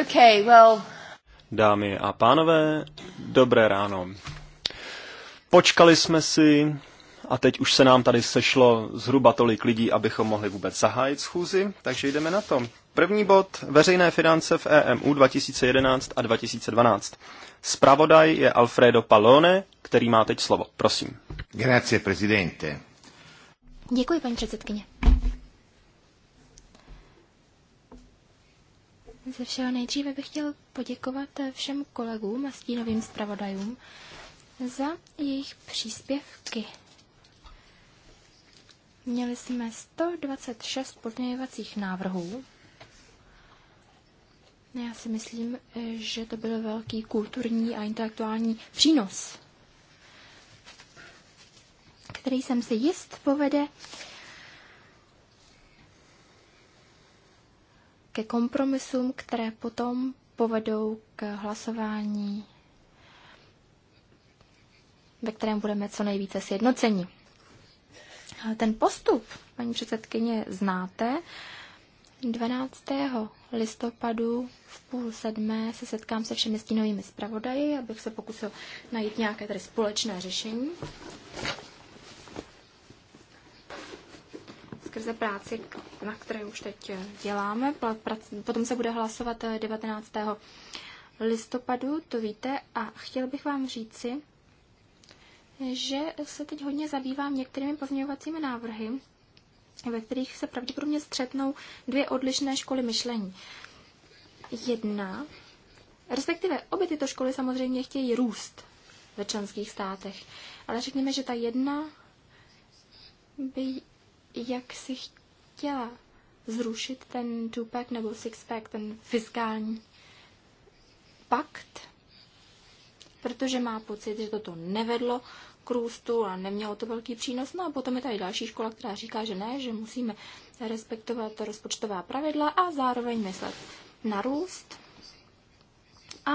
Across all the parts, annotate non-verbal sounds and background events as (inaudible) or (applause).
Okay, well... Dámy a pánové, dobré ráno. Počkali jsme si a teď už se nám tady sešlo zhruba tolik lidí, abychom mohli vůbec zahájit schůzi, takže jdeme na to. První bod, veřejné finance v EMU 2011 a 2012. Spravodaj je Alfredo Pallone, který má teď slovo. Prosím. Grazie, prezidente. Děkuji, paní předsedkyně. Ze všeho nejdříve bych chtěl poděkovat všem kolegům a stínovým zpravodajům za jejich příspěvky. Měli jsme 126 pozměňovacích návrhů. Já si myslím, že to byl velký kulturní a intelektuální přínos, který jsem si jist povede ke kompromisům, které potom povedou k hlasování, ve kterém budeme co nejvíce sjednoceni. Ten postup, paní předsedkyně, znáte. 12. listopadu v půl sedmé se setkám se všemi stínovými zpravodaji, abych se pokusil najít nějaké tady společné řešení. skrze práci, na které už teď eh, děláme. Potom se bude hlasovat 19. Eh, listopadu, to víte, a chtěl bych vám říci, že se teď hodně zabývám některými pozměňovacími návrhy, ve kterých se pravděpodobně střetnou dvě odlišné školy myšlení. Jedna, respektive obě tyto školy samozřejmě chtějí růst ve členských státech, ale řekněme, že ta jedna by jak si chtěla zrušit ten two-pack nebo six-pack, ten fiskální pakt, protože má pocit, že toto nevedlo k růstu a nemělo to velký přínos. No a potom je tady další škola, která říká, že ne, že musíme respektovat rozpočtová pravidla a zároveň myslet na růst a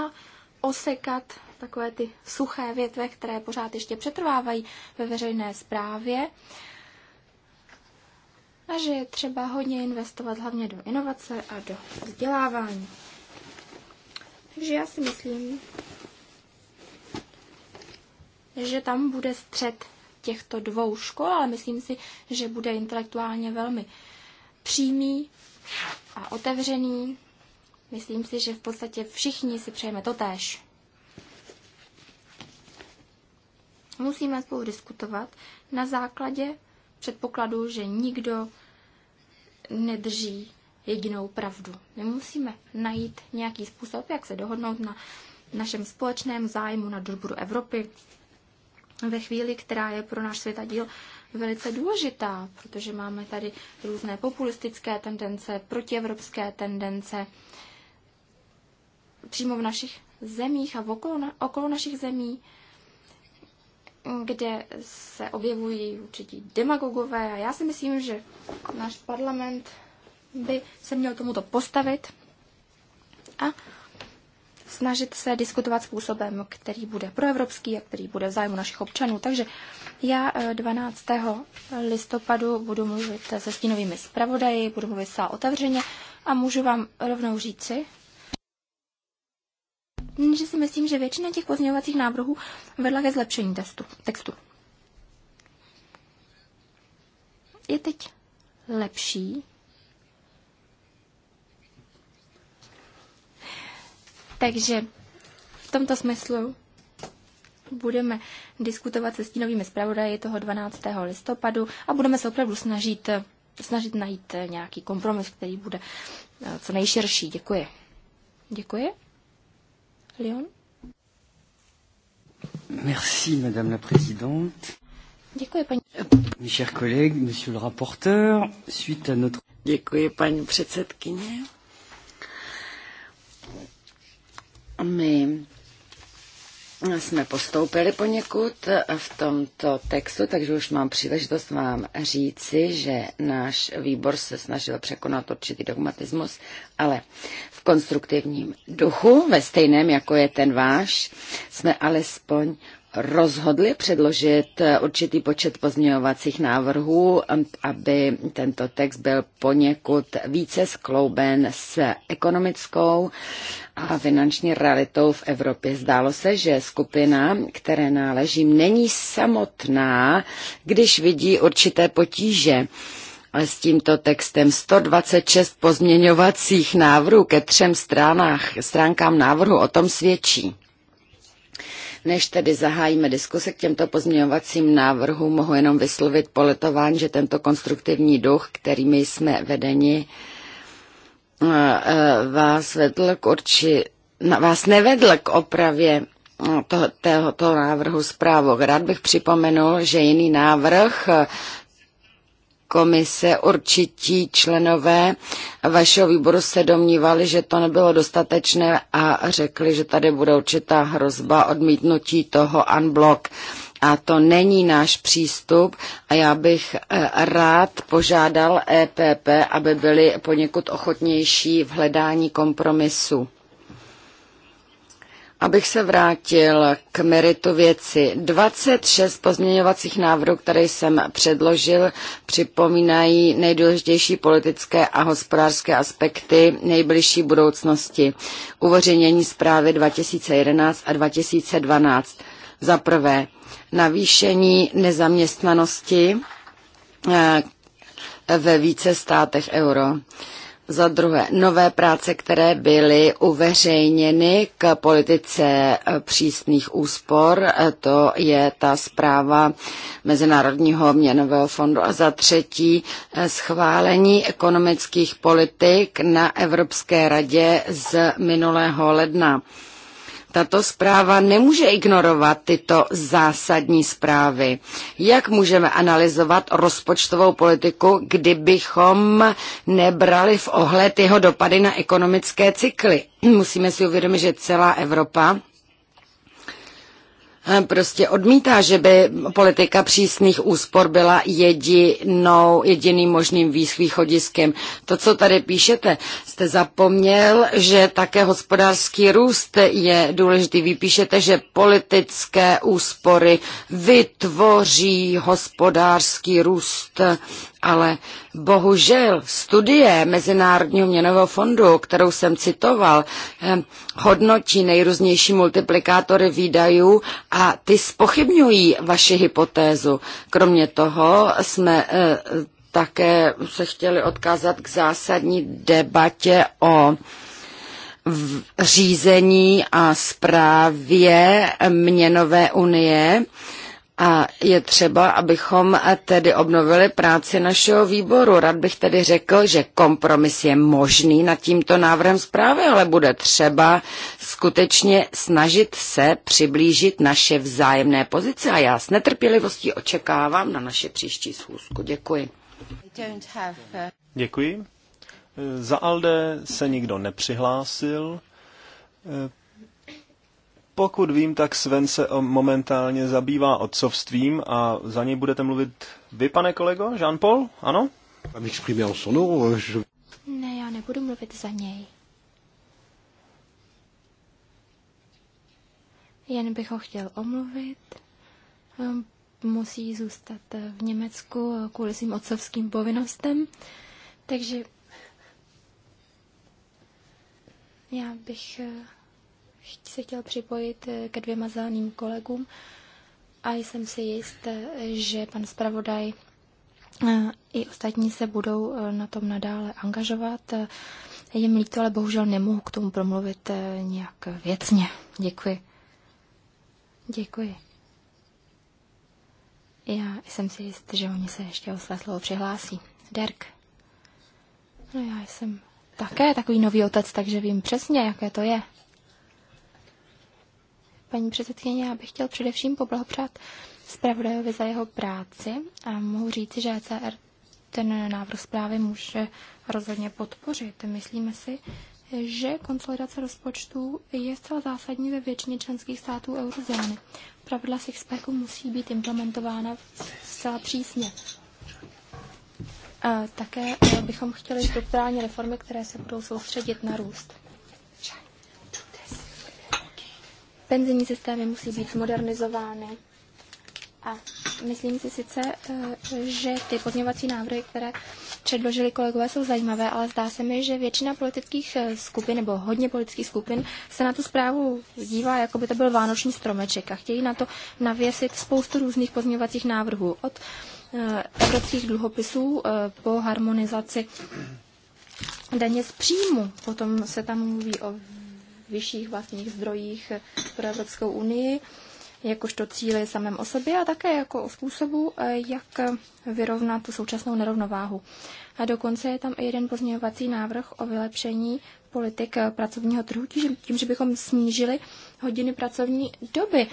osekat takové ty suché větve, které pořád ještě přetrvávají ve veřejné správě. Uh, a že je třeba hodně investovat hlavně do inovace a do vzdělávání. Takže já si myslím, že tam bude střed těchto dvou škol, ale myslím si, že bude intelektuálně velmi přímý a otevřený. Myslím si, že v podstatě všichni si přejeme to též. Musíme spolu diskutovat na základě předpokladu, že nikdo nedrží jedinou pravdu. My musíme najít nějaký způsob, jak se dohodnout na našem společném zájmu na dobru Evropy ve chvíli, která je pro náš světadíl velice důležitá, protože máme tady různé populistické tendence, protievropské tendence přímo v našich zemích a okolo, na, okolo našich zemí kde se objevují určití demagogové a já si myslím, že náš parlament by se měl tomuto postavit a snažit se diskutovat způsobem, který bude proevropský a který bude v zájmu našich občanů. Takže já 12. Eh, listopadu budu mluvit se stínovými zpravodaji, budu mluvit zcela otevřeně a můžu vám rovnou říci, že si myslím, že většina těch pozměňovacích návrhů vedla ke zlepšení testu, textu. Je teď lepší. Takže v tomto smyslu budeme diskutovat se stínovými zpravodaji toho 12. listopadu a budeme se opravdu snažit, snažit najít nějaký kompromis, který bude eh, co nejširší. Děkuji. Děkuji. Leon. Merci, Madame la Présidente. Děkuji, paní. Mes chers collègues, Monsieur le rapporteur, suite à notre... Děkuji, paní předsedkyně. My jsme postoupili poněkud v tomto textu, takže už mám příležitost vám říci, že náš výbor se snažil překonat určitý dogmatismus, ale v konstruktivním duchu, ve stejném jako je ten váš, jsme alespoň rozhodli předložit určitý počet pozměňovacích návrhů, aby tento text byl poněkud více sklouben s ekonomickou a finanční realitou v Evropě. Zdálo se, že skupina, které náležím, není samotná, když vidí určité potíže ale s tímto textem 126 pozměňovacích návrhů ke třem stránách, stránkám návrhu o tom svědčí. Než tedy zahájíme diskuse k těmto pozměňovacím návrhům, mohu jenom vyslovit politování, že tento konstruktivní duch, kterými jsme vedeni, eh, eh, vás vedl k urči, vás nevedl k opravě eh, toho, toho, toho návrhu zprávu. Rád bych připomenul, že jiný návrh komise určití členové vašeho výboru se domnívali, že to nebylo dostatečné a řekli, že tady bude určitá hrozba odmítnutí toho unblock. A to není náš přístup a já bych eh, rád požádal EPP, aby byli poněkud ochotnější v hledání kompromisu. Abych se vrátil k meritu věci, 26 pozměňovacích návrhů, které jsem předložil, připomínají nejdůležitější politické a hospodářské aspekty nejbližší budoucnosti. Uvořenění zprávy 2011 a 2012. Za prvé, navýšení nezaměstnanosti eh, ve více státech euro za druhé nové práce, které byly uveřejněny k politice eh, přísných úspor, eh, to je ta zpráva Mezinárodního měnového fondu a za třetí eh, schválení ekonomických politik na Evropské radě z minulého ledna. Tato zpráva nemůže ignorovat tyto zásadní zprávy. Jak můžeme analyzovat rozpočtovou politiku, kdybychom nebrali v ohled jeho dopady na ekonomické cykly? (clears throat) Musíme si uvědomit, že celá Evropa Eh, prostě odmítá, že by politika přísných úspor byla jedinou, jediným možným východiskem. To, co tady píšete, jste zapomněl, že také hospodářský růst je důležitý. Vy píšete, že politické úspory vytvoří hospodářský růst ale bohužel studie Mezinárodního měnového fondu, kterou jsem citoval, eh, hodnotí nejrůznější multiplikátory výdajů a ty spochybňují vaši hypotézu. Kromě toho jsme eh, také se chtěli odkázat k zásadní debatě o řízení a správě měnové unie a je třeba, abychom tedy obnovili práci našeho výboru. Rad bych tedy řekl, že kompromis je možný nad tímto návrhem zprávy, ale bude třeba skutečně snažit se přiblížit naše vzájemné pozice. A já s netrpělivostí očekávám na naše příští schůzku. Děkuji. Děkuji. Za Alde se nikdo nepřihlásil. Pokud vím, tak Sven se eh, momentálně zabývá otcovstvím a za něj budete mluvit vy, pane kolego, Jean-Paul, ano? Euh, ne, já nebudu mluvit za něj. Jen bych ho chtěl omluvit. Ehm, musí zůstat eh, v Německu kvůli svým otcovským povinnostem. Takže já bych eh, se chtěl připojit eh, ke dvěma zeleným kolegům a jsem si jist, eh, že pan zpravodaj eh, i ostatní se budou na tom nadále angažovat. Je mi líto, ale bohužel nemohu k tomu promluvit nějak věcně. Děkuji. Děkuji. Já jsem si jist, že oni se ještě o své slovo přihlásí. Derk. No já jsem také takový nový otec, takže vím přesně, jaké to je paní předsedkyně. Já bych chtěl především poblahopřát zpravodajovi za jeho práci a mohu říci, že ECR ten návrh zprávy může rozhodně podpořit. Myslíme si, že konsolidace rozpočtu je zcela zásadní ve většině členských států eurozóny. Pravidla Sixpacku musí být implementována zcela přísně. A také bychom chtěli strukturální reformy, které se budou soustředit na růst. Penzijní systémy musí být modernizovány. A myslím si sice, eh, že ty pozměňovací návrhy, které předložili kolegové, jsou zajímavé, ale zdá se mi, že většina politických eh, skupin nebo hodně politických skupin se na tu zprávu dívá, jako by to byl vánoční stromeček a chtějí na to navěsit spoustu různých pozměňovacích návrhů. Od eh, evropských dluhopisů po harmonizaci daně z příjmu. Potom se tam mluví o vyšších vlastních zdrojích pro Evropskou unii, jakožto cíle samém o sobě a také jako o způsobu, eh, jak vyrovnat tu současnou nerovnováhu. A dokonce je tam i jeden pozměňovací návrh o vylepšení politik eh, pracovního trhu, tím, že bychom snížili hodiny pracovní doby.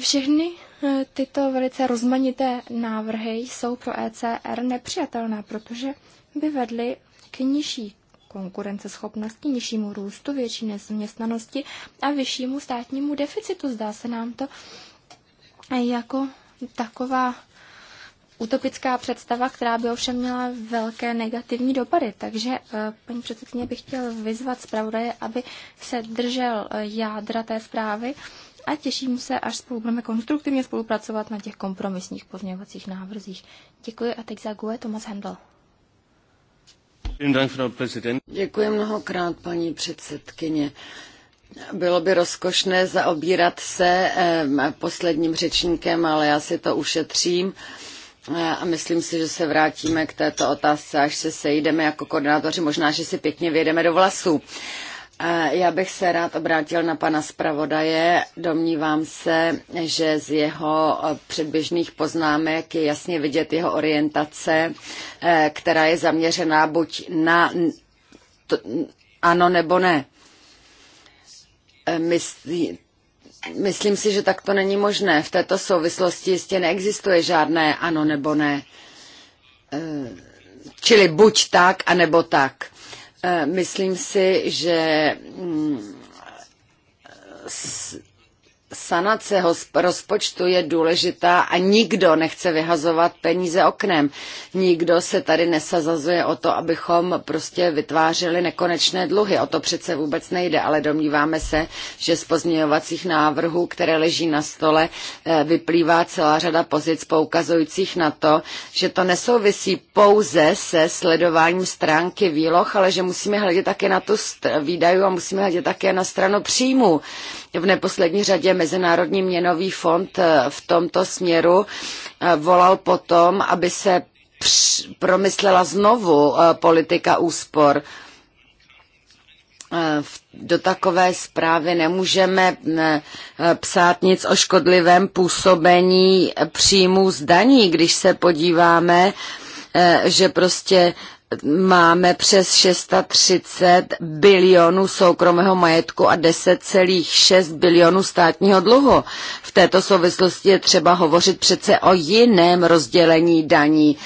Všechny eh, tyto velice rozmanité návrhy jsou pro ECR nepřijatelné, protože by vedly k nižší konkurenceschopnosti, nižšímu růstu, větší nezaměstnanosti a vyššímu státnímu deficitu. Zdá se nám to jako taková utopická představa, která by ovšem měla velké negativní dopady. Takže eh, paní předsedkyně bych chtěl vyzvat zpravodaje, aby se držel eh, jádra té zprávy a těším se, až spolu budeme konstruktivně spolupracovat na těch kompromisních pozměňovacích návrzích. Děkuji a teď za GUE Thomas Hendl. Děkuji mnohokrát, paní předsedkyně. Bylo by rozkošné zaobírat se eh, posledním řečníkem, ale já si to ušetřím. Eh, a myslím si, že se vrátíme k této otázce, až se sejdeme jako koordinátoři. Možná, že si pěkně vyjedeme do vlasů. Já bych se rád obrátil na pana zpravodaje. Domnívám se, že z jeho předběžných poznámek je jasně vidět jeho orientace, eh, která je zaměřená buď na to, ano nebo ne. Eh, Myslí, myslím si, že tak to není možné. V této souvislosti jistě neexistuje žádné ano nebo ne. Eh, čili buď tak, anebo tak Eh, myslím si, že mm, sanace rozpočtu je důležitá a nikdo nechce vyhazovat peníze oknem. Nikdo se tady nesazazuje o to, abychom prostě vytvářeli nekonečné dluhy. O to přece vůbec nejde, ale domníváme se, že z pozměňovacích návrhů, které leží na stole, eh, vyplývá celá řada pozic poukazujících na to, že to nesouvisí pouze se sledováním stránky výloh, ale že musíme hledět také na tu výdaju a musíme hledět také na stranu příjmu. V neposlední řadě Mezinárodní měnový fond eh, v tomto směru eh, volal potom, aby se promyslela znovu eh, politika úspor do takové zprávy nemůžeme psát nic o škodlivém působení příjmů z daní, když se podíváme, že prostě máme přes 630 bilionů soukromého majetku a 10,6 bilionů státního dluhu. V této souvislosti je třeba hovořit přece o jiném rozdělení daní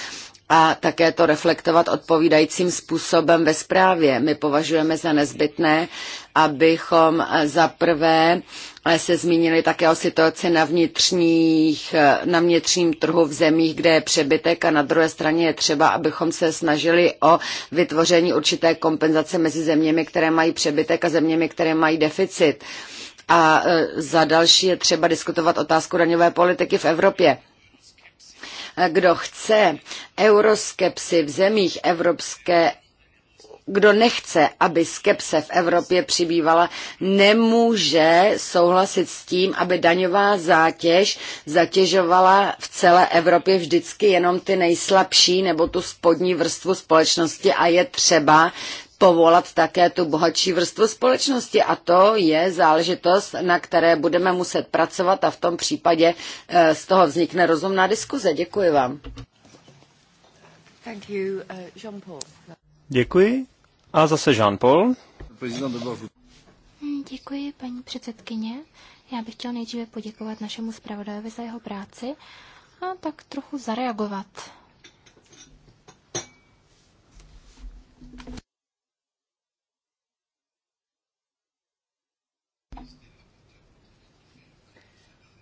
a také to reflektovat odpovídajícím způsobem ve zprávě. My považujeme za nezbytné, abychom za prvé se zmínili také o situaci na, vnitřních, na vnitřním trhu v zemích, kde je přebytek a na druhé straně je třeba, abychom se snažili o vytvoření určité kompenzace mezi zeměmi, které mají přebytek a zeměmi, které mají deficit. A e, za další je třeba diskutovat otázku daňové politiky v Evropě. Kdo chce euroskepsy v zemích Evropské kdo nechce, aby skepse v Evropě přibývala, nemůže souhlasit s tím, aby daňová zátěž zatěžovala v celé Evropě vždycky jenom ty nejslabší nebo tu spodní vrstvu společnosti a je třeba povolat také tu bohatší vrstvu společnosti a to je záležitost, na které budeme muset pracovat a v tom případě eh, z toho vznikne rozumná diskuze. Děkuji vám. Thank you, uh, Jean-Paul. Děkuji. A zase Jean-Paul. Děkuji, paní předsedkyně. Já bych chtěl nejdříve poděkovat našemu zpravodajovi za jeho práci a tak trochu zareagovat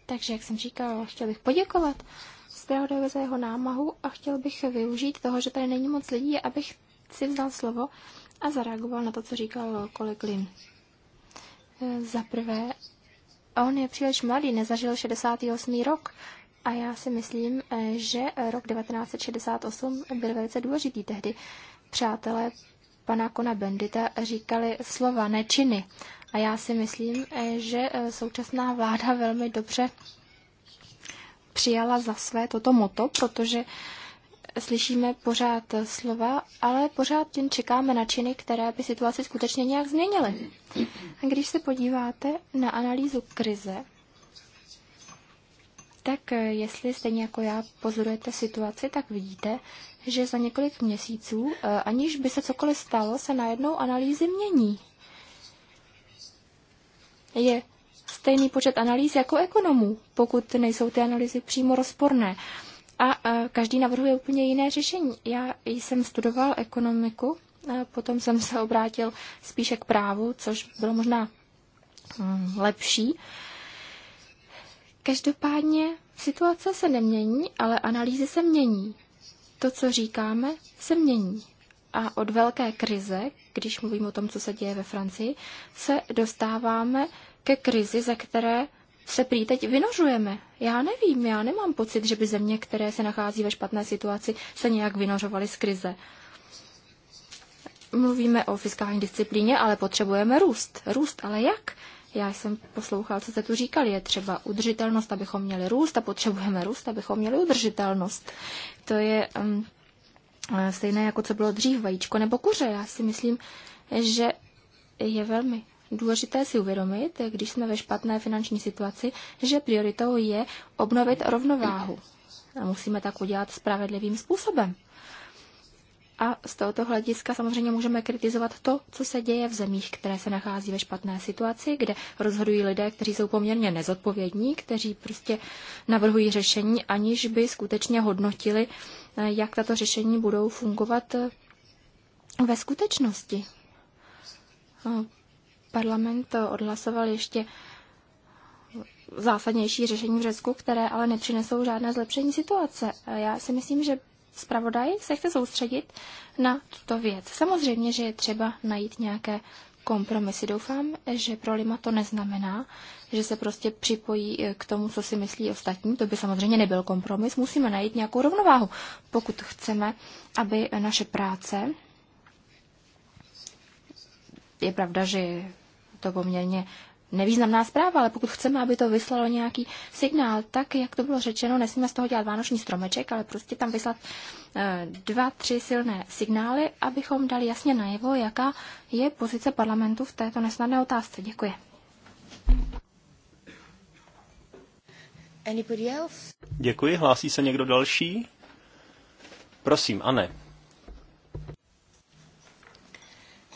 Takže, jak jsem říkal, chtěl bych poděkovat zpravodajovi za jeho námahu a chtěl bych využít toho, že tady není moc lidí, abych si vzal slovo a zareagoval na to, co říkal kolik Lin. E, za prvé, on je příliš mladý, nezažil 68. rok a já si myslím, e, že rok 1968 byl velice důležitý tehdy. Přátelé pana Kona Bendita říkali slova, nečiny. A já si myslím, eh, že eh, současná vláda velmi dobře přijala za své toto moto, protože slyšíme pořád slova, ale pořád jen čekáme na činy, které by situaci skutečně nějak změnily. A když se podíváte na analýzu krize, tak eh, jestli stejně jako já pozorujete situaci, tak vidíte, že za několik měsíců, aniž by se cokoliv stalo, se najednou analýzy mění je stejný počet analýz jako ekonomů, pokud nejsou ty analýzy přímo rozporné. A, každý navrhuje úplně jiné řešení. Já jsem studoval ekonomiku, potom jsem se obrátil spíše k právu, což bylo možná hm, lepší. Každopádně situace se nemění, ale analýzy se mění. To, co říkáme, se mění a od velké krize, když mluvím o tom, co se děje ve Francii, se dostáváme ke krizi, ze které se prý teď vynořujeme. Já nevím, já nemám pocit, že by země, které se nachází ve špatné situaci, se nějak vynořovaly z krize. Mluvíme o fiskální disciplíně, ale potřebujeme růst. Růst, ale jak? Já jsem poslouchal, co jste tu říkali. Je třeba udržitelnost, abychom měli růst a potřebujeme růst, abychom měli udržitelnost. To je um, Eh, stejné jako co bylo dřív, vajíčko nebo kuře. Já si myslím, že je velmi důležité si uvědomit, když jsme ve špatné finanční situaci, že prioritou je obnovit rovnováhu. A musíme tak udělat spravedlivým způsobem. A z tohoto hlediska samozřejmě můžeme kritizovat to, co se děje v zemích, které se nachází ve špatné situaci, kde rozhodují lidé, kteří jsou poměrně nezodpovědní, kteří prostě navrhují řešení, aniž by skutečně hodnotili jak tato řešení budou fungovat eh, ve skutečnosti. Eh, parlament eh, odhlasoval ještě zásadnější řešení v Řecku, které ale nepřinesou žádné zlepšení situace. Já si myslím, že zpravodaj se chce soustředit na tuto věc. Samozřejmě, že je třeba najít nějaké kompromisy. Doufám, že pro Lima to neznamená, že se prostě připojí e, k tomu, co si myslí ostatní. To by samozřejmě nebyl kompromis. Musíme najít nějakou rovnováhu, pokud chceme, aby naše práce. Je pravda, že je to poměrně nevýznamná zpráva, ale pokud chceme, aby to vyslalo nějaký signál, tak, jak to bylo řečeno, nesmíme z toho dělat vánoční stromeček, ale prostě tam vyslat eh, dva, tři silné signály, abychom dali jasně najevo, jaká je pozice parlamentu v této nesnadné otázce. Děkuji. Děkuji. Hlásí se někdo další? Prosím, Anne.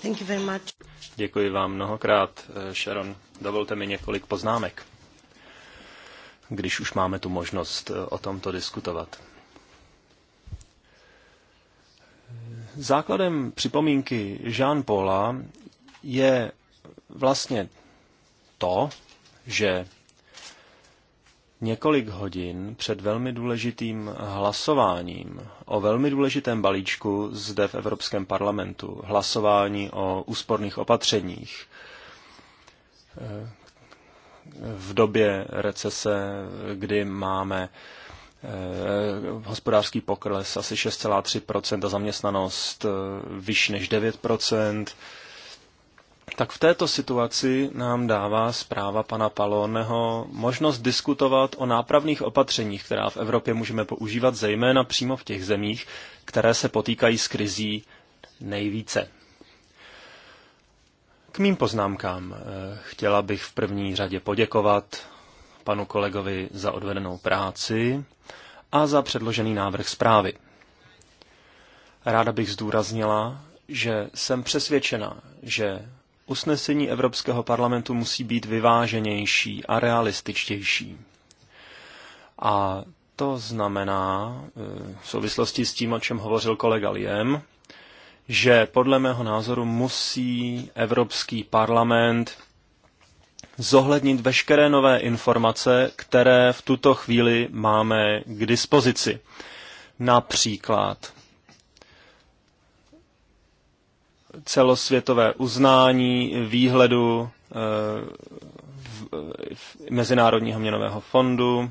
Thank you very much. Děkuji vám mnohokrát, Sharon. Dovolte mi několik poznámek, když už máme tu možnost eh, o tomto diskutovat. Základem připomínky Jean Paula je vlastně to, že několik hodin před velmi důležitým hlasováním o velmi důležitém balíčku zde v Evropském parlamentu, hlasování o úsporných opatřeních v době recese, kdy máme eh, hospodářský pokles asi 6,3% a zaměstnanost eh, vyšší než tak v této situaci nám dává zpráva pana Paloneho možnost diskutovat o nápravných opatřeních, která v Evropě můžeme používat, zejména přímo v těch zemích, které se potýkají s krizí nejvíce. K mým poznámkám eh, chtěla bych v první řadě poděkovat panu kolegovi za odvedenou práci a za předložený návrh zprávy. Ráda bych zdůraznila, že jsem přesvědčena, že Usnesení Evropského parlamentu musí být vyváženější a realističtější. A to znamená, e, v souvislosti s tím, o čem hovořil kolega Liem, že podle mého názoru musí Evropský parlament zohlednit veškeré nové informace, které v tuto chvíli máme k dispozici. Například celosvětové uznání výhledu eh, Mezinárodního měnového fondu.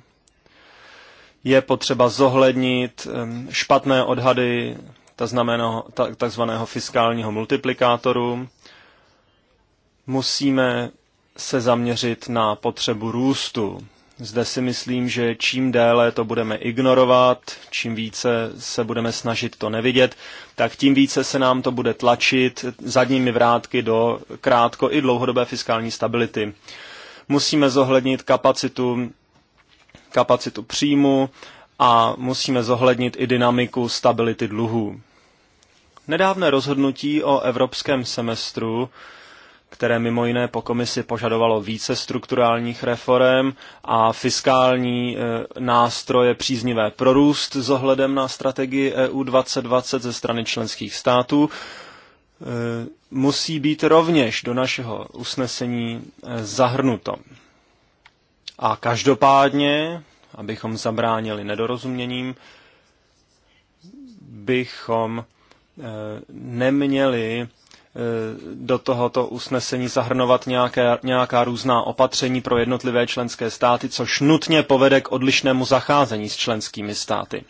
Je potřeba zohlednit eh, špatné odhady takzvaného fiskálního multiplikátoru. Musíme se zaměřit na potřebu růstu. Zde si myslím, že čím déle to budeme ignorovat, čím více se budeme snažit to nevidět, tak tím více se nám to bude tlačit zadními vrátky do krátko i dlouhodobé fiskální stability. Musíme zohlednit kapacitu, kapacitu příjmu a musíme zohlednit i dynamiku stability dluhů. Nedávné rozhodnutí o evropském semestru které mimo jiné po komisi požadovalo více strukturálních reform a fiskální e, nástroje příznivé pro růst s ohledem na strategii EU 2020 ze strany členských států, e, musí být rovněž do našeho usnesení e, zahrnuto. A každopádně, abychom zabránili nedorozuměním, bychom neměli Eh, do tohoto usnesení zahrnovat nějaké, nějaká různá opatření pro jednotlivé členské státy, což nutně povede k odlišnému zacházení s členskými státy.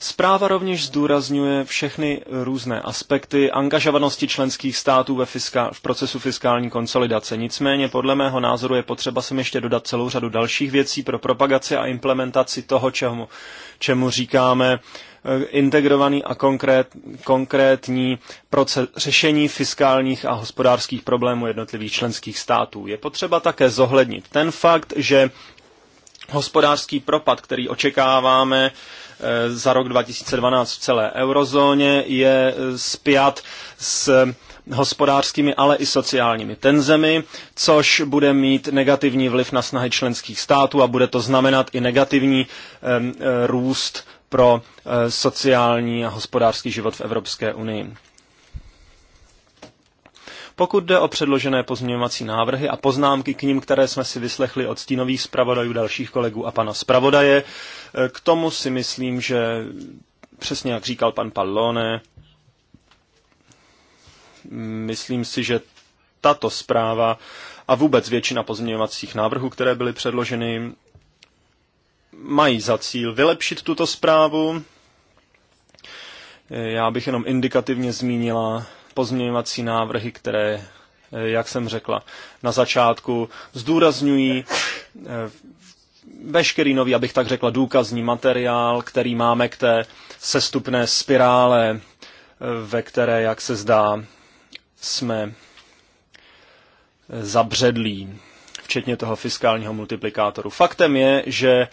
Zpráva rovněž zdůrazňuje všechny různé aspekty angažovanosti členských států ve fiska, v procesu fiskální konsolidace. Nicméně podle mého názoru je potřeba sem ještě dodat celou řadu dalších věcí pro propagaci a implementaci toho, čemu, čemu říkáme Eh, integrovaný a konkrét, konkrétní proces řešení fiskálních a hospodářských problémů jednotlivých členských států. Je potřeba také zohlednit ten fakt, že hospodářský propad, který očekáváme eh, za rok 2012 v celé eurozóně, je eh, spjat s hospodářskými, ale i sociálními tenzemi, což bude mít negativní vliv na snahy členských států a bude to znamenat i negativní růst pro Eh, sociální a hospodářský život v Evropské unii. Pokud jde o předložené pozměňovací návrhy a poznámky k ním, které jsme si vyslechli od stínových zpravodajů, dalších kolegů a pana zpravodaje, eh, k tomu si myslím, že přesně jak říkal pan Pallone, myslím si, že tato zpráva a vůbec většina pozměňovacích návrhů, které byly předloženy, mají za cíl vylepšit tuto zprávu, já bych jenom indikativně zmínila pozměňovací návrhy, které, eh, jak jsem řekla na začátku, zdůrazňují eh, veškerý nový, abych tak řekla, důkazní materiál, který máme k té sestupné spirále, eh, ve které, jak se zdá, jsme zabředlí, včetně toho fiskálního multiplikátoru. Faktem je, že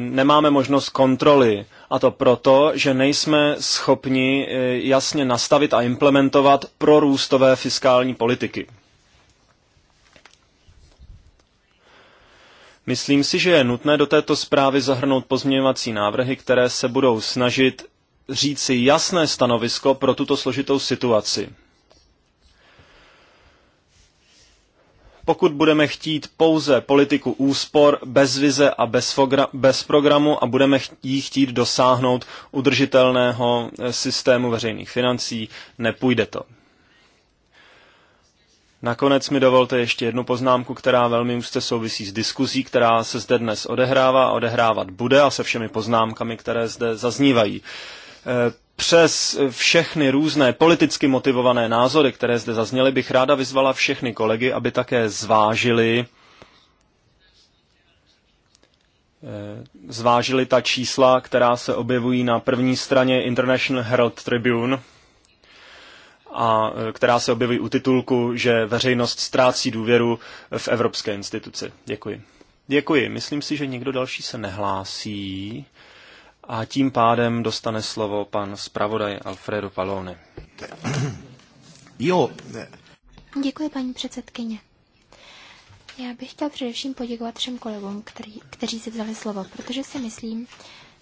nemáme možnost kontroly a to proto, že nejsme schopni eh, jasně nastavit a implementovat prorůstové fiskální politiky. Myslím si, že je nutné do této zprávy zahrnout pozměňovací návrhy, které se budou snažit říci jasné stanovisko pro tuto složitou situaci. Pokud budeme chtít pouze politiku úspor bez vize a bez, bez programu a budeme ji chtít dosáhnout udržitelného eh, systému veřejných financí, nepůjde to. Nakonec mi dovolte ještě jednu poznámku, která velmi úzce souvisí s diskuzí, která se zde dnes odehrává a odehrávat bude a se všemi poznámkami, které zde zaznívají. Eh, přes všechny různé politicky motivované názory, které zde zazněly, bych ráda vyzvala všechny kolegy, aby také zvážili eh, zvážili ta čísla, která se objevují na první straně International Herald Tribune, a eh, která se objeví u titulku, že veřejnost ztrácí důvěru v evropské instituci. Děkuji. Děkuji. Myslím si, že někdo další se nehlásí. A tím pádem dostane slovo pan zpravodaj Alfredo Palone. Jo. Děkuji, paní předsedkyně. Já bych chtěl především poděkovat všem kolegům, který, kteří si vzali slovo, protože si myslím,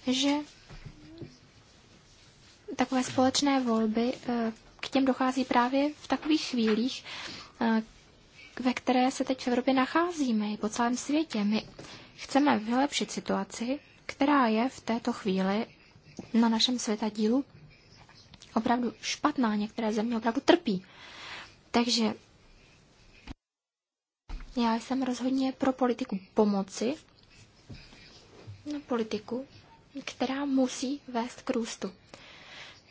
že takové společné volby eh, k těm dochází právě v takových chvílích, eh, ve které se teď v Evropě nacházíme i po celém světě. My chceme vylepšit situaci, která je v této chvíli na našem světa dílu opravdu špatná. Některé země opravdu trpí. Takže já jsem rozhodně pro politiku pomoci, na politiku, která musí vést k růstu.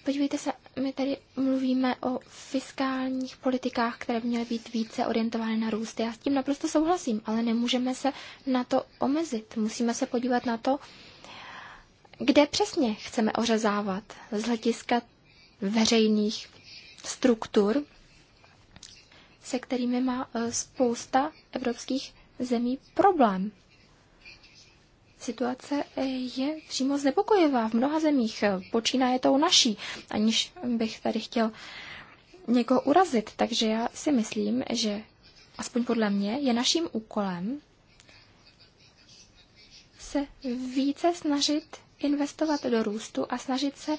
Podívejte se, my tady mluvíme o fiskálních politikách, které by měly být více orientovány na růst. Já s tím naprosto souhlasím, ale nemůžeme se na to omezit. Musíme se podívat na to, kde přesně chceme ořezávat z hlediska veřejných struktur, se kterými má eh, spousta evropských zemí problém. Situace je přímo znepokojivá v mnoha zemích. Počínaje tou naší, aniž bych tady chtěl někoho urazit. Takže já si myslím, že aspoň podle mě je naším úkolem se více snažit investovat do růstu a snažit se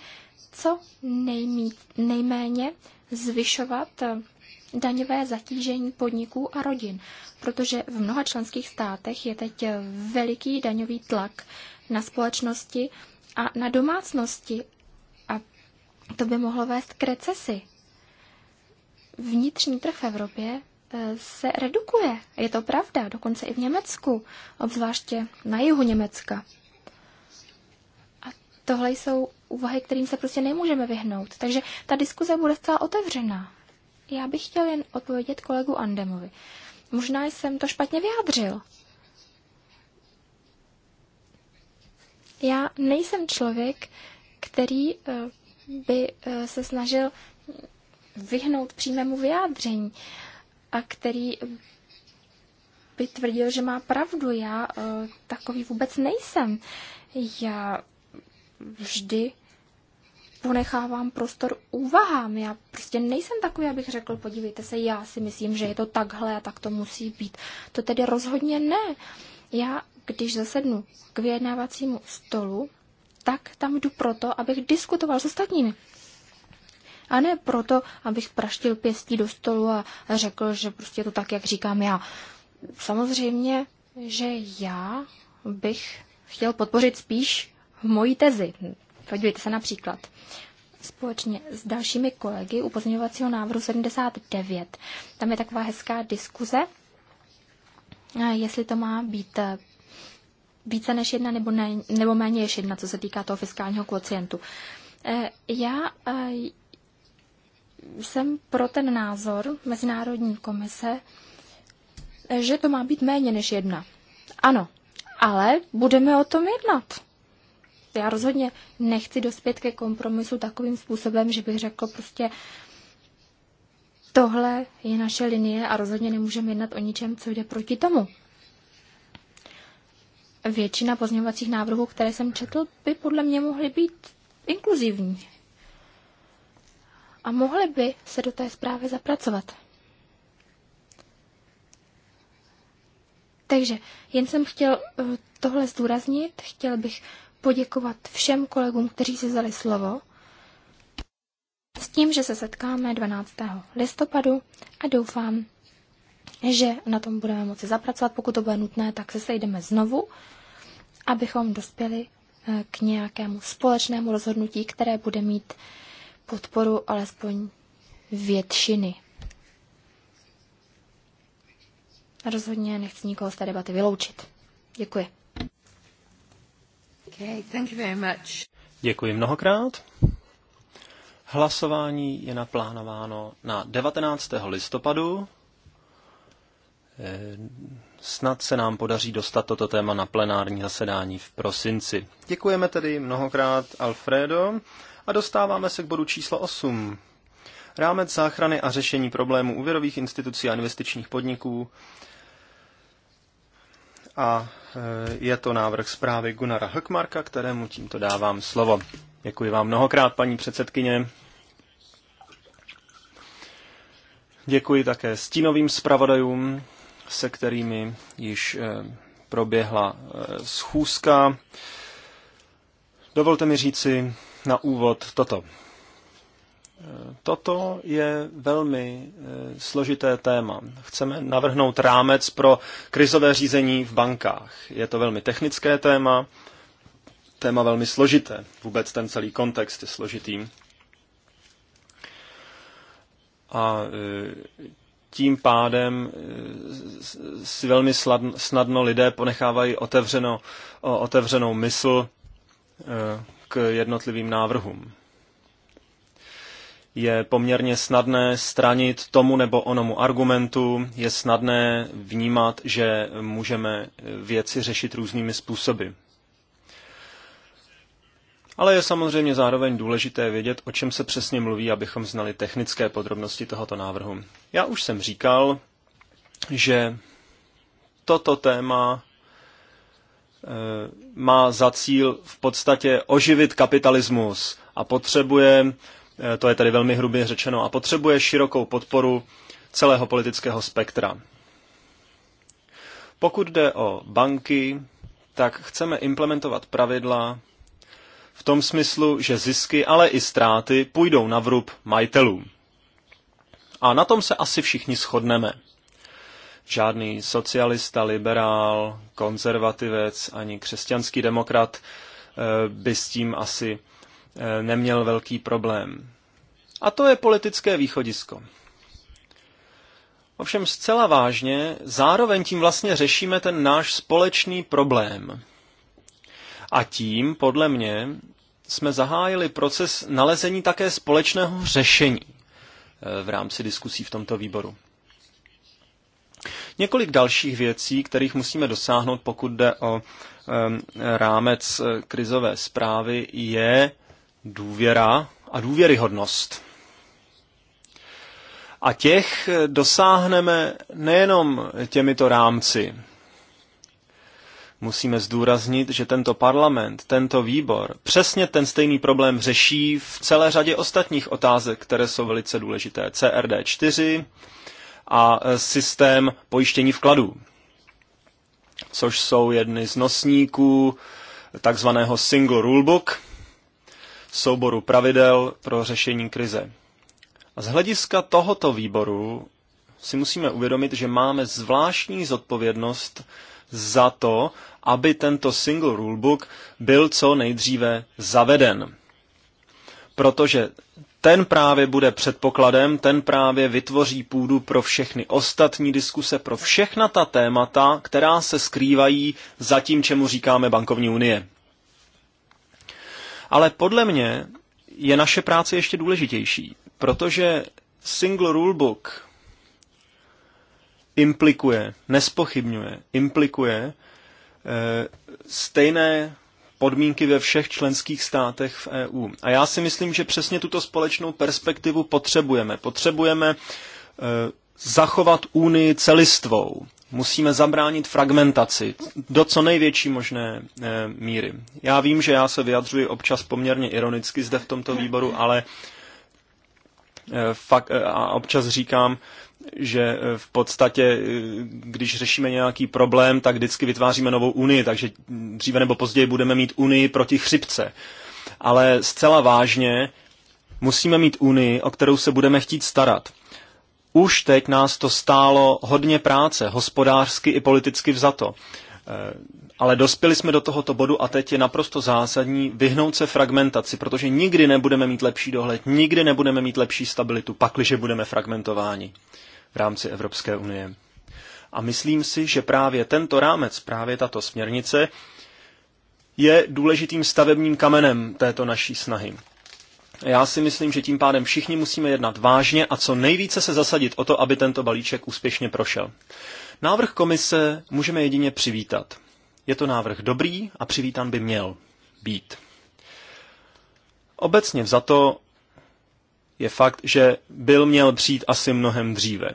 co nejmí, nejméně zvyšovat daňové zatížení podniků a rodin, protože v mnoha členských státech je teď veliký daňový tlak na společnosti a na domácnosti a to by mohlo vést k recesi. Vnitřní trh v Evropě eh, se redukuje. Je to pravda, dokonce i v Německu, obzvláště na jihu Německa. A tohle jsou úvahy, kterým se prostě nemůžeme vyhnout. Takže ta diskuze bude zcela otevřená. Já bych chtěl jen odpovědět kolegu Andemovi. Možná jsem to špatně vyjádřil. Já nejsem člověk, který eh, by eh, se snažil vyhnout přímému vyjádření a který by tvrdil, že má pravdu. Já eh, takový vůbec nejsem. Já vždy ponechávám prostor úvahám. Já prostě nejsem takový, abych řekl, podívejte se, já si myslím, že je to takhle a tak to musí být. To tedy rozhodně ne. Já, když zasednu k vyjednávacímu stolu, tak tam jdu proto, abych diskutoval s ostatními. A ne proto, abych praštil pěstí do stolu a řekl, že prostě je to tak, jak říkám já. Samozřejmě, že já bych chtěl podpořit spíš moji tezi, Podívejte se například společně s dalšími kolegy u pozměňovacího návrhu 79. Tam je taková hezká diskuze, jestli to má být eh, více než jedna nebo, ne, nebo méně než jedna, co se týká toho fiskálního kocientu. Eh, já eh, jsem pro ten názor Mezinárodní komise, že to má být méně než jedna. Ano, ale budeme o tom jednat. Já rozhodně nechci dospět ke kompromisu takovým způsobem, že bych řekl prostě, tohle je naše linie a rozhodně nemůžeme jednat o ničem, co jde proti tomu. Většina pozměňovacích návrhů, které jsem četl, by podle mě mohly být inkluzivní. A mohly by se do té zprávy zapracovat. Takže jen jsem chtěl eh, tohle zdůraznit, chtěl bych poděkovat všem kolegům, kteří si vzali slovo, s tím, že se setkáme 12. listopadu a doufám, že na tom budeme moci zapracovat. Pokud to bude nutné, tak se sejdeme znovu, abychom dospěli eh, k nějakému společnému rozhodnutí, které bude mít podporu alespoň většiny. Rozhodně nechci nikoho z té debaty vyloučit. Děkuji. Děkuji mnohokrát. Hlasování je naplánováno na 19. listopadu. Eh, snad se nám podaří dostat toto téma na plenární zasedání v prosinci. Děkujeme tedy mnohokrát, Alfredo, a dostáváme se k bodu číslo 8. Rámec záchrany a řešení problémů úvěrových institucí a investičních podniků a e, je to návrh zprávy Gunara Hökmarka, kterému tímto dávám slovo. Děkuji vám mnohokrát, paní předsedkyně. Děkuji také stínovým zpravodajům, se kterými již e, proběhla e, schůzka. Dovolte mi říci na úvod toto. Toto je velmi e, složité téma. Chceme navrhnout rámec pro krizové řízení v bankách. Je to velmi technické téma, téma velmi složité. Vůbec ten celý kontext je složitý. A e, tím pádem e, si velmi snadno lidé ponechávají otevřeno, otevřenou mysl k jednotlivým návrhům je poměrně snadné stranit tomu nebo onomu argumentu, je snadné vnímat, že můžeme věci řešit různými způsoby. Ale je samozřejmě zároveň důležité vědět, o čem se přesně mluví, abychom znali technické podrobnosti tohoto návrhu. Já už jsem říkal, že toto téma eh, má za cíl v podstatě oživit kapitalismus a potřebuje Eh, to je tady velmi hrubě řečeno, a potřebuje širokou podporu celého politického spektra. Pokud jde o banky, tak chceme implementovat pravidla v tom smyslu, že zisky, ale i ztráty půjdou na vrub majitelům. A na tom se asi všichni shodneme. Žádný socialista, liberál, konzervativec ani křesťanský demokrat eh, by s tím asi Eh, neměl velký problém. A to je politické východisko. Ovšem zcela vážně, zároveň tím vlastně řešíme ten náš společný problém. A tím, podle mě, jsme zahájili proces nalezení také společného řešení eh, v rámci diskusí v tomto výboru. Několik dalších věcí, kterých musíme dosáhnout, pokud jde o eh, rámec krizové zprávy, je důvěra a důvěryhodnost. A těch dosáhneme nejenom těmito rámci. Musíme zdůraznit, že tento parlament, tento výbor, přesně ten stejný problém řeší v celé řadě ostatních otázek, které jsou velice důležité. CRD4 a systém pojištění vkladů, což jsou jedny z nosníků takzvaného single rulebook, souboru pravidel pro řešení krize. A z hlediska tohoto výboru si musíme uvědomit, že máme zvláštní zodpovědnost za to, aby tento single rulebook byl co nejdříve zaveden. Protože ten právě bude předpokladem, ten právě vytvoří půdu pro všechny ostatní diskuse, pro všechna ta témata, která se skrývají za tím, čemu říkáme bankovní unie. Ale podle mě je naše práce ještě důležitější, protože single rulebook implikuje, nespochybňuje, implikuje e, stejné podmínky ve všech členských státech v EU. A já si myslím, že přesně tuto společnou perspektivu potřebujeme. Potřebujeme e, zachovat Unii celistvou musíme zabránit fragmentaci do co největší možné eh, míry. Já vím, že já se vyjadřuji občas poměrně ironicky zde v tomto výboru, ale eh, fakt, eh, a občas říkám, že v podstatě, když řešíme nějaký problém, tak vždycky vytváříme novou unii, takže dříve nebo později budeme mít unii proti chřipce. Ale zcela vážně musíme mít unii, o kterou se budeme chtít starat. Už teď nás to stálo hodně práce, hospodářsky i politicky vzato. E, ale dospěli jsme do tohoto bodu a teď je naprosto zásadní vyhnout se fragmentaci, protože nikdy nebudeme mít lepší dohled, nikdy nebudeme mít lepší stabilitu, pakliže budeme fragmentováni v rámci Evropské unie. A myslím si, že právě tento rámec, právě tato směrnice, je důležitým stavebním kamenem této naší snahy. Já si myslím, že tím pádem všichni musíme jednat vážně a co nejvíce se zasadit o to, aby tento balíček úspěšně prošel. Návrh komise můžeme jedině přivítat. Je to návrh dobrý a přivítan by měl být. Obecně to je fakt, že byl měl přijít asi mnohem dříve.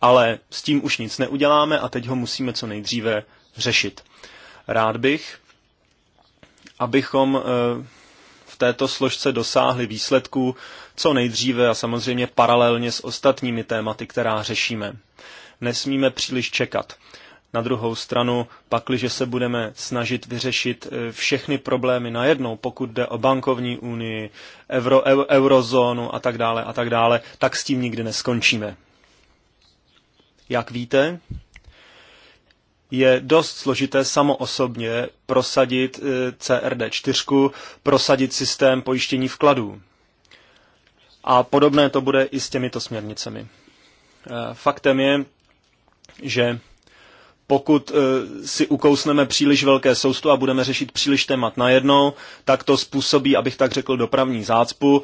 Ale s tím už nic neuděláme a teď ho musíme co nejdříve řešit. Rád bych, abychom eh, v této složce dosáhli výsledků co nejdříve a samozřejmě paralelně s ostatními tématy, která řešíme. Nesmíme příliš čekat. Na druhou stranu, pakliže se budeme snažit vyřešit eh, všechny problémy najednou, pokud jde o bankovní unii, euro, eurozónu a tak dále a tak dále, tak s tím nikdy neskončíme. Jak víte, je dost složité samo osobně prosadit eh, CRD4, prosadit systém pojištění vkladů. A podobné to bude i s těmito směrnicemi. Eh, faktem je, že pokud eh, si ukousneme příliš velké sousto a budeme řešit příliš témat najednou, tak to způsobí, abych tak řekl, dopravní zácpu,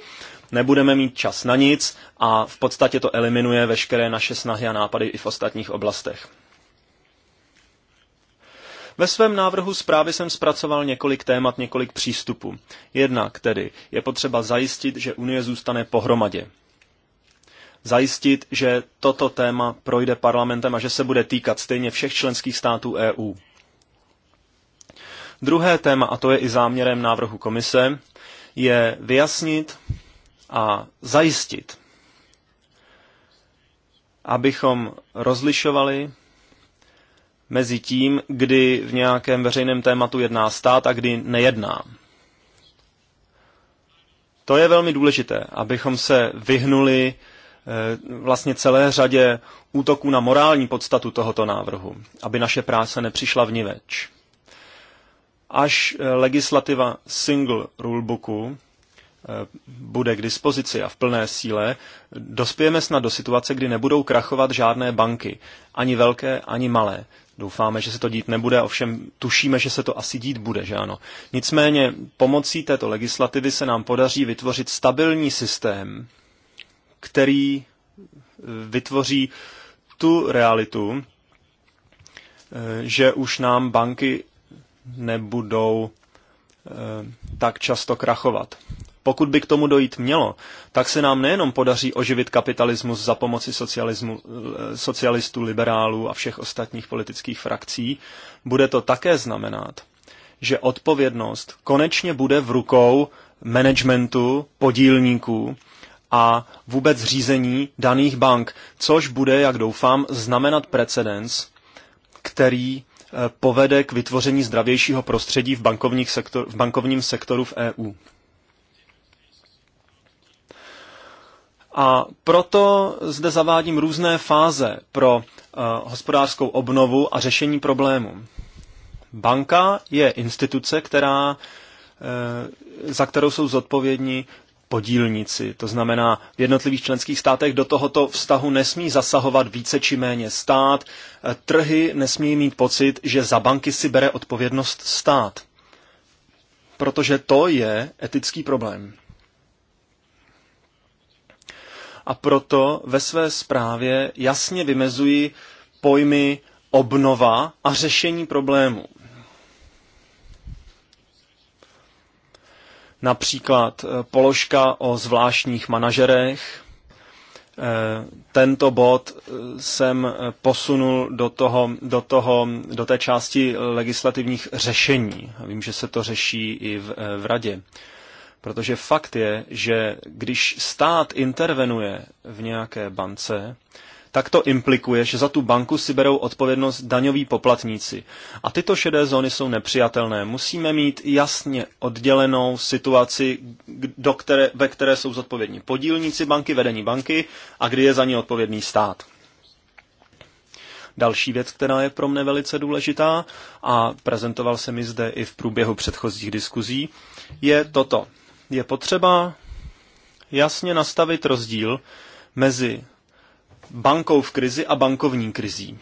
nebudeme mít čas na nic a v podstatě to eliminuje veškeré naše snahy a nápady i v ostatních oblastech. Ve svém návrhu zprávy jsem zpracoval několik témat, několik přístupů. Jednak tedy je potřeba zajistit, že Unie zůstane pohromadě. Zajistit, že toto téma projde parlamentem a že se bude týkat stejně všech členských států EU. Druhé téma, a to je i záměrem návrhu komise, je vyjasnit a zajistit, abychom rozlišovali mezi tím, kdy v nějakém veřejném tématu jedná stát a kdy nejedná. To je velmi důležité, abychom se vyhnuli eh, vlastně celé řadě útoků na morální podstatu tohoto návrhu, aby naše práce nepřišla niveč. Až eh, legislativa single rulebooku eh, bude k dispozici a v plné síle, dospějeme snad do situace, kdy nebudou krachovat žádné banky, ani velké, ani malé. Doufáme, že se to dít nebude, ovšem tušíme, že se to asi dít bude, že ano. Nicméně pomocí této legislativy se nám podaří vytvořit stabilní systém, který eh, vytvoří tu realitu, eh, že už nám banky nebudou eh, tak často krachovat. Pokud by k tomu dojít mělo, tak se nám nejenom podaří oživit kapitalismus za pomoci socialismu, eh, socialistů, liberálů a všech ostatních politických frakcí, bude to také znamenat, že odpovědnost konečně bude v rukou managementu, podílníků a vůbec řízení daných bank, což bude, jak doufám, znamenat precedens, který eh, povede k vytvoření zdravějšího prostředí v, bankovních sektor, v bankovním sektoru v EU. A proto zde zavádím různé fáze pro eh, hospodářskou obnovu a řešení problémů. Banka je instituce, která, eh, za kterou jsou zodpovědní podílníci. To znamená, v jednotlivých členských státech do tohoto vztahu nesmí zasahovat více či méně stát. Eh, trhy nesmí mít pocit, že za banky si bere odpovědnost stát. Protože to je etický problém. a proto ve své zprávě jasně vymezuji pojmy obnova a řešení problémů. Například eh, položka o zvláštních manažerech. Eh, tento bod eh, jsem posunul do, toho, do, toho, do té části legislativních řešení. Vím, že se to řeší i v, v radě. Protože fakt je, že když stát intervenuje v nějaké bance, tak to implikuje, že za tu banku si berou odpovědnost daňoví poplatníci. A tyto šedé zóny jsou nepřijatelné. Musíme mít jasně oddělenou situaci, do které, ve které jsou zodpovědní podílníci banky, vedení banky a kdy je za ní odpovědný stát. Další věc, která je pro mne velice důležitá a prezentoval se mi zde i v průběhu předchozích diskuzí, je toto je potřeba jasně nastavit rozdíl mezi bankou v krizi a bankovní krizí.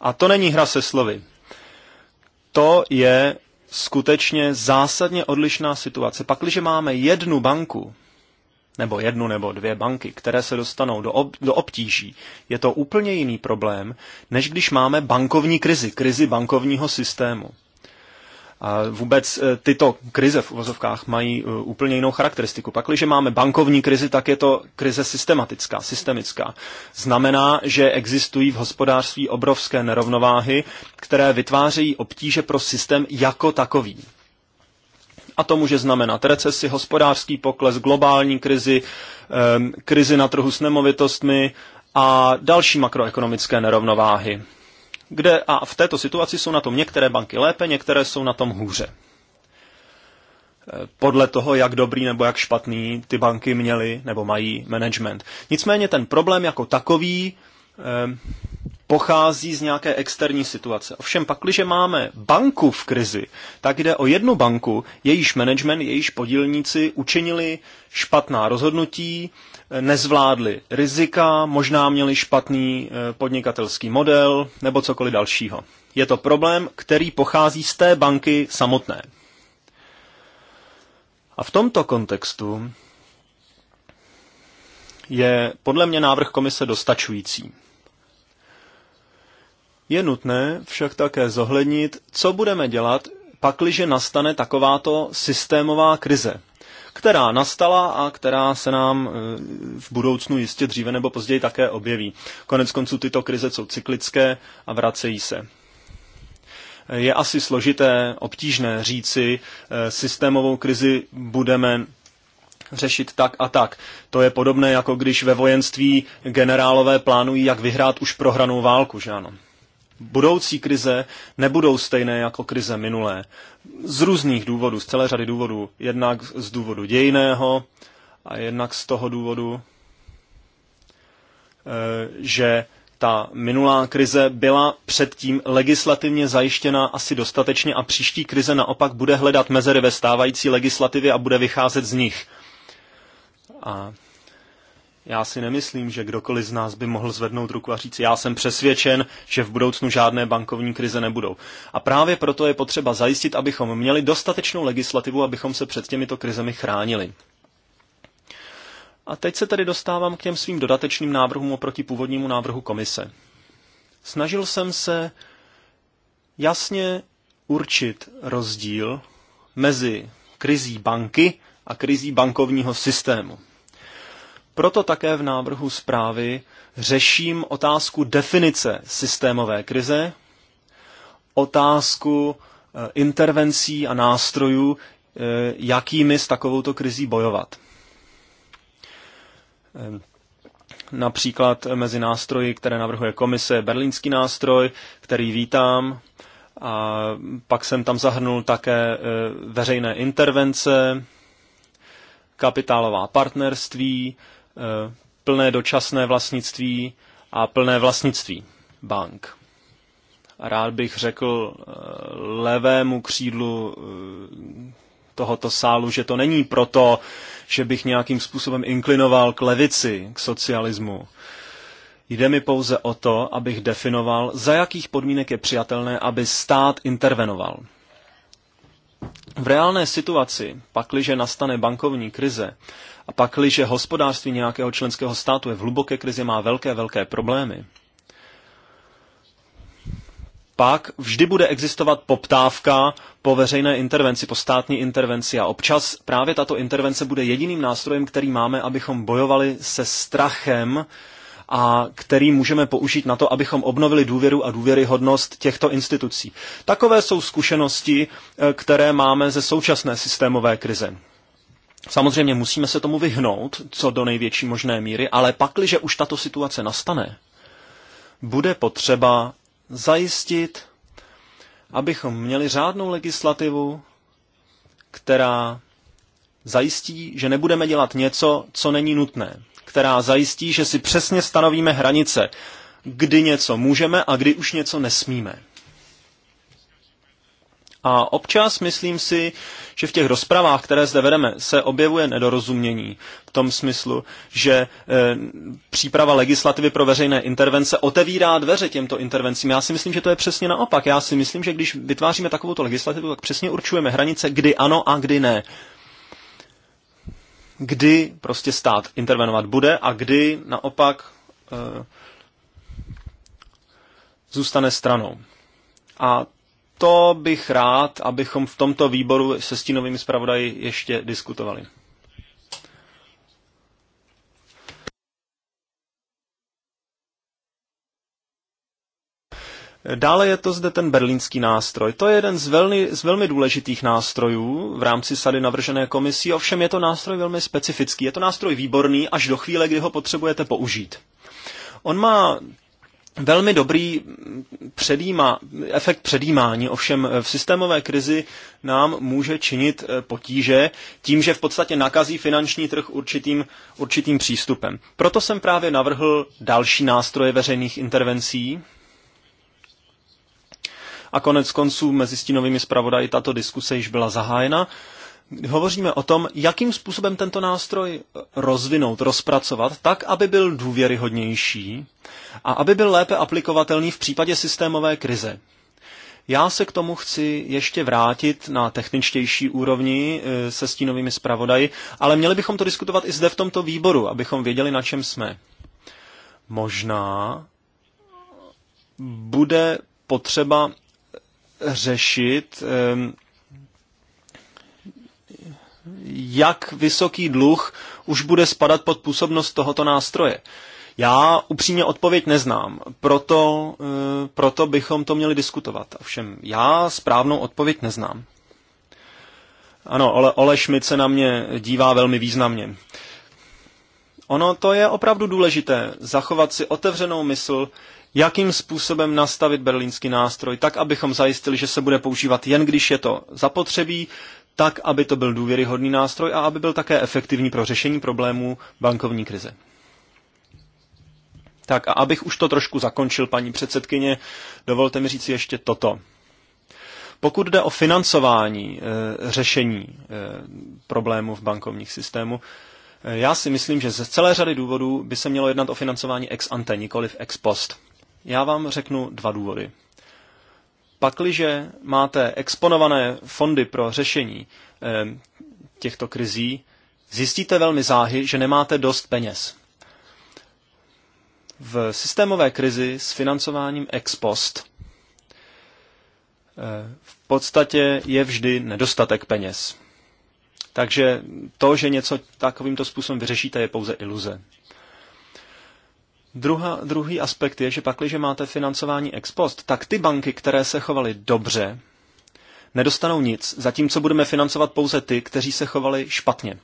A to není hra se slovy. To je skutečně zásadně odlišná situace. Pakliže máme jednu banku, nebo jednu nebo dvě banky, které se dostanou do, ob, do obtíží, je to úplně jiný problém, než když máme bankovní krizi, krizi bankovního systému. A vůbec eh, tyto krize v uvozovkách mají eh, úplně jinou charakteristiku. Pak, když máme bankovní krizi, tak je to krize systematická, systemická. Znamená, že existují v hospodářství obrovské nerovnováhy, které vytvářejí obtíže pro systém jako takový. A to může znamenat recesi, hospodářský pokles, globální krizi, eh, krizi na trhu s nemovitostmi a další makroekonomické nerovnováhy kde a v této situaci jsou na tom některé banky lépe, některé jsou na tom hůře. E, podle toho, jak dobrý nebo jak špatný ty banky měly nebo mají management. Nicméně ten problém jako takový e, pochází z nějaké externí situace. Ovšem pak, když máme banku v krizi, tak jde o jednu banku, jejíž management, jejíž podílníci učinili špatná rozhodnutí, nezvládli rizika, možná měli špatný eh, podnikatelský model nebo cokoliv dalšího. Je to problém, který pochází z té banky samotné. A v tomto kontextu je podle mě návrh komise dostačující. Je nutné však také zohlednit, co budeme dělat, pakliže nastane takováto systémová krize která nastala a která se nám e, v budoucnu jistě dříve nebo později také objeví. Konec konců tyto krize jsou cyklické a vracejí se je asi složité, obtížné říci, e, systémovou krizi budeme řešit tak a tak. To je podobné, jako když ve vojenství generálové plánují, jak vyhrát už prohranou válku, že ano? budoucí krize nebudou stejné jako krize minulé. Z různých důvodů, z celé řady důvodů. Jednak z důvodu dějiného a jednak z toho důvodu, eh, že ta minulá krize byla předtím legislativně zajištěna asi dostatečně a příští krize naopak bude hledat mezery ve stávající legislativě a bude vycházet z nich. A já si nemyslím, že kdokoliv z nás by mohl zvednout ruku a říct, já jsem přesvědčen, že v budoucnu žádné bankovní krize nebudou. A právě proto je potřeba zajistit, abychom měli dostatečnou legislativu, abychom se před těmito krizemi chránili. A teď se tedy dostávám k těm svým dodatečným návrhům oproti původnímu návrhu komise. Snažil jsem se jasně určit rozdíl mezi krizí banky a krizí bankovního systému. Proto také v návrhu zprávy řeším otázku definice systémové krize, otázku eh, intervencí a nástrojů, eh, jakými s takovouto krizí bojovat. Ehm, například mezi nástroji, které navrhuje komise, berlínský nástroj, který vítám, a pak jsem tam zahrnul také eh, veřejné intervence, kapitálová partnerství, Eh, plné dočasné vlastnictví a plné vlastnictví bank. Rád bych řekl eh, levému křídlu eh, tohoto sálu, že to není proto, že bych nějakým způsobem inklinoval k levici, k socialismu. Jde mi pouze o to, abych definoval, za jakých podmínek je přijatelné, aby stát intervenoval. V reálné situaci, pakliže nastane bankovní krize a pakliže hospodářství nějakého členského státu je v hluboké krizi, má velké, velké problémy, pak vždy bude existovat poptávka po veřejné intervenci, po státní intervenci a občas právě tato intervence bude jediným nástrojem, který máme, abychom bojovali se strachem, a který můžeme použít na to, abychom obnovili důvěru a důvěryhodnost těchto institucí. Takové jsou zkušenosti, eh, které máme ze současné systémové krize. Samozřejmě musíme se tomu vyhnout, co do největší možné míry, ale pakliže už tato situace nastane, bude potřeba zajistit, abychom měli řádnou legislativu, která zajistí, že nebudeme dělat něco, co není nutné která zajistí, že si přesně stanovíme hranice, kdy něco můžeme a kdy už něco nesmíme. A občas myslím si, že v těch rozpravách, které zde vedeme, se objevuje nedorozumění v tom smyslu, že e, příprava legislativy pro veřejné intervence otevírá dveře těmto intervencím. Já si myslím, že to je přesně naopak. Já si myslím, že když vytváříme takovouto legislativu, tak přesně určujeme hranice, kdy ano a kdy ne kdy prostě stát intervenovat bude a kdy naopak e, zůstane stranou. A to bych rád, abychom v tomto výboru se stínovými zpravodaji ještě diskutovali. Dále je to zde ten berlínský nástroj. To je jeden z velmi, z velmi důležitých nástrojů v rámci sady navržené komisí, ovšem je to nástroj velmi specifický. Je to nástroj výborný až do chvíle, kdy ho potřebujete použít. On má velmi dobrý předjíma, efekt předjímání, ovšem v systémové krizi nám může činit eh, potíže tím, že v podstatě nakazí finanční trh určitým, určitým přístupem. Proto jsem právě navrhl další nástroje veřejných intervencí, a konec konců mezi stínovými zpravodaji tato diskuse již byla zahájena. Hovoříme o tom, jakým způsobem tento nástroj rozvinout, rozpracovat tak, aby byl důvěryhodnější a aby byl lépe aplikovatelný v případě systémové krize. Já se k tomu chci ještě vrátit na techničtější úrovni eh, se stínovými zpravodaji, ale měli bychom to diskutovat i zde v tomto výboru, abychom věděli, na čem jsme. Možná bude potřeba řešit, jak vysoký dluh už bude spadat pod působnost tohoto nástroje. Já upřímně odpověď neznám, proto, eh, proto bychom to měli diskutovat. Ovšem, já správnou odpověď neznám. Ano, Ole, Ole Schmidt se na mě dívá velmi významně. Ono to je opravdu důležité, zachovat si otevřenou mysl, jakým způsobem nastavit berlínský nástroj, tak abychom zajistili, že se bude používat jen když je to zapotřebí, tak aby to byl důvěryhodný nástroj a aby byl také efektivní pro řešení problémů bankovní krize. Tak a abych už to trošku zakončil, paní předsedkyně, dovolte mi říct ještě toto. Pokud jde o financování e, řešení e, problémů v bankovních systému, e, já si myslím, že ze celé řady důvodů by se mělo jednat o financování ex ante, nikoliv ex post. Já vám řeknu dva důvody. Pakliže máte exponované fondy pro řešení eh, těchto krizí, zjistíte velmi záhy, že nemáte dost peněz. V systémové krizi s financováním ex post eh, v podstatě je vždy nedostatek peněz. Takže to, že něco takovýmto způsobem vyřešíte, je pouze iluze. Druhá, druhý aspekt je, že pakliže máte financování ex post, tak ty banky, které se chovaly dobře, nedostanou nic, zatímco budeme financovat pouze ty, kteří se chovali špatně.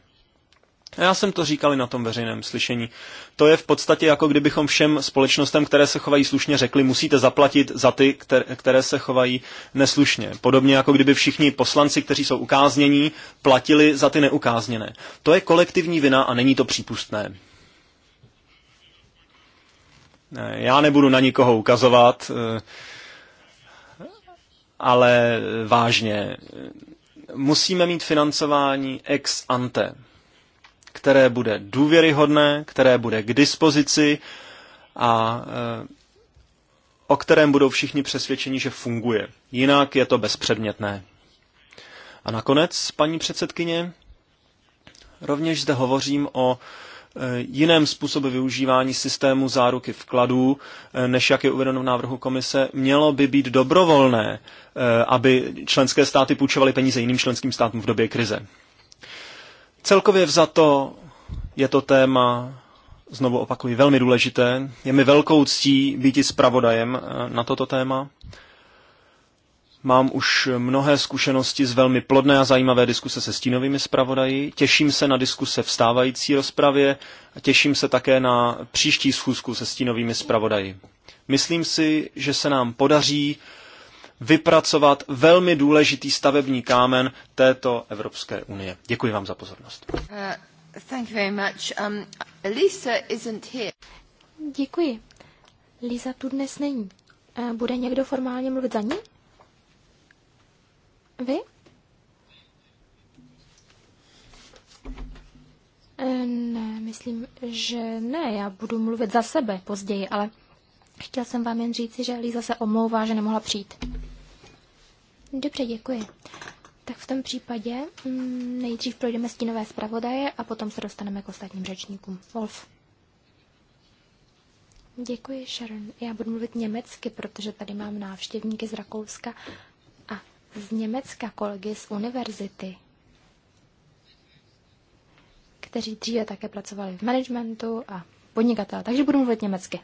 A já jsem to říkal i na tom veřejném slyšení. To je v podstatě jako kdybychom všem společnostem, které se chovají slušně, řekli, musíte zaplatit za ty, které se chovají neslušně. Podobně jako kdyby všichni poslanci, kteří jsou ukáznění, platili za ty neukázněné. To je kolektivní vina a není to přípustné. Eh, já nebudu na nikoho ukazovat, eh, ale vážně, musíme mít financování ex ante, které bude důvěryhodné, které bude k dispozici a eh, o kterém budou všichni přesvědčeni, že funguje. Jinak je to bezpředmětné. A nakonec, paní předsedkyně, rovněž zde hovořím o Eh, jiném způsobu využívání systému záruky vkladů, eh, než jak je uvedeno v návrhu komise, mělo by být dobrovolné, eh, aby členské státy půjčovaly peníze jiným členským státům v době krize. Celkově vzato je to téma, znovu opakuji, velmi důležité. Je mi velkou ctí být i zpravodajem na toto téma. Mám už mnohé zkušenosti z velmi plodné a zajímavé diskuse se stínovými zpravodaji. Těším se na diskuse v stávající rozpravě a těším se také na příští schůzku se stínovými zpravodaji. Myslím si, že se nám podaří vypracovat velmi důležitý stavební kámen této Evropské unie. Děkuji vám za pozornost. Uh, um, Děkuji. Lisa tu dnes není. Uh, bude někdo formálně mluvit za ní? Vy? Eh, ne, myslím, že ne. Já budu mluvit za sebe později, ale chtěl jsem vám jen říci, že Líza se omlouvá, že nemohla přijít. Dobře, děkuji. Tak v tom případě mm, nejdřív projdeme stínové zpravodaje a potom se dostaneme k ostatním řečníkům. Wolf. Děkuji, Sharon. Já budu mluvit německy, protože tady mám návštěvníky z Rakouska z Německa kolegy z univerzity, kteří dříve také pracovali v managementu a podnikatel. takže budu mluvit německy.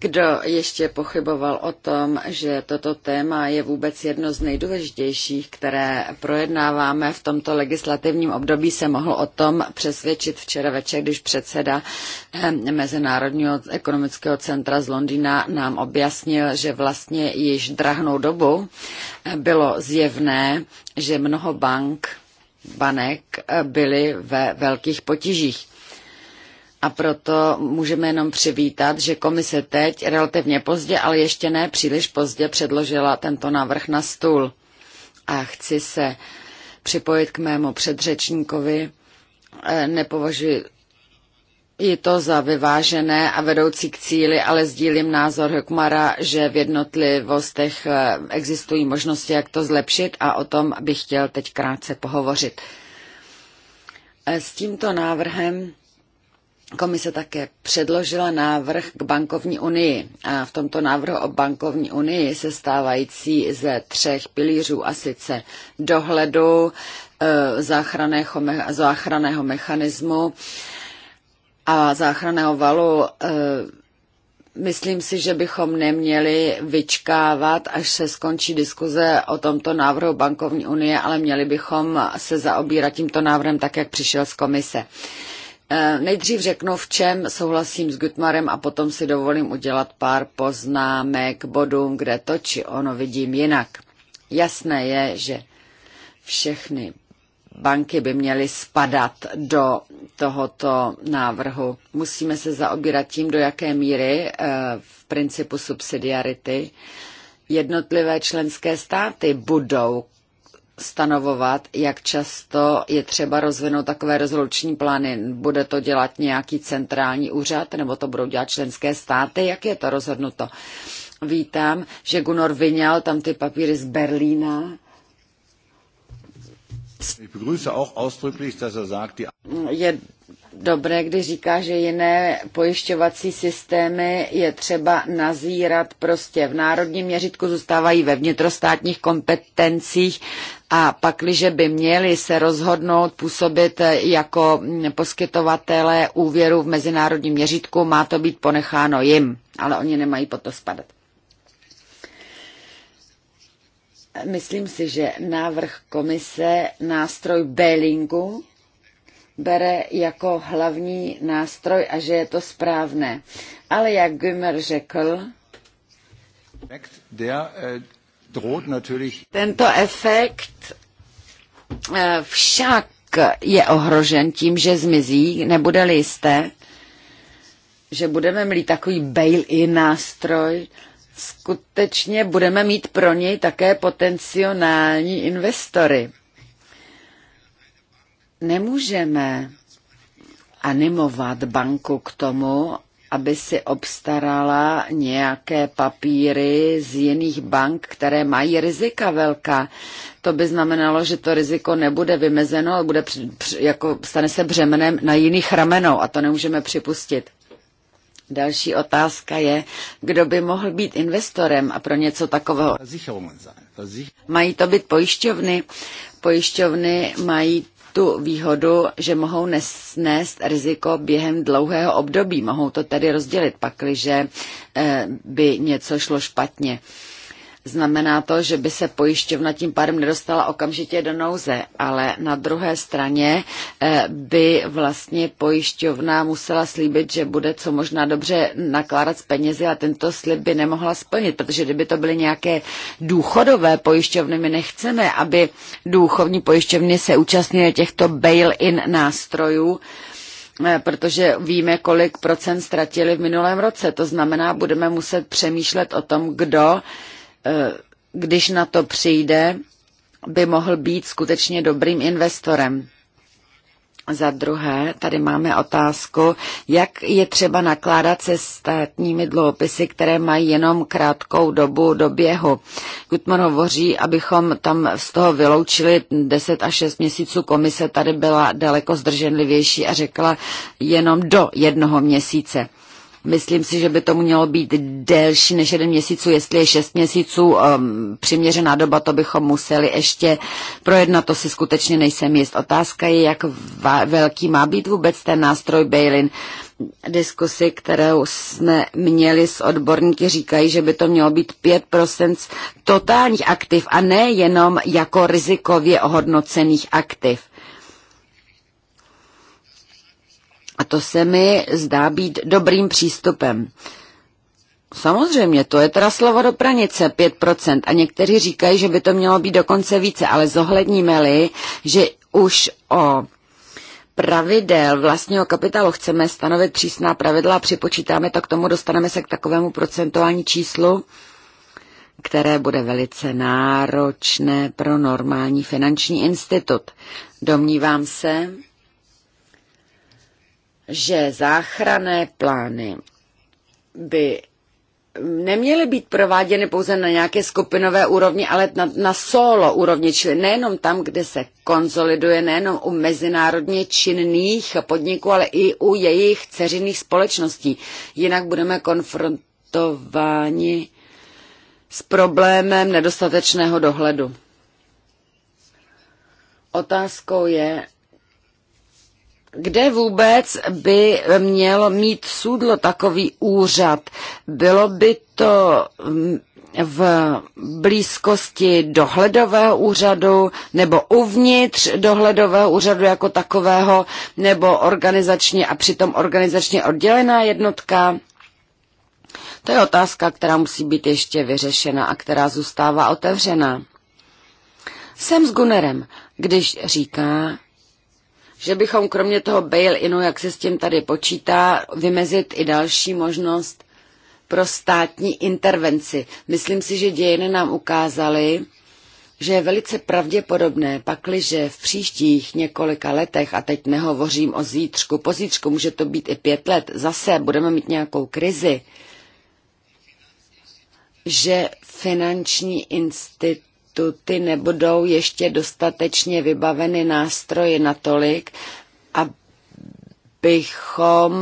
Kdo ještě pochyboval o tom, že toto téma je vůbec jedno z nejdůležitějších, které projednáváme v tomto legislativním období, se mohl o tom přesvědčit včera večer, když předseda eh, Mezinárodního ekonomického centra z Londýna nám objasnil, že vlastně již drahnou dobu eh, bylo zjevné, že mnoho bank banek eh, byly ve velkých potížích a proto můžeme jenom přivítat, že komise teď, relativně pozdě, ale ještě ne příliš pozdě, předložila tento návrh na stůl. A chci se připojit k mému předřečníkovi. E, nepovažuji je to za vyvážené a vedoucí k cíli, ale sdílím názor Hekmara, že v jednotlivostech e, existují možnosti, jak to zlepšit a o tom bych chtěl teď krátce pohovořit. E, s tímto návrhem Komise také předložila návrh k bankovní unii a v tomto návrhu o bankovní unii se stávající ze třech pilířů a sice dohledu, e, záchranného, záchranného mechanismu a záchranného valu e, Myslím si, že bychom neměli vyčkávat, až se skončí diskuze o tomto návrhu bankovní unie, ale měli bychom se zaobírat tímto návrhem tak, jak přišel z komise. Eh, nejdřív řeknu, v čem souhlasím s Gutmarem a potom si dovolím udělat pár poznámek bodům, kde to či ono vidím jinak. Jasné je, že všechny banky by měly spadat do tohoto návrhu. Musíme se zaobírat tím, do jaké míry eh, v principu subsidiarity jednotlivé členské státy budou stanovovat, jak často je třeba rozvinout takové rezoluční plány. Bude to dělat nějaký centrální úřad, nebo to budou dělat členské státy? Jak je to rozhodnuto? Vítám, že Gunor vyňal tam ty papíry z Berlína. Er je dobré, když říká, že jiné pojišťovací systémy je třeba nazírat prostě v národním měřitku, zůstávají ve vnitrostátních kompetencích a pakliže by měli se rozhodnout působit jako poskytovatelé úvěru v mezinárodním měřitku, má to být ponecháno jim, ale oni nemají pod to spadat. Myslím si, že návrh komise nástroj Bellingu bere jako hlavní nástroj a že je to správné. Ale jak Gümer řekl, äh, tento efekt äh, však je ohrožen tím, že zmizí, nebude-li jisté, že budeme mít takový bail-in nástroj, skutečně budeme mít pro něj také potenciální investory. Nemůžeme animovat banku k tomu, aby si obstarala nějaké papíry z jiných bank, které mají rizika velká. To by znamenalo, že to riziko nebude vymezeno, ale bude, jako stane se břemenem na jiných ramenou a to nemůžeme připustit. Další otázka je, kdo by mohl být investorem a pro něco takového. Mají to být pojišťovny. Pojišťovny mají tu výhodu, že mohou nesnést riziko během dlouhého období. Mohou to tedy rozdělit, pakliže eh, by něco šlo špatně. Znamená to, že by se pojišťovna tím pádem nedostala okamžitě do nouze, ale na druhé straně eh, by vlastně pojišťovna musela slíbit, že bude co možná dobře nakládat s penězi a tento slib by nemohla splnit, protože kdyby to byly nějaké důchodové pojišťovny, my nechceme, aby důchodní pojišťovny se účastnily těchto bail-in nástrojů, eh, protože víme, kolik procent ztratili v minulém roce. To znamená, budeme muset přemýšlet o tom, kdo Eh, když na to přijde, by mohl být skutečně dobrým investorem. Za druhé, tady máme otázku, jak je třeba nakládat se státními dluhopisy, které mají jenom krátkou dobu do běhu. Gutman hovoří, abychom tam z toho vyloučili 10 až 6 měsíců. Komise tady byla daleko zdrženlivější a řekla jenom do jednoho měsíce. Myslím si, že by to mělo být delší než jeden měsíců. Jestli je šest měsíců um, přiměřená doba, to bychom museli ještě projednat. To si skutečně nejsem jist. Otázka je, jak velký má být vůbec ten nástroj Bailin. Diskusy, kterou jsme měli s odborníky, říkají, že by to mělo být 5% totálních aktiv a ne jenom jako rizikově ohodnocených aktiv. to se mi zdá být dobrým přístupem. Samozřejmě, to je teda slovo do pranice, 5%. A někteří říkají, že by to mělo být dokonce více, ale zohledníme-li, že už o pravidel vlastního kapitálu chceme stanovit přísná pravidla a připočítáme to k tomu, dostaneme se k takovému procentuální číslu, které bude velice náročné pro normální finanční institut. Domnívám se, že záchranné plány by neměly být prováděny pouze na nějaké skupinové úrovni, ale na, na solo úrovni, čili nejenom tam, kde se konsoliduje, nejenom u mezinárodně činných podniků, ale i u jejich ceřinných společností. Jinak budeme konfrontováni s problémem nedostatečného dohledu. Otázkou je, kde vůbec by měl mít sudlo takový úřad? Bylo by to mm, v blízkosti dohledového úřadu nebo uvnitř dohledového úřadu jako takového nebo organizačně a přitom organizačně oddělená jednotka? To je otázka, která musí být ještě vyřešena a která zůstává otevřená. Jsem s Gunerem, když říká, že bychom kromě toho bail-inu, jak se s tím tady počítá, vymezit i další možnost pro státní intervenci. Myslím si, že dějiny nám ukázaly, že je velice pravděpodobné, pakliže v příštích několika letech, a teď nehovořím o zítřku, po zítřku může to být i pět let, zase budeme mít nějakou krizi, že finanční instituce ty nebudou ještě dostatečně vybaveny nástroji natolik, abychom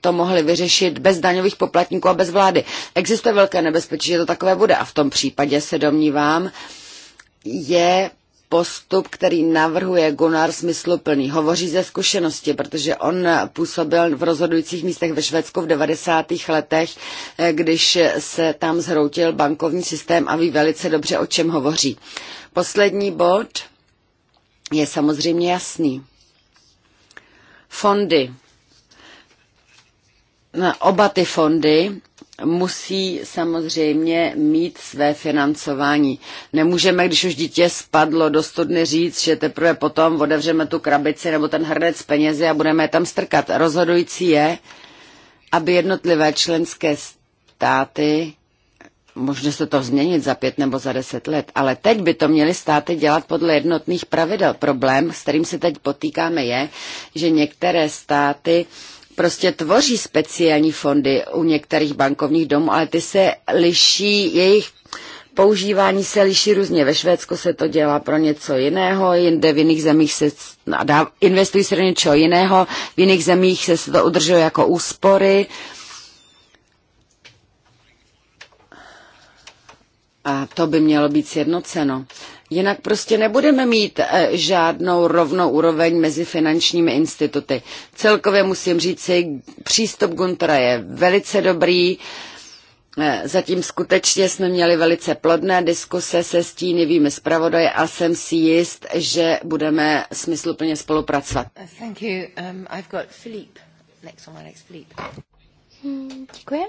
to mohli vyřešit bez daňových poplatníků a bez vlády. Existuje velké nebezpečí, že to takové bude a v tom případě se domnívám, je postup, který navrhuje Gunnar smysluplný. Hovoří ze zkušenosti, protože on působil v rozhodujících místech ve Švédsku v 90. letech, eh, když se tam zhroutil bankovní systém a ví velice dobře, o čem hovoří. Poslední bod je samozřejmě jasný. Fondy. Oba ty fondy musí samozřejmě mít své financování. Nemůžeme, když už dítě spadlo do studny říct, že teprve potom otevřeme tu krabici nebo ten hrnec penězi a budeme je tam strkat. Rozhodující je, aby jednotlivé členské státy možná se to změnit za pět nebo za deset let, ale teď by to měly státy dělat podle jednotných pravidel. Problém, s kterým se teď potýkáme, je, že některé státy prostě tvoří speciální fondy u některých bankovních domů, ale ty se liší, jejich používání se liší různě. Ve Švédsku se to dělá pro něco jiného, jinde v jiných zemích se dá, investují se do něčeho jiného, v jiných zemích se, se to udržuje jako úspory. A to by mělo být sjednoceno. Jinak prostě nebudeme mít eh, žádnou rovnou úroveň mezi finančními instituty. Celkově musím říct přístup Guntera je velice dobrý. Eh, zatím skutečně jsme měli velice plodné diskuse se stínivými zpravodaje a jsem si jist, že budeme smysluplně spolupracovat. Uh, thank you. Um, I've got Philippe. Next on my next Philippe. Hmm, děkuji.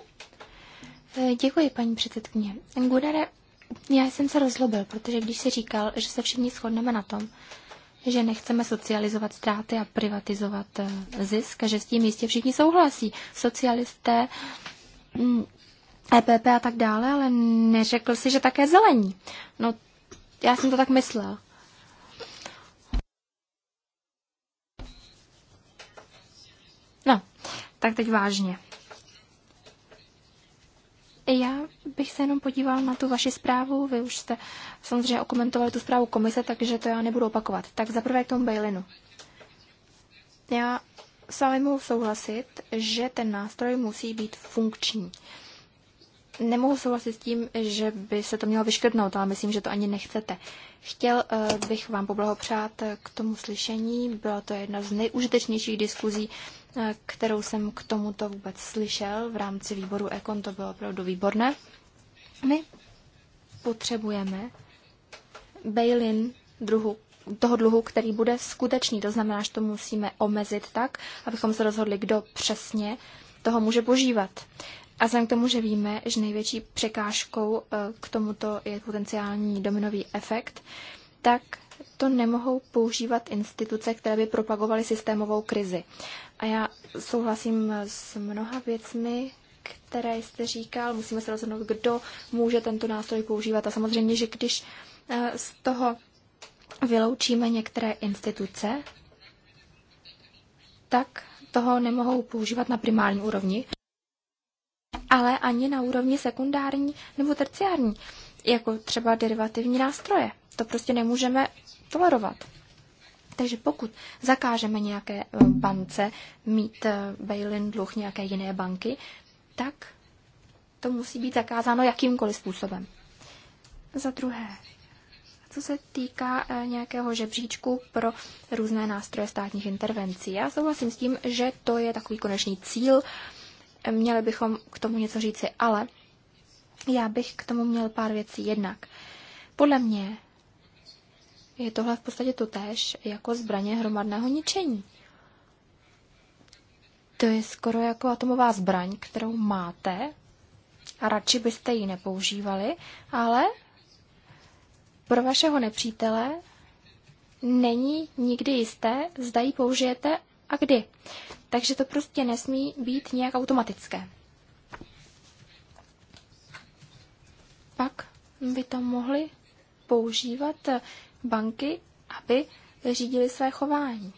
Eh, děkuji, paní předsedkyně. Gunare, já jsem se rozlobil, protože když si říkal, že se všichni shodneme na tom, že nechceme socializovat ztráty a privatizovat eh, zisk a že s tím jistě všichni souhlasí. Socialisté, mm, EPP a tak dále, ale neřekl si, že také zelení. No, já jsem to tak myslel. No, tak teď vážně. Já bych se jenom podíval na tu vaši zprávu. Vy už jste samozřejmě okomentovali tu zprávu komise, takže to já nebudu opakovat. Tak zaprvé k tomu bailinu. Já s vámi mohu souhlasit, že ten nástroj musí být funkční. Nemohu souhlasit s tím, že by se to mělo vyškrtnout, ale myslím, že to ani nechcete. Chtěl eh, bych vám poblahopřát k tomu slyšení. Byla to jedna z nejužitečnějších diskuzí, Eh, kterou jsem k tomuto vůbec slyšel v rámci výboru Ekon, to bylo opravdu výborné. My potřebujeme bail-in druhu toho dluhu, který bude skutečný. To znamená, že to musíme omezit tak, abychom se rozhodli, kdo přesně toho může požívat. A vzhledem k tomu, že víme, že největší překážkou eh, k tomuto je potenciální dominový efekt, tak to nemohou používat instituce, které by propagovaly systémovou krizi. A já souhlasím s mnoha věcmi, které jste říkal. Musíme se rozhodnout, kdo může tento nástroj používat. A samozřejmě, že když eh, z toho vyloučíme některé instituce, tak toho nemohou používat na primární úrovni, ale ani na úrovni sekundární nebo terciární jako třeba derivativní nástroje. To prostě nemůžeme tolerovat. Takže pokud zakážeme nějaké eh, bance mít eh, bail-in dluh nějaké jiné banky, tak to musí být zakázáno jakýmkoliv způsobem. Za druhé, co se týká eh, nějakého žebříčku pro různé nástroje státních intervencí. Já souhlasím s tím, že to je takový konečný cíl, měli bychom k tomu něco říci, ale já bych k tomu měl pár věcí. Jednak, podle mě je tohle v podstatě totéž jako zbraně hromadného ničení. To je skoro jako atomová zbraň, kterou máte a radši byste ji nepoužívali, ale pro vašeho nepřítele není nikdy jisté, zda ji použijete a kdy. Takže to prostě nesmí být nějak automatické. pak by to mohly používat banky, aby řídili své chování.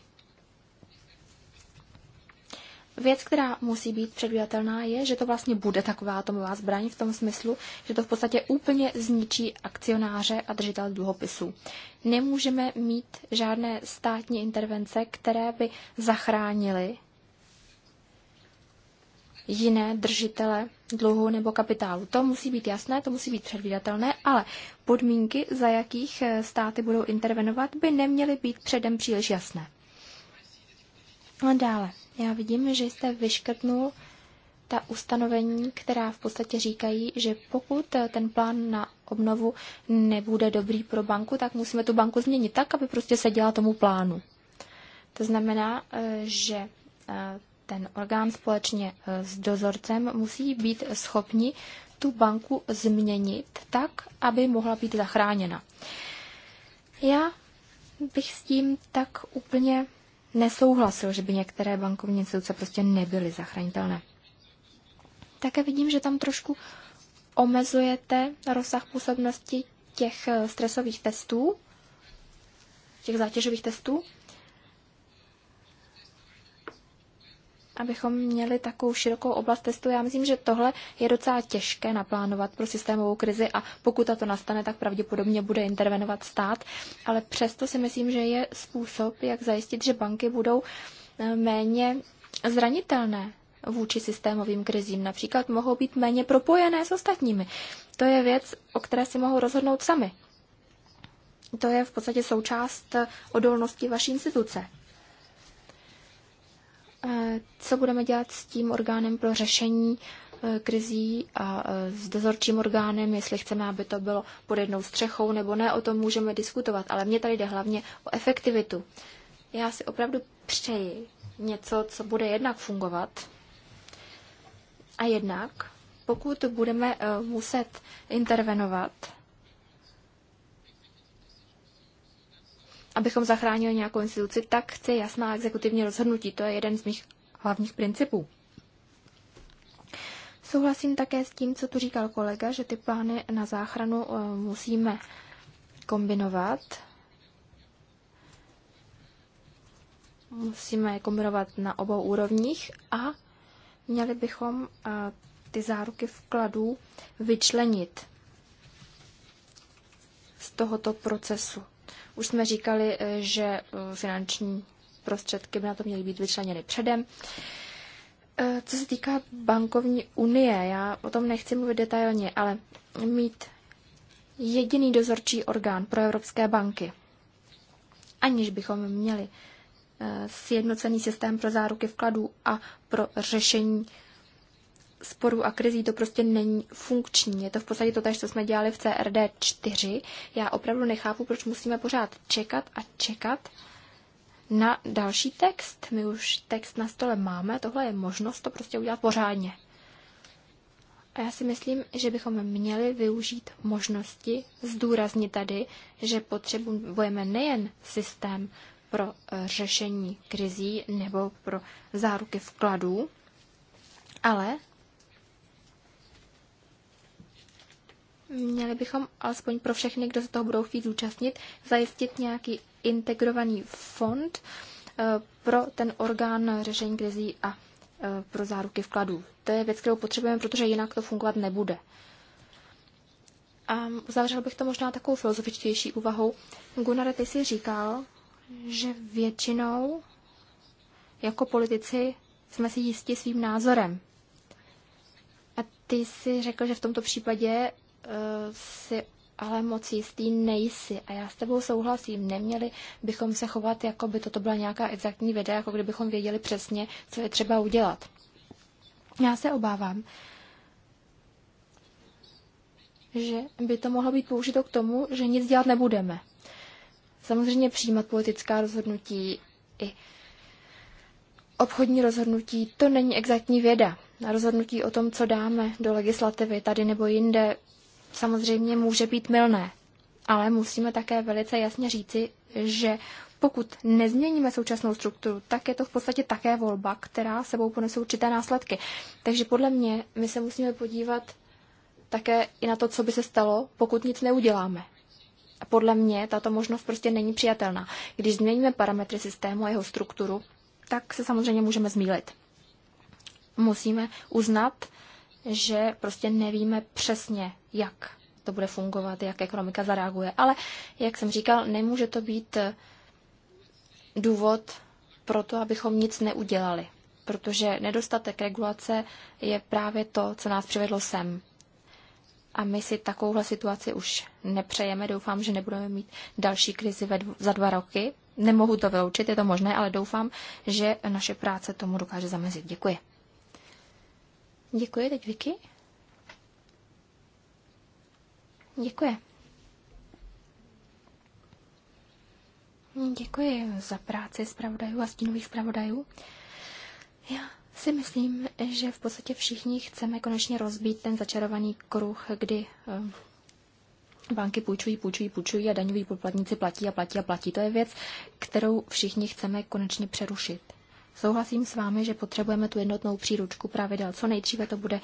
Věc, která musí být předvídatelná, je, že to vlastně bude taková atomová zbraň v tom smyslu, že to v podstatě úplně zničí akcionáře a držitel dluhopisů. Nemůžeme mít žádné státní intervence, které by zachránily jiné držitele dluhu nebo kapitálu. To musí být jasné, to musí být předvídatelné, ale podmínky, za jakých eh, státy budou intervenovat, by neměly být předem příliš jasné. A dále, já vidím, že jste vyškrtnul ta ustanovení, která v podstatě říkají, že pokud eh, ten plán na obnovu nebude dobrý pro banku, tak musíme tu banku změnit tak, aby prostě se dělala tomu plánu. To znamená, eh, že ten orgán společně eh, s dozorcem musí být schopni tu banku změnit tak, aby mohla být zachráněna. Já bych s tím tak úplně nesouhlasil, že by některé bankovní instituce prostě nebyly zachránitelné. Také vidím, že tam trošku omezujete rozsah působnosti těch eh, stresových testů, těch zátěžových testů. abychom měli takovou širokou oblast testu. Já myslím, že tohle je docela těžké naplánovat pro systémovou krizi a pokud tato nastane, tak pravděpodobně bude intervenovat stát, ale přesto si myslím, že je způsob, jak zajistit, že banky budou eh, méně zranitelné vůči systémovým krizím. Například mohou být méně propojené s ostatními. To je věc, o které si mohou rozhodnout sami. To je v podstatě součást odolnosti vaší instituce. Eh, co budeme dělat s tím orgánem pro řešení eh, krizí a eh, s dozorčím orgánem, jestli chceme, aby to bylo pod jednou střechou nebo ne, o tom můžeme diskutovat, ale mně tady jde hlavně o efektivitu. Já si opravdu přeji něco, co bude jednak fungovat a jednak, pokud budeme muset intervenovat, abychom zachránili nějakou instituci, tak chce jasná exekutivní rozhodnutí. To je jeden z mých hlavních principů. Souhlasím také s tím, co tu říkal kolega, že ty plány na záchranu eh, musíme kombinovat. Musíme je kombinovat na obou úrovních a měli bychom eh, ty záruky vkladů vyčlenit z tohoto procesu. Už jsme říkali, eh, že eh, finanční prostředky by na to měly být vyčleněny předem. Eh, co se týká bankovní unie, já o tom nechci mluvit detailně, ale mít jediný dozorčí orgán pro evropské banky, aniž bychom měli sjednocený systém pro záruky vkladů a pro řešení sporů a krizí to prostě není funkční. Je to v podstatě to tež, co jsme dělali v CRD 4. Já opravdu nechápu, proč musíme pořád čekat a čekat na další text. My už text na stole máme, tohle je možnost to prostě udělat pořádně. A já si myslím, že bychom měli využít možnosti zdůraznit tady, že potřebujeme nejen systém pro e, řešení krizí nebo pro záruky vkladů, ale Měli bychom alespoň pro všechny, kdo se toho budou chtít zúčastnit, zajistit nějaký integrovaný fond eh, pro ten orgán řešení krizí a eh, pro záruky vkladů. To je věc, kterou potřebujeme, protože jinak to fungovat nebude. A uzavřel bych to možná takovou filozofičtější úvahou. Gunnar, ty si říkal, že většinou jako politici jsme si jistí svým názorem. A ty si řekl, že v tomto případě si ale moc jistý nejsi. A já s tebou souhlasím, neměli bychom se chovat, jako by toto byla nějaká exaktní věda, jako kdybychom věděli přesně, co je třeba udělat. Já se obávám, že by to mohlo být použito k tomu, že nic dělat nebudeme. Samozřejmě přijímat politická rozhodnutí i obchodní rozhodnutí, to není exaktní věda. Na rozhodnutí o tom, co dáme do legislativy tady nebo jinde, samozřejmě může být mylné, ale musíme také velice jasně říci, že pokud nezměníme současnou strukturu, tak je to v podstatě také volba, která sebou ponese určité následky. Takže podle mě my se musíme podívat také i na to, co by se stalo, pokud nic neuděláme. A podle mě tato možnost prostě není přijatelná. Když změníme parametry systému a jeho strukturu, tak se samozřejmě můžeme zmílit. Musíme uznat, že prostě nevíme přesně, jak to bude fungovat, jak ekonomika zareaguje. Ale, jak jsem říkal, nemůže to být eh, důvod pro to, abychom nic neudělali, protože nedostatek regulace je právě to, co nás přivedlo sem. A my si takovouhle situaci už nepřejeme. Doufám, že nebudeme mít další krizi ve dv- za dva roky. Nemohu to vyloučit, je to možné, ale doufám, že naše práce tomu dokáže zamezit. Děkuji. Děkuji, teď Vicky. Děkuji. Děkuji za práci zpravodajů a stínových zpravodajů. Já si myslím, že v podstatě všichni chceme konečně rozbít ten začarovaný kruh, kdy eh, banky půjčují, půjčují, půjčují a daňoví poplatníci platí a platí a platí. To je věc, kterou všichni chceme konečně přerušit. Souhlasím s vámi, že potřebujeme tu jednotnou příručku pravidel. Co nejdříve to bude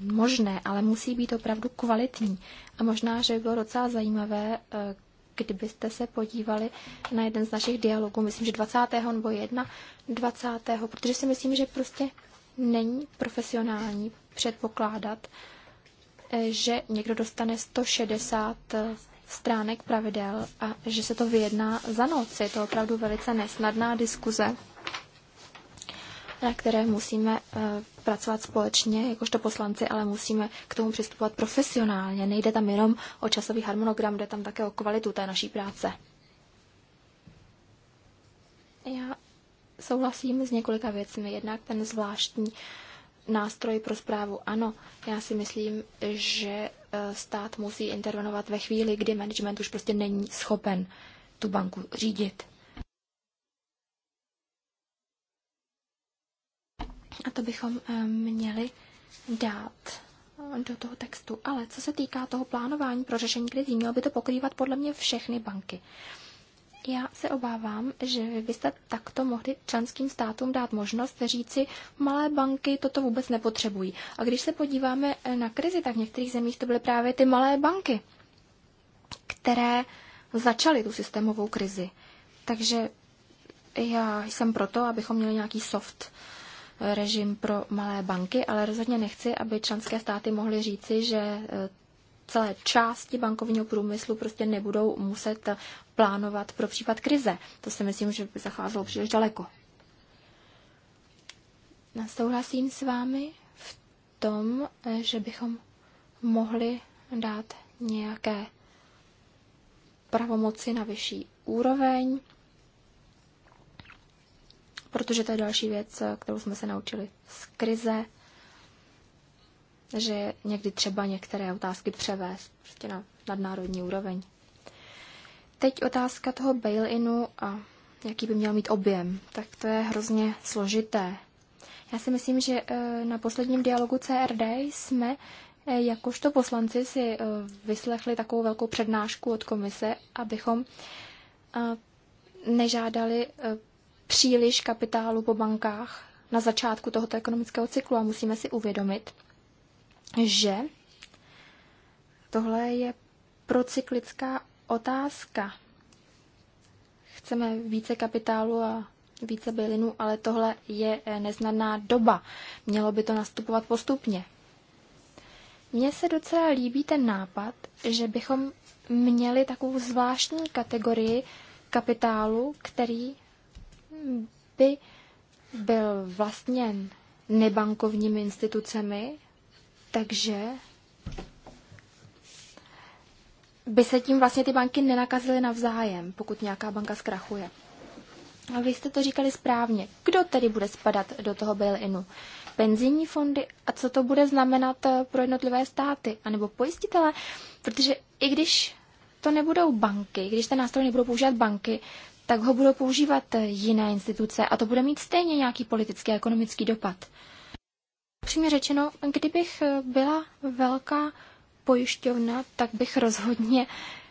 možné, ale musí být opravdu kvalitní. A možná, že by bylo docela zajímavé, eh, kdybyste se podívali na jeden z našich dialogů, myslím, že 20. nebo 1. 20. protože si myslím, že prostě není profesionální předpokládat, eh, že někdo dostane 160 eh, stránek pravidel a že se to vyjedná za noc. Je to opravdu velice nesnadná diskuze na které musíme eh, pracovat společně, jakožto poslanci, ale musíme k tomu přistupovat profesionálně. Nejde tam jenom o časový harmonogram, jde tam také o kvalitu té naší práce. Já souhlasím s několika věcmi. Jednak ten zvláštní nástroj pro zprávu. Ano, já si myslím, že eh, stát musí intervenovat ve chvíli, kdy management už prostě není schopen tu banku řídit. A to bychom eh, měli dát eh, do toho textu. Ale co se týká toho plánování pro řešení krizí, mělo by to pokrývat podle mě všechny banky. Já se obávám, že vy byste takto mohli členským státům dát možnost říci, malé banky toto vůbec nepotřebují. A když se podíváme eh, na krizi, tak v některých zemích to byly právě ty malé banky, které začaly tu systémovou krizi. Takže já jsem proto, abychom měli nějaký soft režim pro malé banky, ale rozhodně nechci, aby členské státy mohly říci, že e, celé části bankovního průmyslu prostě nebudou muset plánovat pro případ krize. To si myslím, že by zacházelo příliš daleko. Souhlasím s vámi v tom, e, že bychom mohli dát nějaké pravomoci na vyšší úroveň, protože to je další věc, kterou jsme se naučili z krize, že někdy třeba některé otázky převést prostě na nadnárodní úroveň. Teď otázka toho bail-inu a jaký by měl mít objem, tak to je hrozně složité. Já si myslím, že eh, na posledním dialogu CRD jsme eh, jakožto poslanci si eh, vyslechli takovou velkou přednášku od komise, abychom nežádali příliš kapitálu po bankách na začátku tohoto ekonomického cyklu a musíme si uvědomit, že tohle je procyklická otázka. Chceme více kapitálu a více bylinu, ale tohle je eh, neznaná doba. Mělo by to nastupovat postupně. Mně se docela líbí ten nápad, že bychom měli takovou zvláštní kategorii kapitálu, který by byl vlastněn nebankovními institucemi, takže by se tím vlastně ty banky nenakazily navzájem, pokud nějaká banka zkrachuje. A vy jste to říkali správně. Kdo tedy bude spadat do toho bail-inu? Penzijní fondy a co to bude znamenat eh, pro jednotlivé státy? A nebo pojistitele? Protože i když to nebudou banky, když ten nástroj nebudou používat banky, tak ho budou používat jiné instituce a to bude mít stejně nějaký politický a ekonomický dopad. Přímě řečeno, kdybych byla velká pojišťovna, tak bych rozhodně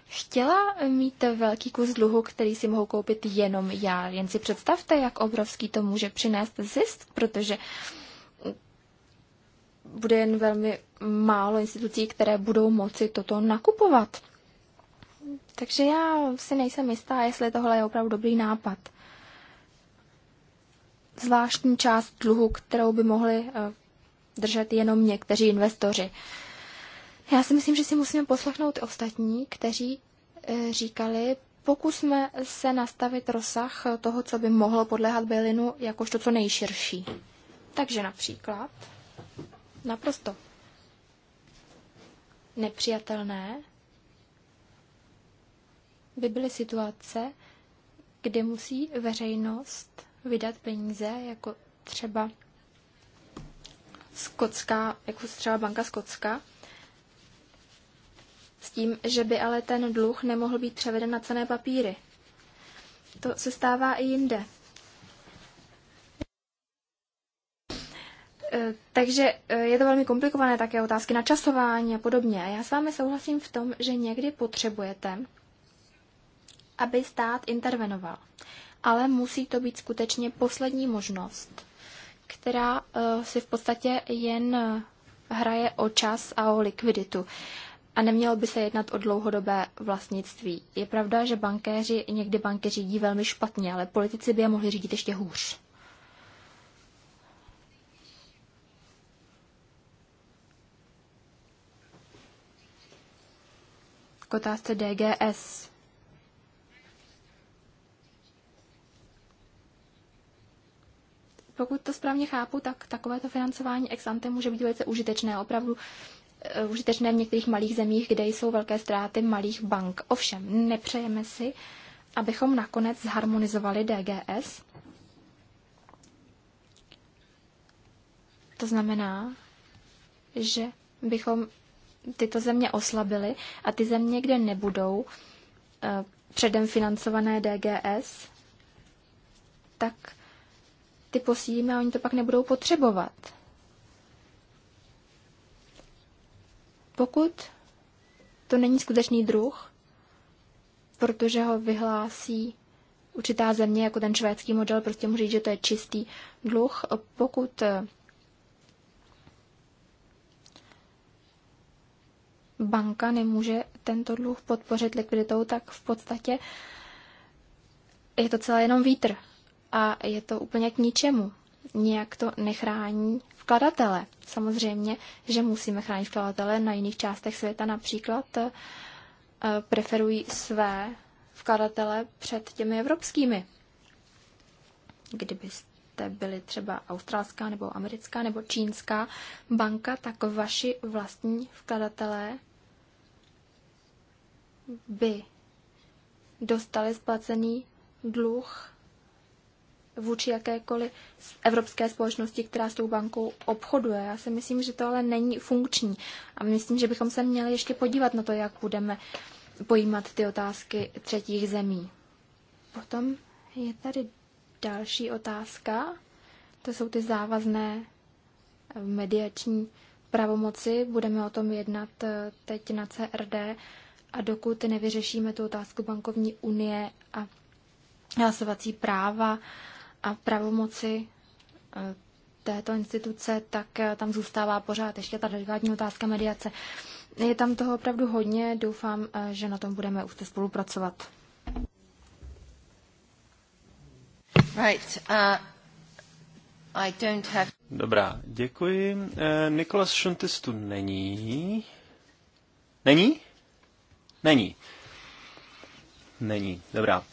chtěla mít velký kus dluhu, který si mohu koupit jenom já. Jen si představte, jak obrovský to může přinést zisk, protože bude jen velmi málo institucí, které budou moci toto nakupovat. Takže já si nejsem jistá, jestli tohle je opravdu dobrý nápad. Zvláštní část dluhu, kterou by mohli eh, držet jenom někteří investoři. Já si myslím, že si musíme poslechnout ostatní, kteří eh, říkali, pokusme se nastavit rozsah toho, co by mohlo podléhat bylinu, jakožto co nejširší. Takže například naprosto nepřijatelné by byly situace, kde musí veřejnost vydat peníze, jako třeba Skotská, jako třeba banka Skotska, s tím, že by ale ten dluh nemohl být převeden na cené papíry. To se stává i jinde. E, takže e, je to velmi komplikované, také otázky na časování a podobně. Já s vámi souhlasím v tom, že někdy potřebujete aby stát intervenoval. Ale musí to být skutečně poslední možnost, která eh, si v podstatě jen eh, hraje o čas a o likviditu. A nemělo by se jednat o dlouhodobé vlastnictví. Je pravda, že bankéři, někdy banky řídí velmi špatně, ale politici by je mohli řídit ještě hůř. K otázce DGS. Pokud to správně chápu, tak takovéto financování ex ante může být velice užitečné, opravdu eh, užitečné v některých malých zemích, kde jsou velké ztráty malých bank. Ovšem, nepřejeme si, abychom nakonec zharmonizovali DGS. To znamená, že bychom tyto země oslabili a ty země, kde nebudou eh, předem financované DGS, tak ty posílíme a oni to pak nebudou potřebovat. Pokud to není skutečný druh, protože ho vyhlásí určitá země, jako ten švédský model, prostě může říct, že to je čistý dluh. Pokud eh, banka nemůže tento dluh podpořit likviditou, tak v podstatě je to celé jenom vítr a je to úplně k ničemu. Nijak to nechrání vkladatele. Samozřejmě, že musíme chránit vkladatele na jiných částech světa, například eh, preferují své vkladatele před těmi evropskými. Kdybyste byli třeba australská nebo americká nebo čínská banka, tak vaši vlastní vkladatelé by dostali splacený dluh vůči jakékoliv evropské společnosti, která s tou bankou obchoduje. Já si myslím, že to ale není funkční. A myslím, že bychom se měli ještě podívat na to, jak budeme pojímat ty otázky třetích zemí. Potom je tady další otázka. To jsou ty závazné eh, mediační pravomoci. Budeme o tom jednat eh, teď na CRD. A dokud nevyřešíme tu otázku bankovní unie a hlasovací práva a pravomoci eh, této instituce, tak eh, tam zůstává pořád ještě ta delikátní otázka mediace. Je tam toho opravdu hodně, doufám, eh, že na tom budeme už spolupracovat. Right, uh, I don't have... Dobrá, děkuji. Eh, Nikolas Šuntis tu není. Není? Není. Není, dobrá.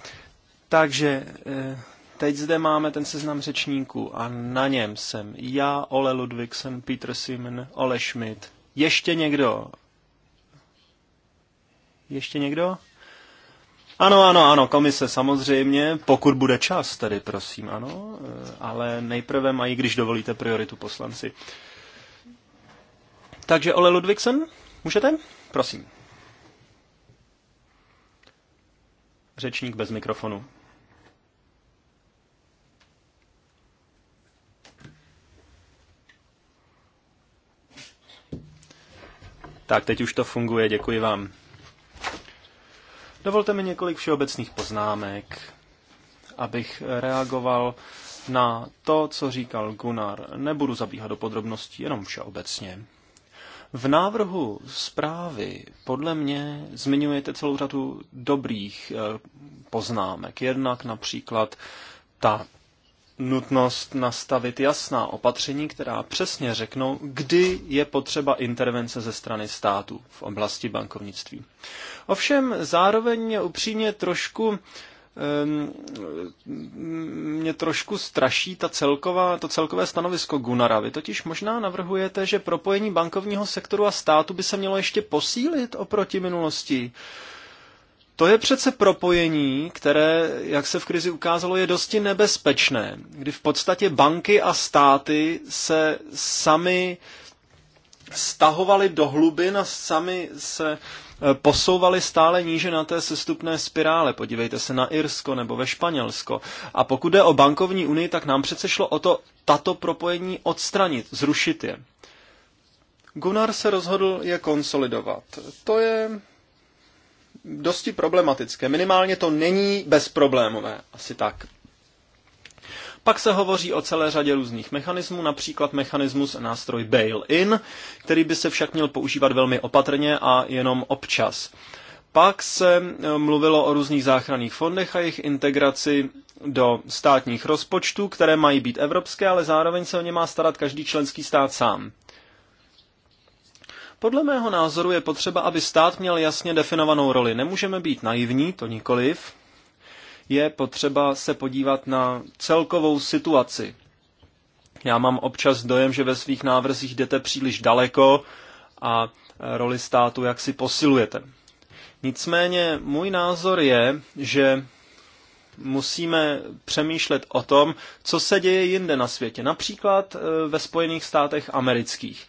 Takže eh, Teď zde máme ten seznam řečníků a na něm jsem já, Ole Ludvík, jsem Peter Simon, Ole Schmidt. Ještě někdo? Ještě někdo? Ano, ano, ano, komise samozřejmě, pokud bude čas, tedy prosím, ano, eh, ale nejprve mají, když dovolíte, prioritu poslanci. Takže Ole Ludvigsen, můžete? Prosím. Řečník bez mikrofonu. Tak, teď už to funguje, děkuji vám. Dovolte mi několik všeobecných poznámek, abych reagoval na to, co říkal Gunnar. Nebudu zabíhat do podrobností, jenom všeobecně. V návrhu zprávy podle mě zmiňujete celou řadu dobrých eh, poznámek. Jednak například ta nutnost nastavit jasná opatření, která přesně řeknou, kdy je potřeba intervence ze strany státu v oblasti bankovnictví. Ovšem zároveň je upřímně trošku mě trošku straší ta celková, to celkové stanovisko Gunara. Vy totiž možná navrhujete, že propojení bankovního sektoru a státu by se mělo ještě posílit oproti minulosti. To je přece propojení, které, jak se v krizi ukázalo, je dosti nebezpečné, kdy v podstatě banky a státy se sami stahovaly do hlubin a sami se eh, posouvali stále níže na té sestupné spirále. Podívejte se na Irsko nebo ve Španělsko. A pokud jde o bankovní unii, tak nám přece šlo o to tato propojení odstranit, zrušit je. Gunnar se rozhodl je konsolidovat. To je dosti problematické. Minimálně to není bezproblémové, asi tak. Pak se hovoří o celé řadě různých mechanismů, například mechanismus a nástroj bail-in, který by se však měl používat velmi opatrně a jenom občas. Pak se eh, mluvilo o různých záchranných fondech a jejich integraci do státních rozpočtů, které mají být evropské, ale zároveň se o ně má starat každý členský stát sám. Podle mého názoru je potřeba, aby stát měl jasně definovanou roli. Nemůžeme být naivní, to nikoliv. Je potřeba se podívat na celkovou situaci. Já mám občas dojem, že ve svých návrzích jdete příliš daleko a roli státu jak si posilujete. Nicméně můj názor je, že musíme přemýšlet o tom, co se děje jinde na světě, například e, ve Spojených státech amerických.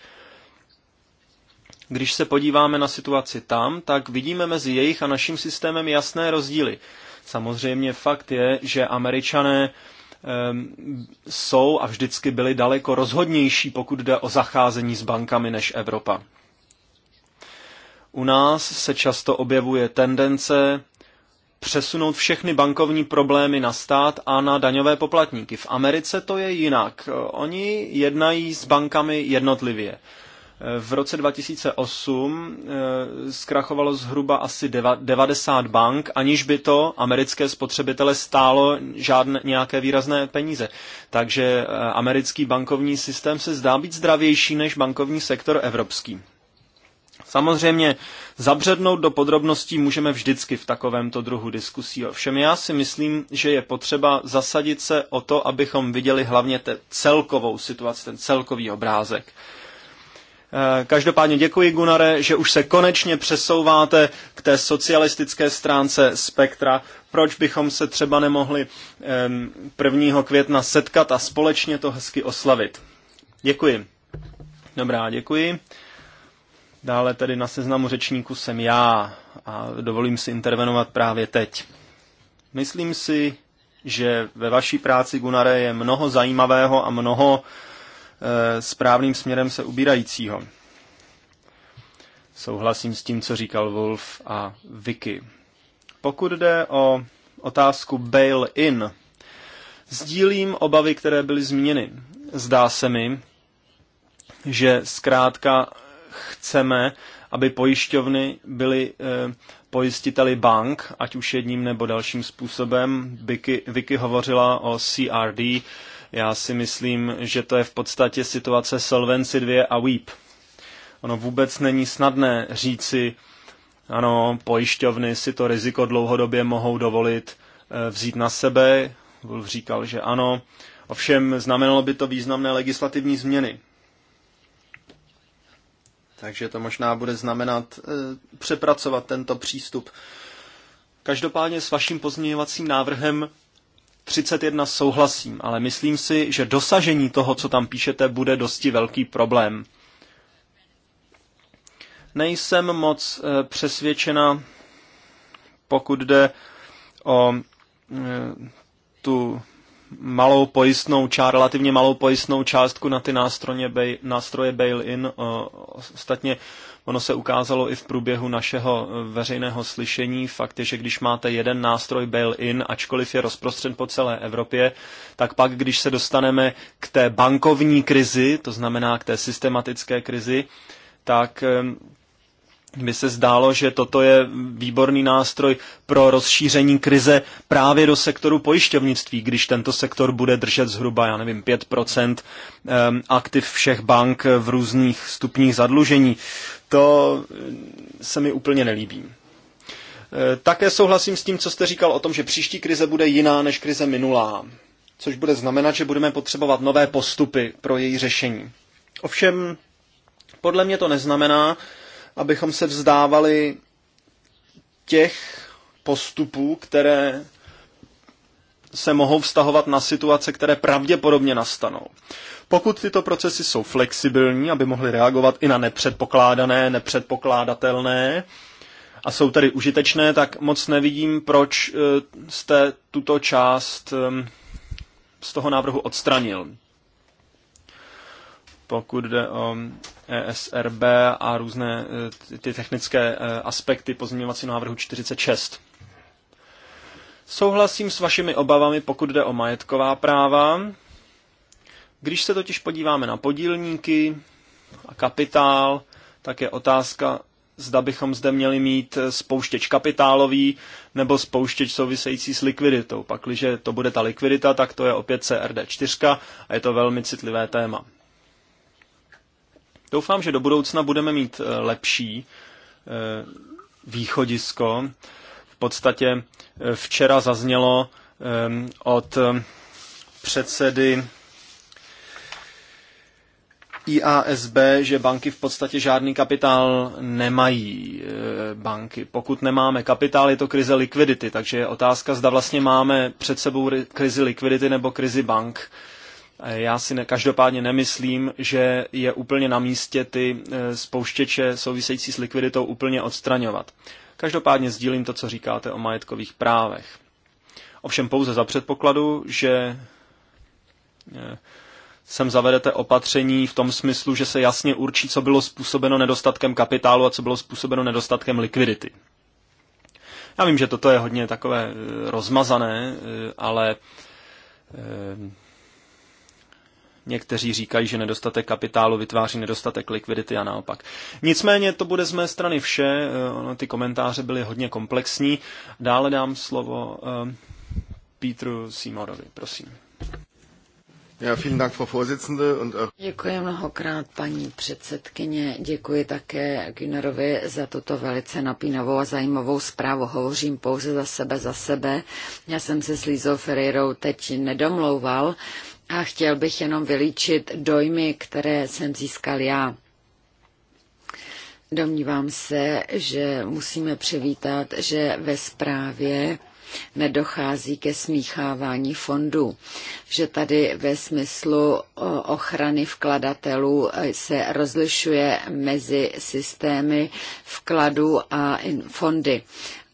Když se podíváme na situaci tam, tak vidíme mezi jejich a naším systémem jasné rozdíly. Samozřejmě fakt je, že američané jsou a vždycky byli daleko rozhodnější, pokud jde o zacházení s bankami než Evropa. U nás se často objevuje tendence přesunout všechny bankovní problémy na stát a na daňové poplatníky. V Americe to je jinak. Oni jednají s bankami jednotlivě. V roce 2008 eh, zkrachovalo zhruba asi 90 bank, aniž by to americké spotřebitele stálo žádné nějaké výrazné peníze. Takže eh, americký bankovní systém se zdá být zdravější než bankovní sektor evropský. Samozřejmě zabřednout do podrobností můžeme vždycky v takovémto druhu diskusí. Ovšem já si myslím, že je potřeba zasadit se o to, abychom viděli hlavně te celkovou situaci, ten celkový obrázek. Eh, každopádně děkuji, Gunare, že už se konečně přesouváte k té socialistické stránce spektra. Proč bychom se třeba nemohli 1. května setkat a společně to hezky oslavit? Děkuji. Dobrá, děkuji. Dále tedy na seznamu řečníků jsem já a dovolím si intervenovat právě teď. Myslím si, že ve vaší práci, Gunare, je mnoho zajímavého a mnoho uh, Eh, správným směrem se ubírajícího. Souhlasím s tím, co říkal Wolf a Vicky. Pokud jde o otázku bail-in, sdílím obavy, které byly zmíněny. Zdá se mi, že zkrátka chceme, aby pojišťovny byly e, pojistiteli bank, ať už jedním nebo dalším způsobem. Vicky, Vicky hovořila o CRD, já si myslím, že to je v podstatě situace Solvency 2 a WEEP. Ono vůbec není snadné říci, ano, pojišťovny si to riziko dlouhodobě mohou dovolit eh, vzít na sebe. Wolf říkal, že ano. Ovšem znamenalo by to významné legislativní změny. Takže to možná bude znamenat e, přepracovat tento přístup. Každopádně s vaším pozměňovacím návrhem 31 souhlasím, ale myslím si, že dosažení toho, co tam píšete, bude dosti velký problém. Nejsem moc eh, přesvědčena, pokud jde o eh, tu malou pojistnou část, relativně malou pojistnou částku na ty nástroje, nástroje bail-in. Ostatně Ono se ukázalo i v průběhu našeho eh, veřejného slyšení. Fakt je, že když máte jeden nástroj bail-in, ačkoliv je rozprostřen po celé Evropě, tak pak, když se dostaneme k té bankovní krizi, to znamená k té systematické krizi, tak eh, by se zdálo, že toto je výborný nástroj pro rozšíření krize právě do sektoru pojišťovnictví, když tento sektor bude držet zhruba, já nevím, 5% ehm, aktiv všech bank v různých stupních zadlužení. To eh, se mi úplně nelíbí. Eh, také souhlasím s tím, co jste říkal o tom, že příští krize bude jiná než krize minulá, což bude znamenat, že budeme potřebovat nové postupy pro její řešení. Ovšem, podle mě to neznamená, abychom se vzdávali těch postupů, které se mohou vztahovat na situace, které pravděpodobně nastanou. Pokud tyto procesy jsou flexibilní, aby mohly reagovat i na nepředpokládané, nepředpokládatelné a jsou tedy užitečné, tak moc nevidím, proč eh, jste tuto část eh, z toho návrhu odstranil pokud jde o ESRB a různé e, ty technické e, aspekty pozměňovací návrhu 46. Souhlasím s vašimi obavami, pokud jde o majetková práva. Když se totiž podíváme na podílníky a kapitál, tak je otázka, zda bychom zde měli mít spouštěč kapitálový nebo spouštěč související s likviditou. Pakliže to bude ta likvidita, tak to je opět CRD4 a je to velmi citlivé téma. Doufám, že do budoucna budeme mít eh, lepší eh, východisko. V podstatě eh, včera zaznělo od předsedy IASB, že banky v podstatě žádný kapitál nemají. Banky. Pokud nemáme kapitál, je to krize likvidity, takže je otázka, zda vlastně máme před sebou krizi likvidity nebo krizi bank. Já si ne, každopádně nemyslím, že je úplně na místě ty eh, spouštěče související s likviditou úplně odstraňovat. Každopádně sdílím to, co říkáte o majetkových právech. Ovšem pouze za předpokladu, že eh, sem zavedete opatření v tom smyslu, že se jasně určí, co bylo způsobeno nedostatkem kapitálu a co bylo způsobeno nedostatkem likvidity. Já vím, že toto je hodně takové eh, rozmazané, ale Někteří říkají, že nedostatek kapitálu vytváří nedostatek likvidity a naopak. Nicméně to bude z mé strany vše. Eh, ty komentáře byly hodně komplexní. Dále dám slovo eh, Petru Simorovi, prosím. Děkuji mnohokrát, paní předsedkyně. Děkuji také Günerovi za tuto velice napínavou a zajímavou zprávu. Hovořím pouze za sebe, za sebe. Já jsem se s Lízou Ferreirou teď nedomlouval, a chtěl bych jenom vylíčit dojmy, které jsem získal já. Domnívám se, že musíme přivítat, že ve zprávě nedochází ke smíchávání fondů, že tady ve smyslu ochrany vkladatelů se rozlišuje mezi systémy vkladů a fondy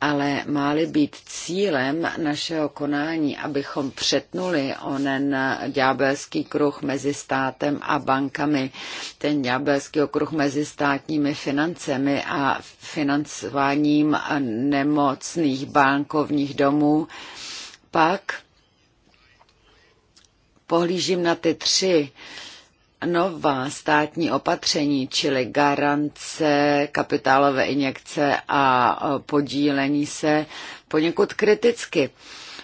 ale máli být cílem našeho konání, abychom přetnuli onen ďábelský kruh mezi státem a bankami, ten ďábelský okruh mezi státními financemi a financováním nemocných bankovních domů, pak pohlížím na ty tři nová státní opatření, čili garance, kapitálové injekce a podílení se poněkud kriticky.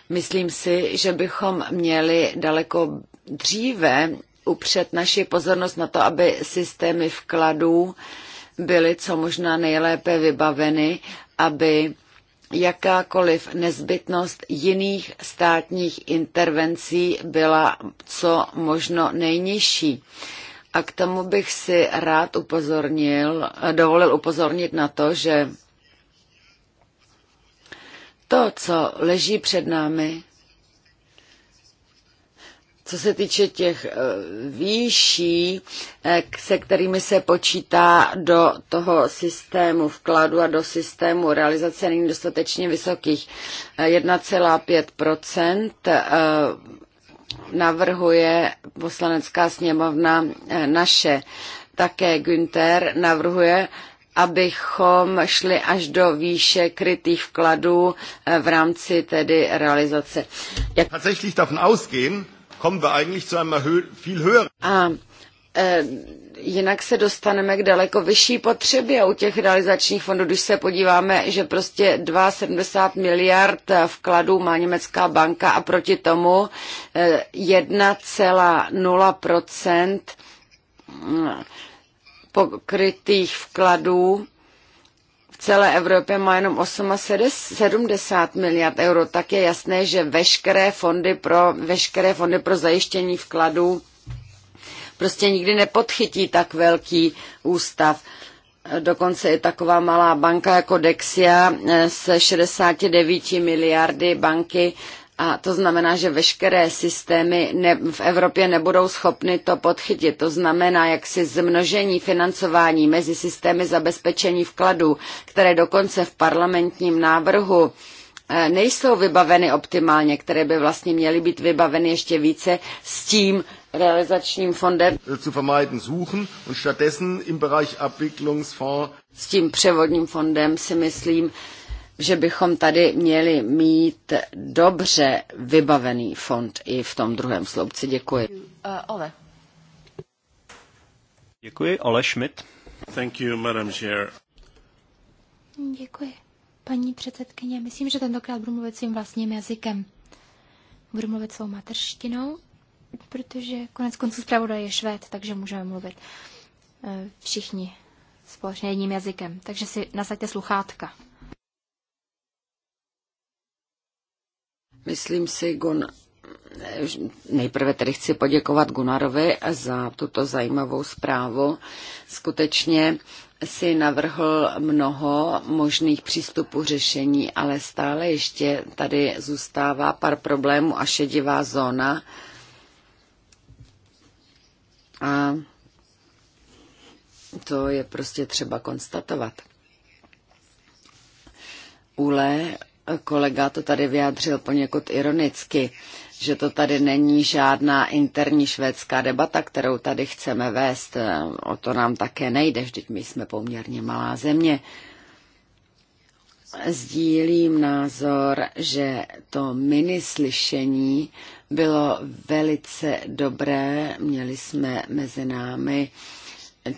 Myslím si, že bychom měli daleko dříve upřet naši pozornost na to, aby systémy vkladů byly co možná nejlépe vybaveny, aby jakákoliv nezbytnost jiných státních intervencí byla co možno nejnižší. A k tomu bych si rád upozornil, dovolil upozornit na to, že to, co leží před námi, co se týče těch eh, výší, eh, se kterými se počítá do toho systému vkladu a do systému realizace, není dostatečně vysokých. 1,5 eh, navrhuje poslanecká sněmovna naše. Také Günther navrhuje, abychom šli až do výše krytých vkladů v rámci tedy realizace. Jak kommen wir eigentlich zu einem viel höheren. A e, jinak se dostaneme k daleko vyšší potřebě u těch realizačních fondů, když se podíváme, že prostě 270 miliard vkladů má německá banka a proti tomu 1,0 e, mm, pokrytých vkladů celé Evropě má jenom 70 miliard euro, tak je jasné, že veškeré fondy pro, veškeré fondy pro zajištění vkladů prostě nikdy nepodchytí tak velký ústav. Dokonce i taková malá banka jako Dexia eh, se 69 miliardy banky a to znamená, že veškeré systémy ne, v Evropě nebudou schopny to podchytit. To znamená, jak si zmnožení financování mezi systémy zabezpečení vkladů, které dokonce v parlamentním návrhu eh, nejsou vybaveny optimálně, které by vlastně měly být vybaveny ještě více s tím realizačním fondem. Äh, zu vermeiden suchen und stattdessen im Bereich Abwicklungsfonds. S tím převodním fondem si myslím, že bychom tady měli mít dobře vybavený fond i v tom druhém sloupci. Děkuji. Uh, Ole. Děkuji, Ole Schmidt. Thank you, Madam Chair. Děkuji, paní předsedkyně. Myslím, že tentokrát budu mluvit svým vlastním jazykem. Budu mluvit svou materštinou, protože konec konců zpravodaj je švéd, takže můžeme mluvit eh, všichni společně jedním jazykem. Takže si nasaďte sluchátka. Myslím si, Gun... nejprve tedy chci poděkovat Gunarovi za tuto zajímavou zprávu. Skutečně si navrhl mnoho možných přístupů řešení, ale stále ještě tady zůstává pár problémů a šedivá zóna. A to je prostě třeba konstatovat. Ule kolega to tady vyjádřil poněkud ironicky, že to tady není žádná interní švédská debata, kterou tady chceme vést. O to nám také nejde, vždyť my jsme poměrně malá země. Sdílím názor, že to mini slyšení bylo velice dobré. Měli jsme mezi námi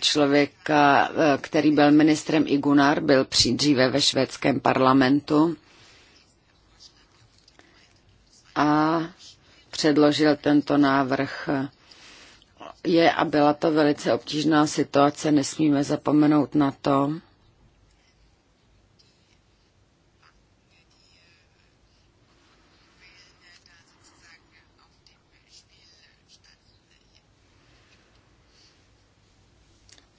člověka, eh, který byl ministrem Igunar, byl dříve ve švédském parlamentu a předložil tento návrh. Je a byla to velice obtížná situace, nesmíme zapomenout na to,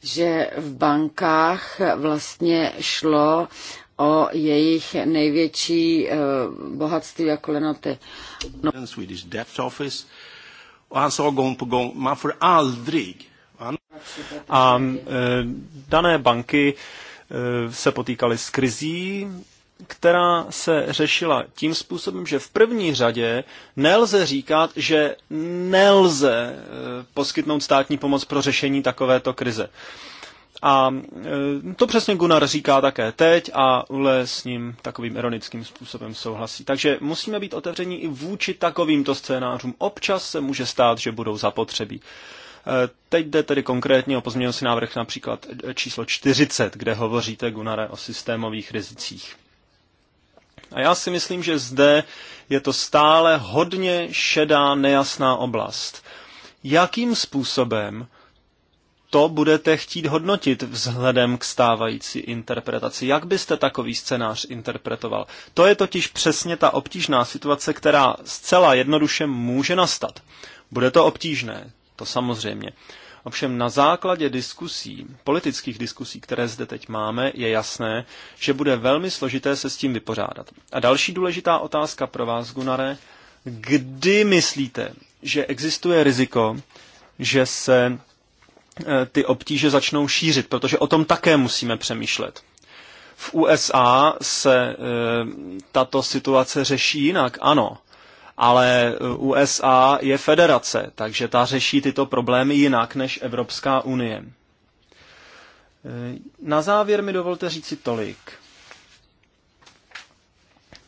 že v bankách vlastně šlo o jejich největší eh, bohatství jako lenoty. No. Swedish Debt Office. Och han sa gång på gång, man får aldrig... A um, eh, dané banky eh, se potýkaly s krizí, která se řešila tím způsobem, že v první řadě nelze říkat, že nelze poskytnout státní pomoc pro řešení takovéto krize. A e, to přesně Gunnar říká také teď a Ule s ním takovým ironickým způsobem souhlasí. Takže musíme být otevření i vůči takovýmto scénářům. Občas se může stát, že budou zapotřebí. E, teď jde tedy konkrétně o pozměňovací návrh například číslo 40, kde hovoříte, Gunare, o systémových rizicích. A já si myslím, že zde je to stále hodně šedá, nejasná oblast. Jakým způsobem to budete chtít hodnotit vzhledem k stávající interpretaci. Jak byste takový scénář interpretoval? To je totiž přesně ta obtížná situace, která zcela jednoduše může nastat. Bude to obtížné, to samozřejmě. Ovšem na základě diskusí, politických diskusí, které zde teď máme, je jasné, že bude velmi složité se s tím vypořádat. A další důležitá otázka pro vás, Gunare, kdy myslíte, že existuje riziko, že se Eh, ty obtíže začnou šířit, protože o tom také musíme přemýšlet. V USA se e, tato situace řeší jinak, ano, ale eh, USA je federace, takže ta řeší tyto problémy jinak než Evropská unie. E, na závěr mi dovolte říci tolik.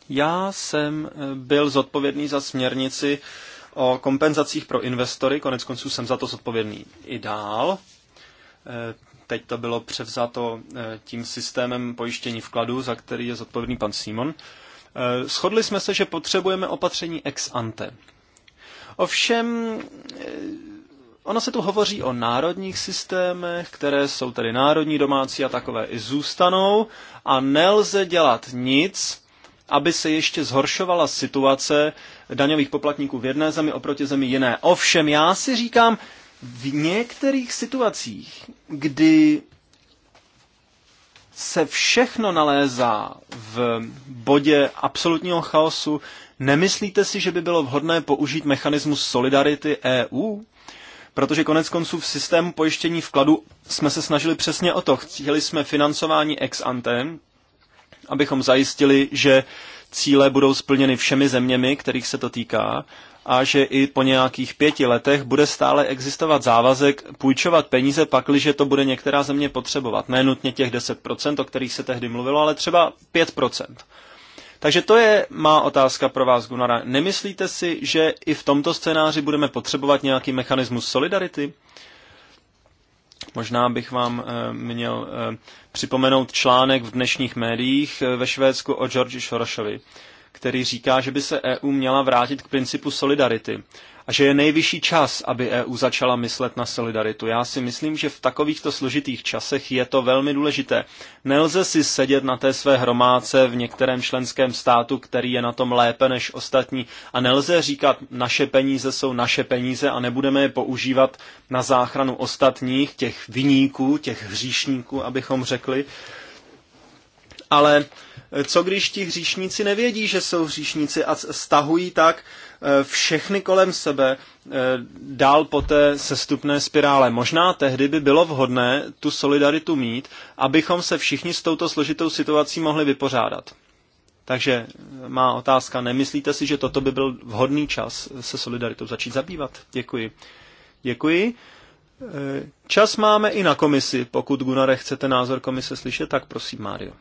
Já jsem byl zodpovědný za směrnici o kompenzacích pro investory, konec konců jsem za to zodpovědný i dál. E, teď to bylo převzato e, tím systémem pojištění vkladu, za který je zodpovědný pan Simon. E, shodli jsme se, že potřebujeme opatření ex ante. Ovšem, ono se tu hovoří o národních systémech, které jsou tedy národní, domácí a takové i zůstanou a nelze dělat nic, aby se ještě zhoršovala situace, daňových poplatníků v jedné zemi oproti zemi jiné. Ovšem, já si říkám, v některých situacích, kdy se všechno nalézá v bodě absolutního chaosu, nemyslíte si, že by bylo vhodné použít mechanismus solidarity EU? Protože konec konců v systému pojištění vkladu jsme se snažili přesně o to. Chtěli jsme financování ex ante, abychom zajistili, že cíle budou splněny všemi zeměmi, kterých se to týká, a že i po nějakých pěti letech bude stále existovat závazek půjčovat peníze, pakliže to bude některá země potřebovat. Ne nutně těch 10%, o kterých se tehdy mluvilo, ale třeba 5%. Takže to je má otázka pro vás, Gunara. Nemyslíte si, že i v tomto scénáři budeme potřebovat nějaký mechanismus solidarity? Uh, Možná bych vám eh, měl eh, připomenout článek v dnešních médiích eh, ve Švédsku o Georgi Šorošovi, který říká, že by se EU měla vrátit k principu solidarity a že je nejvyšší čas, aby EU začala myslet na solidaritu. Já si myslím, že v takovýchto složitých časech je to velmi důležité. Nelze si sedět na té své hromádce v některém členském státu, který je na tom lépe než ostatní a nelze říkat, naše peníze jsou naše peníze a nebudeme je používat na záchranu ostatních, těch vyníků, těch hříšníků, abychom řekli. Ale co když ti hříšníci nevědí, že jsou hříšníci a stahují tak, Eh, všechny kolem sebe eh, dál po té sestupné spirále. Možná tehdy by bylo vhodné tu solidaritu mít, abychom se všichni s touto složitou situací mohli vypořádat. Takže eh, má otázka, nemyslíte si, že toto by byl vhodný čas se solidaritou začít zabývat? Děkuji. Děkuji. Čas máme i na komisi. Pokud, Gunare, chcete názor komise slyšet, tak prosím, Mário.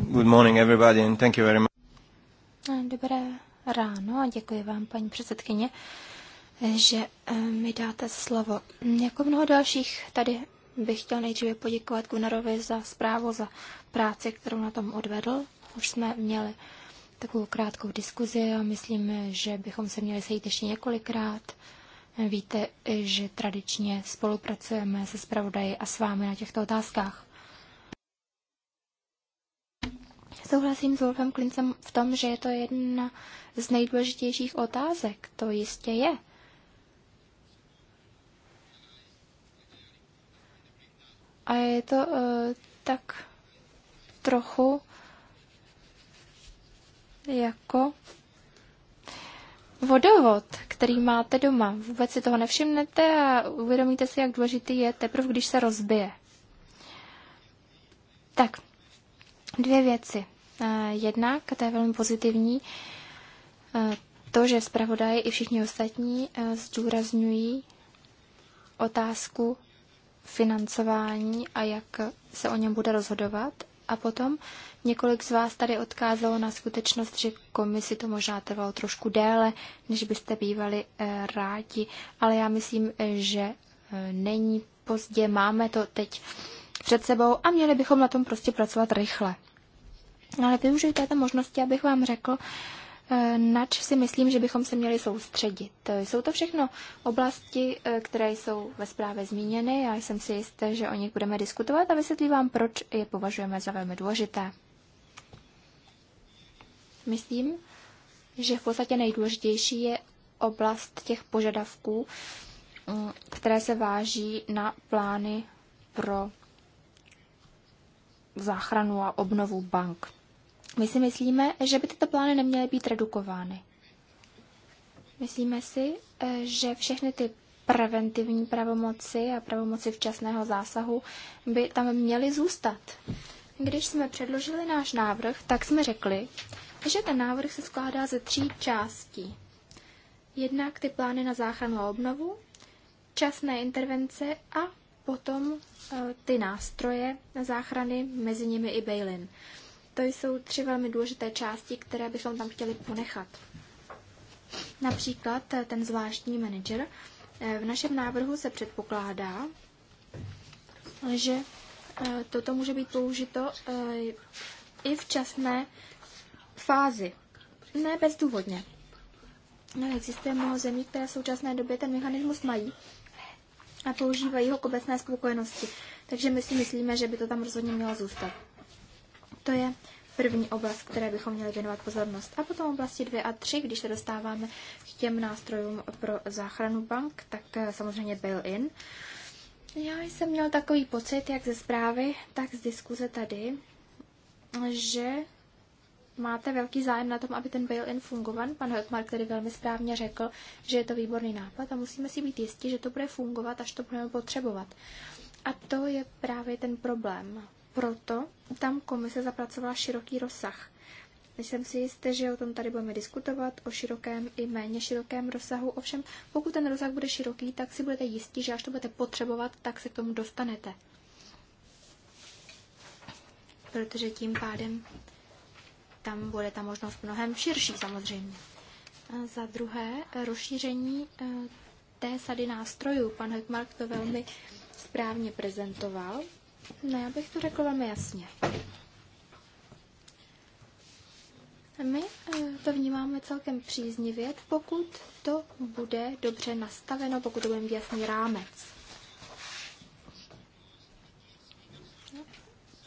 Good morning, everybody, and thank you very much. Dobré ráno a děkuji vám, paní předsedkyně, že eh, mi dáte slovo. Jako mnoho dalších tady bych chtěl nejdříve poděkovat Gunnarovi za zprávu, za práci, kterou na tom odvedl. Už jsme měli takovou krátkou diskuzi a myslím, že bychom se měli sejít ještě několikrát. Víte, že tradičně spolupracujeme se zpravodaji a s vámi na těchto otázkách. Souhlasím s Wolfem Klincem v tom, že je to jedna z nejdůležitějších otázek. To jistě je. A je to uh, tak trochu jako vodovod, který máte doma. Vůbec si toho nevšimnete a uvědomíte si, jak důležitý je teprve, když se rozbije. Tak, dvě věci. Eh, jednak, to je velmi pozitivní, eh, to, že zpravodaj i všichni ostatní eh, zdůrazňují otázku financování a jak se o něm bude rozhodovat. A potom několik z vás tady odkázalo na skutečnost, že komisi to možná trvalo trošku déle, než byste bývali rádi, ale já myslím, že není pozdě, máme to teď před sebou a měli bychom na tom prostě pracovat rychle. Ale využiju této možnosti, abych vám řekl, eh, nač si myslím, že bychom se měli soustředit. Jsou to všechno oblasti, eh, které jsou ve zprávě zmíněny. Já jsem si jistá, že o nich budeme diskutovat a vysvětlím vám, proč je považujeme za velmi důležité. Myslím, že v podstatě nejdůležitější je oblast těch požadavků, mm, které se váží na plány pro záchranu a obnovu bank. My si myslíme, že by tyto plány neměly být redukovány. Myslíme si, eh, že všechny ty preventivní pravomoci a pravomoci včasného zásahu by tam měly zůstat. Když jsme předložili náš návrh, tak jsme řekli, že ten návrh se skládá ze tří částí. Jednak ty plány na záchranu a obnovu, časné intervence a potom eh, ty nástroje na záchrany, mezi nimi i bail-in. To jsou tři velmi důležité části, které bychom tam chtěli ponechat. Například ten zvláštní manager. Eh, v našem návrhu se předpokládá, že eh, toto může být použito eh, i v časné fázi. Ne bezdůvodně. No, existuje mnoho zemí, které v současné době ten mechanismus mají a používají ho k obecné spokojenosti. Takže my si myslíme, že by to tam rozhodně mělo zůstat. To je první oblast, které bychom měli věnovat pozornost. A potom oblasti 2 a 3, když se dostáváme k těm nástrojům pro záchranu bank, tak eh, samozřejmě bail-in. Já jsem měl takový pocit, jak ze zprávy, tak z diskuze tady, že máte velký zájem na tom, aby ten bail-in fungoval. Pan Hotmark tedy velmi správně řekl, že je to výborný nápad a musíme si být jistí, že to bude fungovat, až to budeme potřebovat. A to je právě ten problém. Proto tam komise zapracovala široký rozsah. Myslím si jisté, že o tom tady budeme diskutovat, o širokém i méně širokém rozsahu. Ovšem, pokud ten rozsah bude široký, tak si budete jistí, že až to budete potřebovat, tak se k tomu dostanete. Protože tím pádem tam bude ta možnost mnohem širší samozřejmě. A za druhé, rozšíření e, té sady nástrojů. Pan Hekmark to velmi správně prezentoval. Ne, abych to řekl velmi jasně. My eh, to vnímáme celkem příznivě, pokud to bude dobře nastaveno, pokud to bude mít jasný rámec.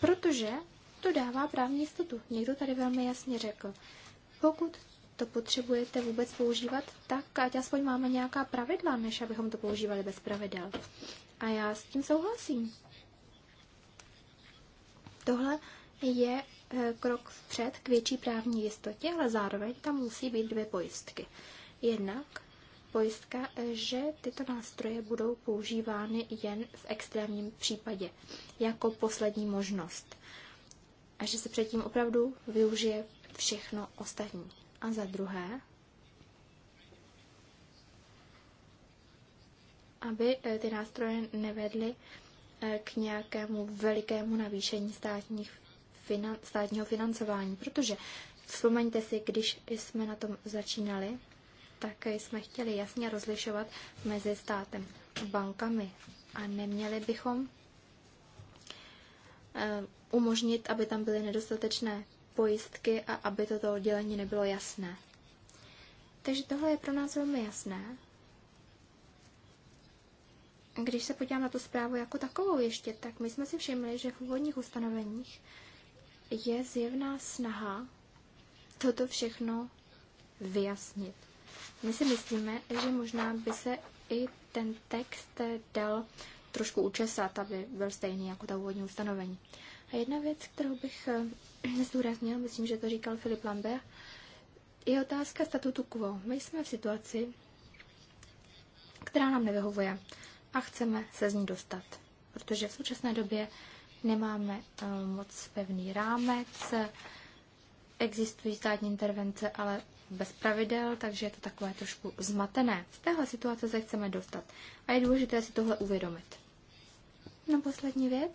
Protože to dává právní jistotu. Někdo tady velmi jasně řekl. Pokud to potřebujete vůbec používat, tak ať aspoň máme nějaká pravidla, než abychom to používali bez pravidel. A já s tím souhlasím. Tohle je e, krok vpřed k větší právní jistotě, ale zároveň tam musí být dvě pojistky. Jednak pojistka, e, že tyto nástroje budou používány jen v extrémním případě, jako poslední možnost. A že se předtím opravdu využije všechno ostatní. A za druhé, aby e, ty nástroje nevedly Eh, k nějakému velikému navýšení státních finan, státního financování, protože vzpomeňte si, když jsme na tom začínali, tak jsme chtěli jasně rozlišovat mezi státem a bankami a neměli bychom eh, umožnit, aby tam byly nedostatečné pojistky a aby toto oddělení nebylo jasné. Takže tohle je pro nás velmi jasné když se podívám na tu zprávu jako takovou ještě, tak my jsme si všimli, že v úvodních ustanoveních je zjevná snaha toto všechno vyjasnit. My si myslíme, že možná by se i ten text dal trošku učesat, aby byl stejný jako ta úvodní ustanovení. A jedna věc, kterou bych eh, (clears throat) zdůraznil, myslím, že to říkal Filip Lambert, je otázka statutu quo. My jsme v situaci, která nám nevyhovuje a chceme se z ní dostat, protože v současné době nemáme eh, moc pevný rámec, existují státní intervence, ale bez pravidel, takže je to takové trošku zmatené. Z téhle situace se chceme dostat a je důležité si tohle uvědomit. No poslední věc.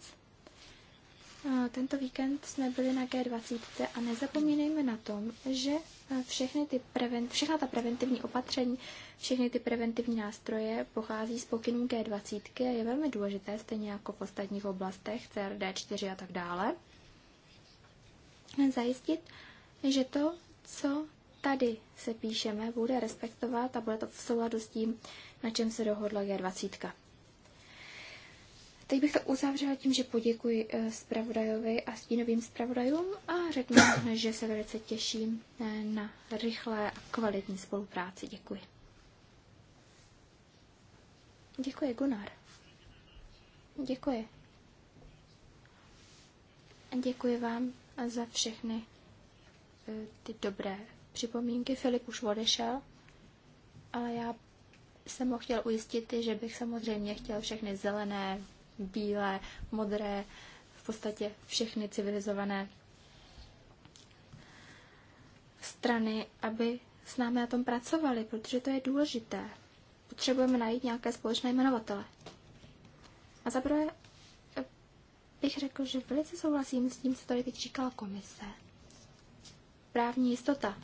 Tento víkend jsme byli na G20 a nezapomínejme na tom, že e, všechny ty preven, všechna ta preventivní opatření, všechny ty preventivní nástroje pochází z pokynů G20 a je velmi důležité, stejně jako v ostatních oblastech, CRD4 a tak dále, zajistit, že to, co tady se píšeme, bude respektovat a bude to v souladu s tím, na čem se dohodla G20. Teď bych to uzavřela tím, že poděkuji eh, zpravodajovi a stínovým zpravodajům a řeknu, (coughs) že se velice těším eh, na rychlé a kvalitní spolupráci. Děkuji. Děkuji, Gunnar. Děkuji. Děkuji vám za všechny eh, ty dobré připomínky. Filip už odešel, ale já jsem ho chtěl ujistit, že bych samozřejmě chtěl všechny zelené bílé, modré, v podstatě všechny civilizované strany, aby s námi na tom pracovali, protože to je důležité. Potřebujeme najít nějaké společné jmenovatele. A za prvé eh, bych řekl, že velice souhlasím s tím, co tady teď říkala komise. Právní jistota.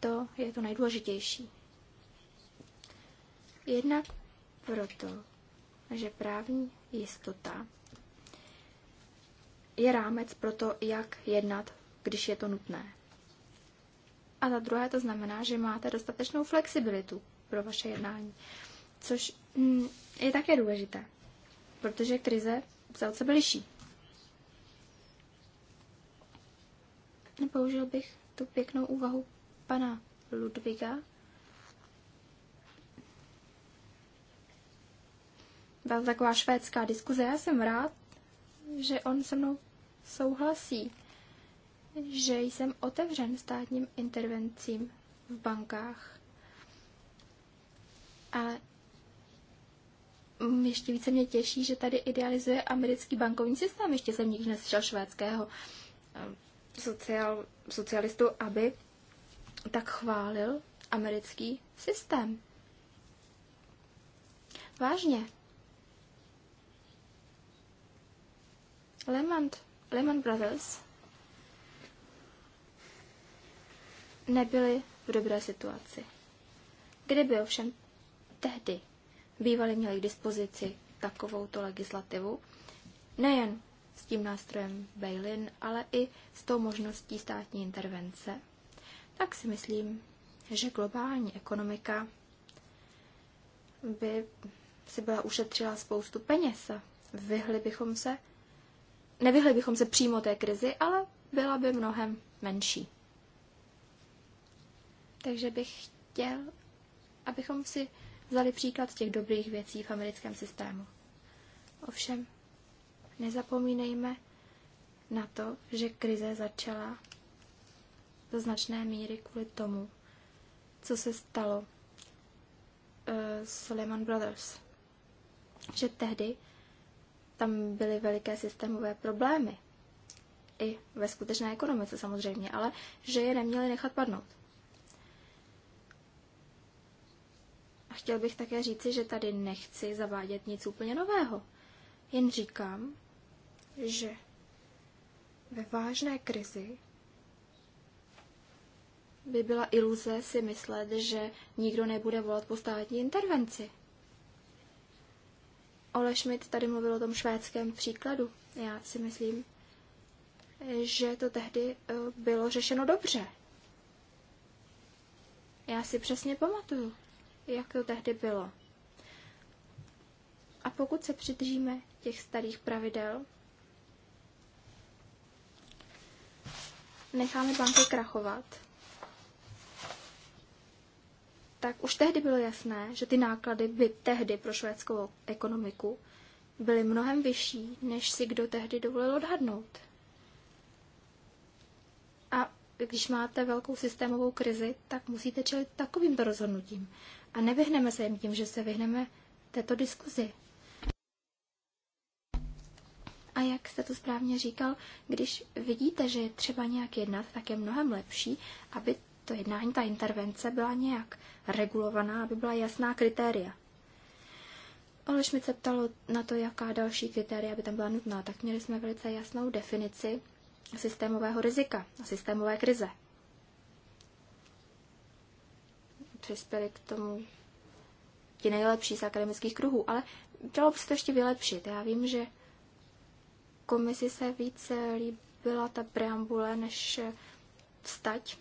To je to nejdůležitější. Jednak proto, že právní jistota je rámec pro to, jak jednat, když je to nutné. A za druhé to znamená, že máte dostatečnou flexibilitu pro vaše jednání, což mm, je také důležité, protože krize se od sebe liší. Použil bych tu pěknou úvahu pana Ludviga, Byla taková švédská diskuze. Já jsem rád, že on se mnou souhlasí, že jsem otevřen státním intervencím v bankách. Ale ještě více mě těší, že tady idealizuje americký bankovní systém. Ještě jsem nikdy neslyšel švédského ehm, sociál, socialistu, aby tak chválil americký systém. Vážně, Lehman, Lehman Brothers nebyli v dobré situaci. Kdyby ovšem tehdy bývali měli k dispozici takovouto legislativu, nejen s tím nástrojem bail-in, ale i s tou možností státní intervence, tak si myslím, že globální ekonomika by si byla ušetřila spoustu peněz. Vyhli bychom se nevyhli bychom se přímo té krizi, ale byla by mnohem menší. Takže bych chtěl, abychom si vzali příklad těch dobrých věcí v americkém systému. Ovšem, nezapomínejme na to, že krize začala do značné míry kvůli tomu, co se stalo uh, s Lehman Brothers. Že tehdy tam byly veliké systémové problémy. I ve skutečné ekonomice samozřejmě, ale že je neměli nechat padnout. A chtěl bych také říci, že tady nechci zavádět nic úplně nového. Jen říkám, že ve vážné krizi by byla iluze si myslet, že nikdo nebude volat po státní intervenci. Ole Schmidt tady mluvil o tom švédském příkladu. Já si myslím, že to tehdy eh, bylo řešeno dobře. Já si přesně pamatuju, jak to tehdy bylo. A pokud se přidržíme těch starých pravidel, necháme banky krachovat tak už tehdy bylo jasné, že ty náklady by tehdy pro švédskou ekonomiku byly mnohem vyšší, než si kdo tehdy dovolil odhadnout. A když máte velkou systémovou krizi, tak musíte čelit takovýmto rozhodnutím. A nevyhneme se jim tím, že se vyhneme této diskuzi. A jak jste to správně říkal, když vidíte, že je třeba nějak jednat, tak je mnohem lepší, aby to jednání, ta intervence byla nějak regulovaná, aby byla jasná kritéria. Ale mi se ptalo na to, jaká další kritéria by tam byla nutná, tak měli jsme velice jasnou definici systémového rizika a systémové krize. Přispěli k tomu ti nejlepší z akademických kruhů, ale dalo by se to ještě vylepšit. Já vím, že komisi se více líbila ta preambule než vstať,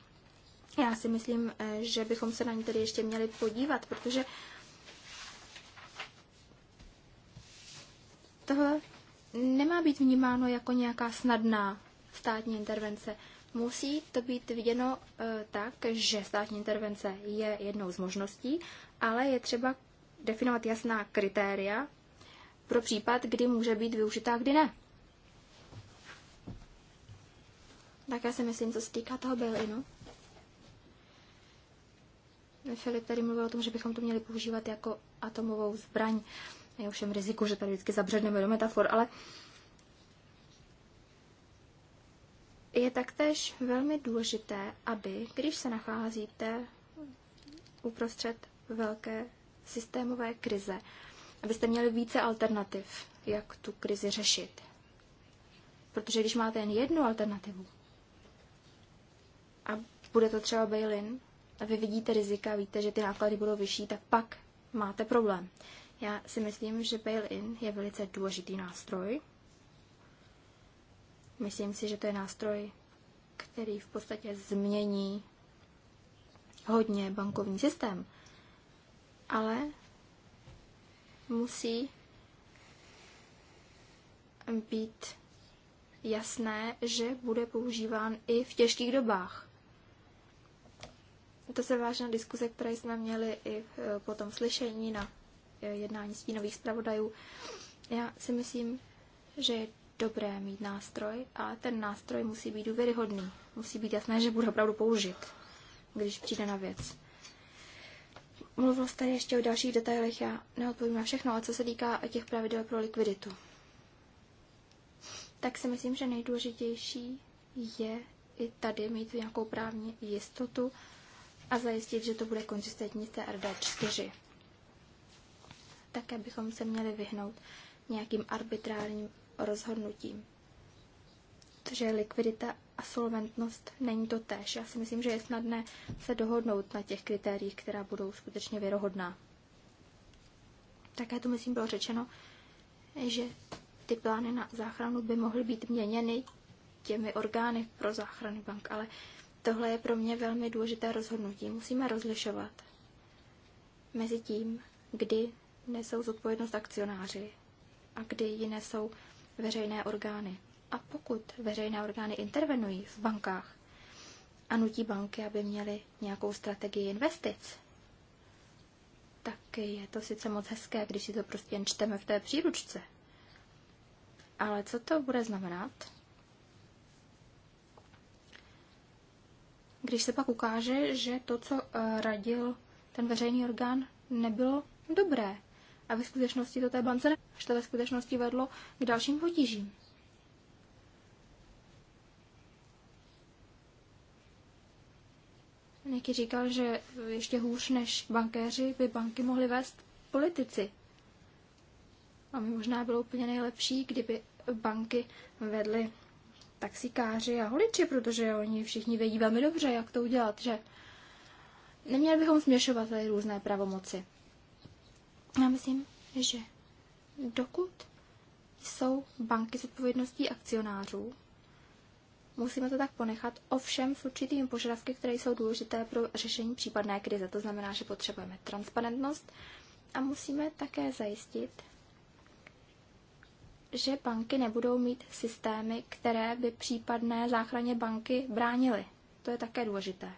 já si myslím, eh, že bychom se na ní tedy ještě měli podívat, protože tohle nemá být vnímáno jako nějaká snadná státní intervence. Musí to být viděno eh, tak, že státní intervence je jednou z možností, ale je třeba definovat jasná kritéria pro případ, kdy může být využitá, kdy ne. Tak já si myslím, co se týká toho bail-inu. Filip tady mluvil o tom, že bychom to měli používat jako atomovou zbraň. Je ovšem riziku, že tady vždycky zabředneme do metafor, ale je taktéž velmi důležité, aby, když se nacházíte uprostřed velké systémové krize, abyste měli více alternativ, jak tu krizi řešit. Protože když máte jen jednu alternativu a bude to třeba bail vy vidíte rizika, víte, že ty náklady budou vyšší, tak pak máte problém. Já si myslím, že bail-in je velice důležitý nástroj. Myslím si, že to je nástroj, který v podstatě změní hodně bankovní systém, ale musí být jasné, že bude používán i v těžkých dobách. To se vážná diskuze, které jsme měli i eh, po tom slyšení na eh, jednání stínových zpravodajů. Já si myslím, že je dobré mít nástroj a ten nástroj musí být důvěryhodný. Musí být jasné, že bude opravdu použit, když přijde na věc. Mluvil jste ještě o dalších detailech, já neodpovím na všechno, ale co se týká těch pravidel pro likviditu. Tak si myslím, že nejdůležitější je i tady mít nějakou právní jistotu, a zajistit, že to bude konzistentní s TRD4. Také bychom se měli vyhnout nějakým arbitrárním rozhodnutím. Protože likvidita a solventnost není to též. Já si myslím, že je snadné se dohodnout na těch kritériích, která budou skutečně věrohodná. Také tu, myslím, bylo řečeno, že ty plány na záchranu by mohly být měněny těmi orgány pro záchrany bank, ale Tohle je pro mě velmi důležité rozhodnutí. Musíme rozlišovat mezi tím, kdy nesou zodpovědnost akcionáři a kdy ji nesou veřejné orgány. A pokud veřejné orgány intervenují v bankách a nutí banky, aby měly nějakou strategii investic, tak je to sice moc hezké, když si to prostě jen čteme v té příručce. Ale co to bude znamenat když se pak ukáže, že to, co eh, radil ten veřejný orgán, nebylo dobré. A ve skutečnosti to té bance to ve skutečnosti vedlo k dalším potížím. Někdy říkal, že ještě hůř než bankéři by banky mohli vést politici. A mi možná bylo úplně nejlepší, kdyby banky vedly taxikáři a holiči, protože oni všichni vědí velmi dobře, jak to udělat, že neměli bychom směšovat tady různé pravomoci. Já myslím, že dokud jsou banky s odpovědností akcionářů, musíme to tak ponechat, ovšem s určitými požadavky, které jsou důležité pro řešení případné krize. To znamená, že potřebujeme transparentnost a musíme také zajistit, že banky nebudou mít systémy, které by případné záchraně banky bránily. To je také důležité.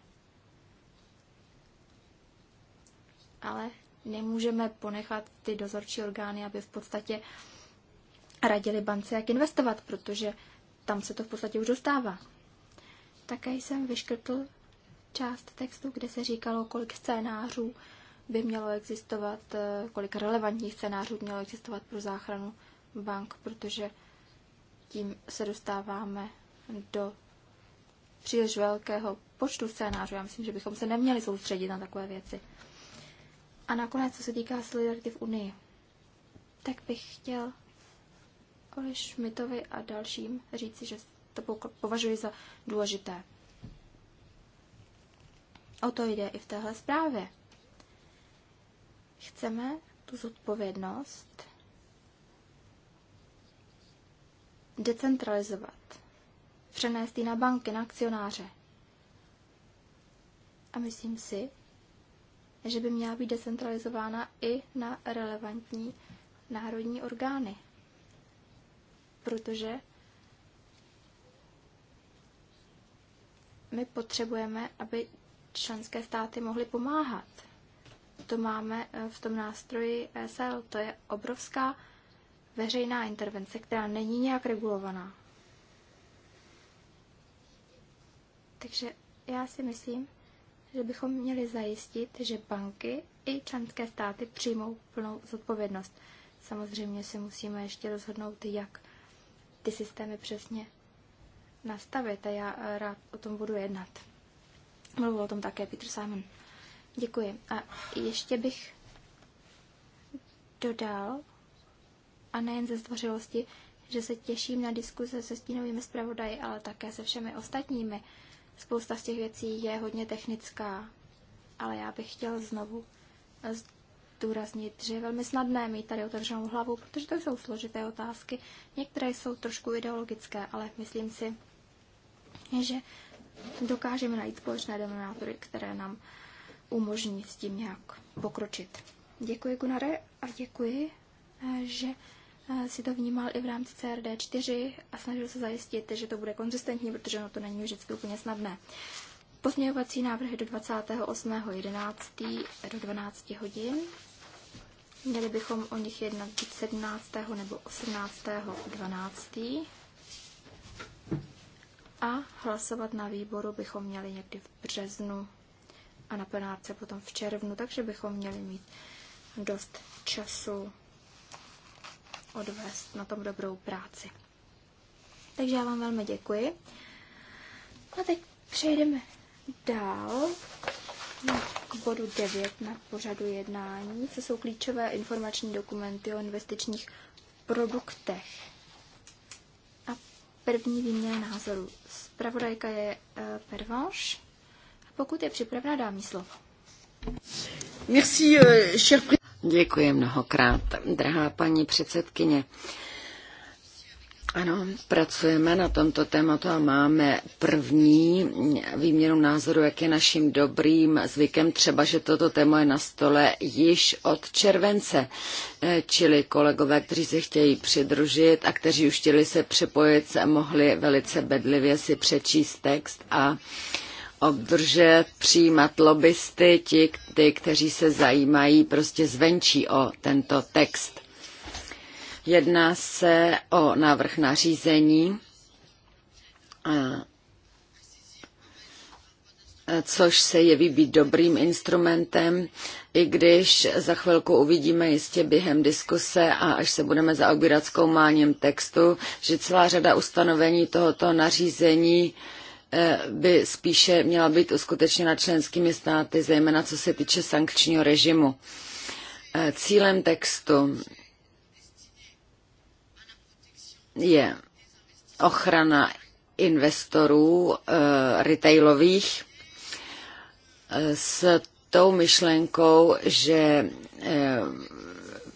Ale nemůžeme ponechat ty dozorčí orgány, aby v podstatě radili bance, jak investovat, protože tam se to v podstatě už dostává. Také jsem vyškrtl část textu, kde se říkalo, kolik scénářů by mělo existovat, eh, kolik relevantních scénářů by mělo existovat pro záchranu bank, protože tím se dostáváme do příliš velkého počtu scénářů. Já myslím, že bychom se neměli soustředit na takové věci. A nakonec, co se týká solidarity v Unii, tak bych chtěl Oli Šmitovi a dalším říci, že to považuji za důležité. O to jde i v téhle zprávě. Chceme tu zodpovědnost decentralizovat. Přenést ji na banky, na akcionáře. A myslím si, že by měla být decentralizována i na relevantní národní orgány. Protože my potřebujeme, aby členské státy mohly pomáhat. To máme v tom nástroji ESL, to je obrovská veřejná intervence, která není nějak regulovaná. Takže já si myslím, že bychom měli zajistit, že banky i členské státy přijmou plnou zodpovědnost. Samozřejmě se musíme ještě rozhodnout, jak ty systémy přesně nastavit a já rád o tom budu jednat. Mluvil o tom také Petr Simon. Děkuji. A ještě bych dodal, a nejen ze zdvořilosti, že se těším na diskuse se stínovými zpravodaji, ale také se všemi ostatními. Spousta z těch věcí je hodně technická, ale já bych chtěl znovu eh, zdůraznit, že je velmi snadné mít tady otevřenou hlavu, protože to jsou složité otázky. Některé jsou trošku ideologické, ale myslím si, že dokážeme najít společné denominátory, které nám umožní s tím nějak pokročit. Děkuji, Gunare, a děkuji, eh, že si to vnímal i v rámci CRD4 a snažil se zajistit, že to bude konzistentní, protože ono to není vždycky úplně snadné. Pozměňovací návrhy do 28.11. do 12 hodin. Měli bychom o nich jednat 17. nebo 18.12. A hlasovat na výboru bychom měli někdy v březnu a na plenárce potom v červnu, takže bychom měli mít dost času odvést na tom dobrou práci. Takže já vám velmi děkuji. A teď přejdeme dál k bodu 9 na pořadu jednání, co jsou klíčové informační dokumenty o investičních produktech. A první výměna názoru. Zpravodajka je uh, eh, Pervanche. Pokud je připravená, dám jí slovo. Merci, eh, cher... Děkuji mnohokrát, drahá paní předsedkyně. Ano, pracujeme na tomto tématu a máme první výměnu názoru, jak je naším dobrým zvykem, třeba, že toto téma je na stole již od července. Eh, čili kolegové, kteří se chtějí přidružit a kteří už chtěli se připojit, mohli velice bedlivě si přečíst text a uh, obdržet, přijímat lobbysty, ti, ty, kteří se zajímají prostě zvenčí o tento text. Jedná se o návrh nařízení, což se jeví být dobrým instrumentem, i když za chvilku uvidíme jistě během diskuse a až se budeme zaobírat zkoumáním textu, že celá řada ustanovení tohoto nařízení by spíše měla být uskutečněna členskými státy, zejména co se týče sankčního režimu. Eh, cílem textu je ochrana investorů eh, retailových eh, s tou myšlenkou, že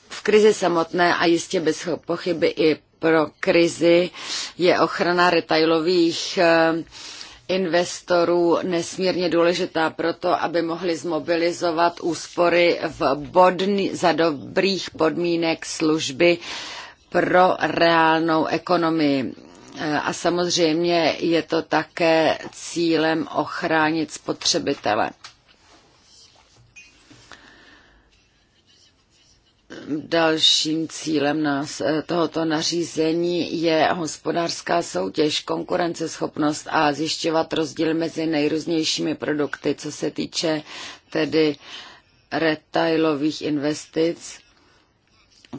v krizi samotné a jistě bez pochyby i pro krizi je ochrana retailových investorů nesmírně důležitá proto, aby mohli zmobilizovat úspory v bodný, za dobrých podmínek služby pro reálnou ekonomii. E, a samozřejmě je to také cílem ochránit spotřebitele. Dalším cílem nás, eh, tohoto nařízení je hospodářská soutěž, konkurenceschopnost a zjišťovat rozdíl mezi nejrůznějšími produkty, co se týče tedy retailových investic,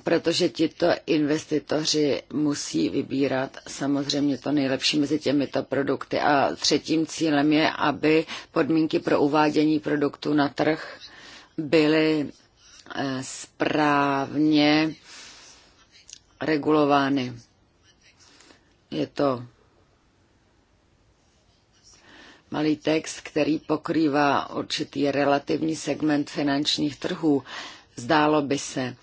protože tito investitoři musí vybírat samozřejmě to nejlepší mezi těmito produkty. A třetím cílem je, aby podmínky pro uvádění produktů na trh byly Eh, správně regulovány. Je to malý text, který pokrývá určitý relativní segment finančních trhů. Zdálo by se,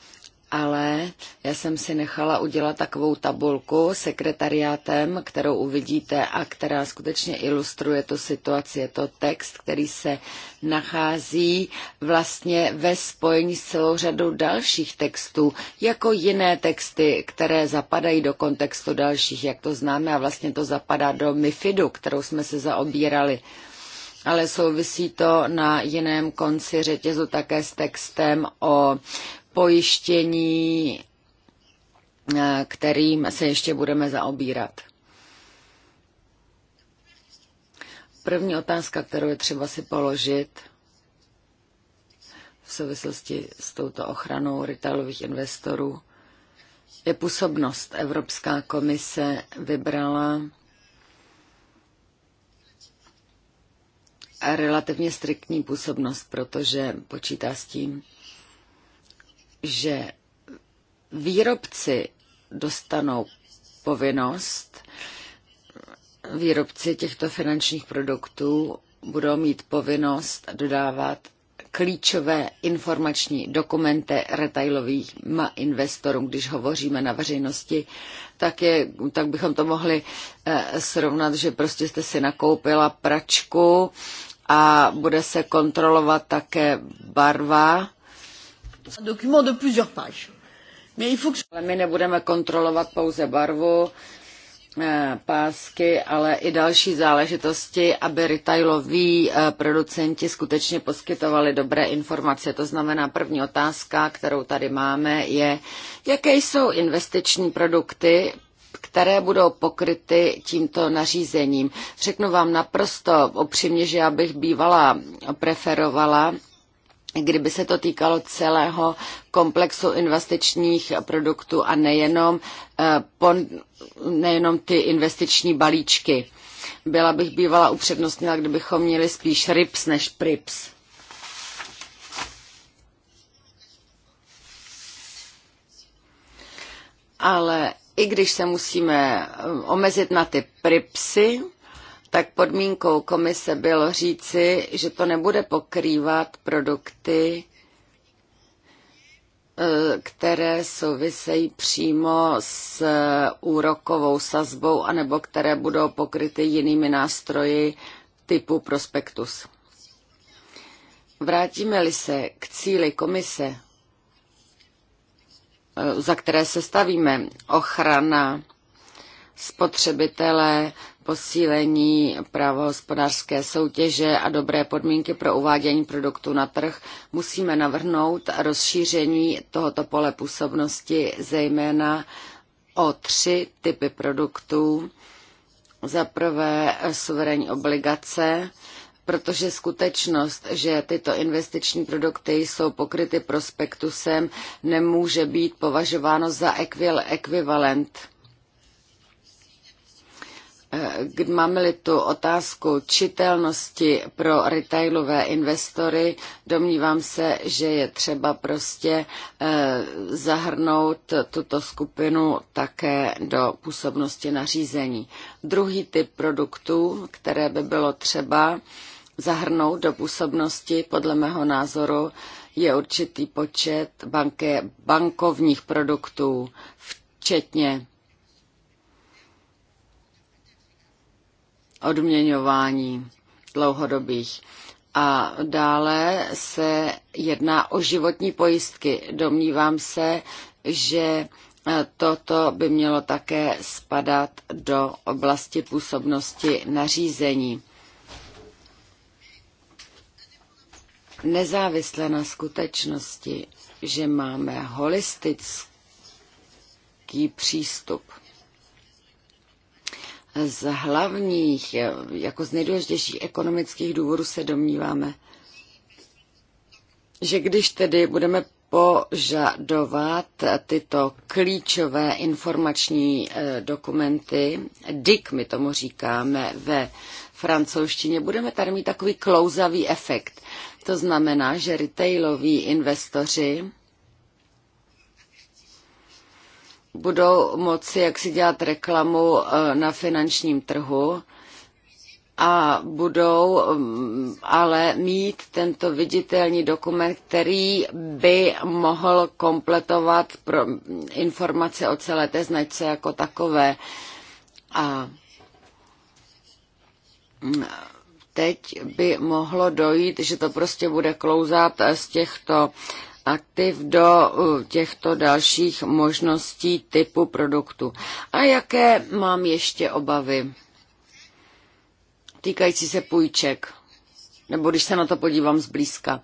ale já jsem si nechala udělat takovou tabulku sekretariátem, kterou uvidíte a která skutečně ilustruje tu situaci. Je to text, který se nachází vlastně ve spojení s celou řadou dalších textů, jako jiné texty, které zapadají do kontextu dalších, jak to známe a vlastně to zapadá do MIFIDu, kterou jsme se zaobírali ale souvisí to na jiném konci řetězu také s textem o pojištění, eh, kterým se ještě budeme zaobírat. První otázka, kterou je třeba si položit v souvislosti s touto ochranou retailových investorů, je působnost. Evropská komise vybrala relativně striktní působnost, protože počítá s tím, že výrobci dostanou povinnost, výrobci těchto finančních produktů budou mít povinnost dodávat klíčové informační dokumenty retailových investorům. Když hovoříme na veřejnosti, tak, je, tak bychom to mohli eh, srovnat, že prostě jste si nakoupila pračku a bude se kontrolovat také barva Dokument plusieurs pages. Ale my nebudeme kontrolovat pouze barvu, eh, pásky, ale i další záležitosti, aby retailoví eh, producenti skutečně poskytovali dobré informace. To znamená, první otázka, kterou tady máme, je, jaké jsou investiční produkty, které budou pokryty tímto nařízením. Řeknu vám naprosto upřímně, že já bych bývala preferovala kdyby se to týkalo celého komplexu investičních produktů a nejenom, eh, nejenom ty investiční balíčky. Byla bych bývala upřednostnila, kdybychom měli spíš RIPS než PRIPS. Ale i když se musíme eh, omezit na ty PRIPSy, tak podmínkou komise bylo říci, že to nebude pokrývat produkty, e, které souvisejí přímo s e, úrokovou sazbou, anebo které budou pokryty jinými nástroji typu prospektus. Vrátíme-li se k cíli komise, e, za které se stavíme, ochrana spotřebitele, posílení práva hospodářské soutěže a dobré podmínky pro uvádění produktů na trh, musíme navrhnout rozšíření tohoto pole působnosti zejména o tři typy produktů. Za prvé suverénní obligace, protože skutečnost, že tyto investiční produkty jsou pokryty prospektusem, nemůže být považováno za ekvivalent Eh, máme-li tu otázku čitelnosti pro retailové investory, domnívám se, že je třeba prostě eh, zahrnout tuto skupinu také do působnosti nařízení. Druhý typ produktů, které by bylo třeba zahrnout do působnosti, podle mého názoru, je určitý počet banky, bankovních produktů, včetně odměňování dlouhodobých. A dále se jedná o životní pojistky. Domnívám se, že e, toto by mělo také spadat do oblasti působnosti nařízení. Nezávisle na skutečnosti, že máme holistický přístup z hlavních, eh, jako z nejdůležitějších ekonomických důvodů se domníváme, že když tedy budeme požadovat tyto klíčové informační eh, dokumenty, DIC my tomu říkáme ve francouzštině, budeme tady mít takový klouzavý efekt. To znamená, že retailoví investoři budou moci jak si dělat reklamu e, na finančním trhu a budou mm, ale mít tento viditelný dokument, který by mohl kompletovat pro mm, informace o celé té značce jako takové. A mm, teď by mohlo dojít, že to prostě bude klouzat z těchto aktiv do těchto dalších možností typu produktu. A jaké mám ještě obavy týkající se půjček, nebo když se na to podívám zblízka.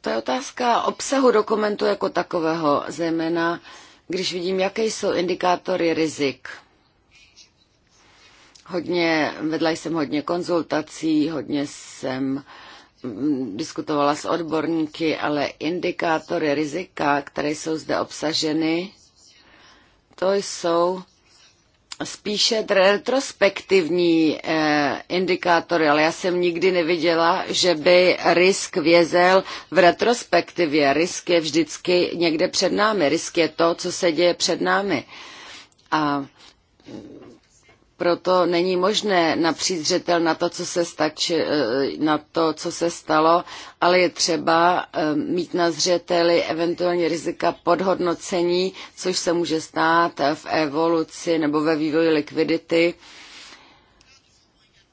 To je otázka obsahu dokumentu jako takového, zejména když vidím, jaké jsou indikátory rizik. Hodně, vedla jsem hodně konzultací, hodně jsem uh, Mm, diskutovala s odborníky, ale indikátory rizika, které jsou zde obsaženy, to jsou spíše retrospektivní eh, indikátory, ale já jsem nikdy neviděla, že by risk vězel v retrospektivě. Risk je vždycky někde před námi. Risk je to, co se děje před námi. A proto není možné napřít zřetel na to, co se, stači, eh, na to, co se stalo, ale je třeba eh, mít na zřeteli eventuálně rizika podhodnocení, což se může stát v evoluci nebo ve vývoji likvidity.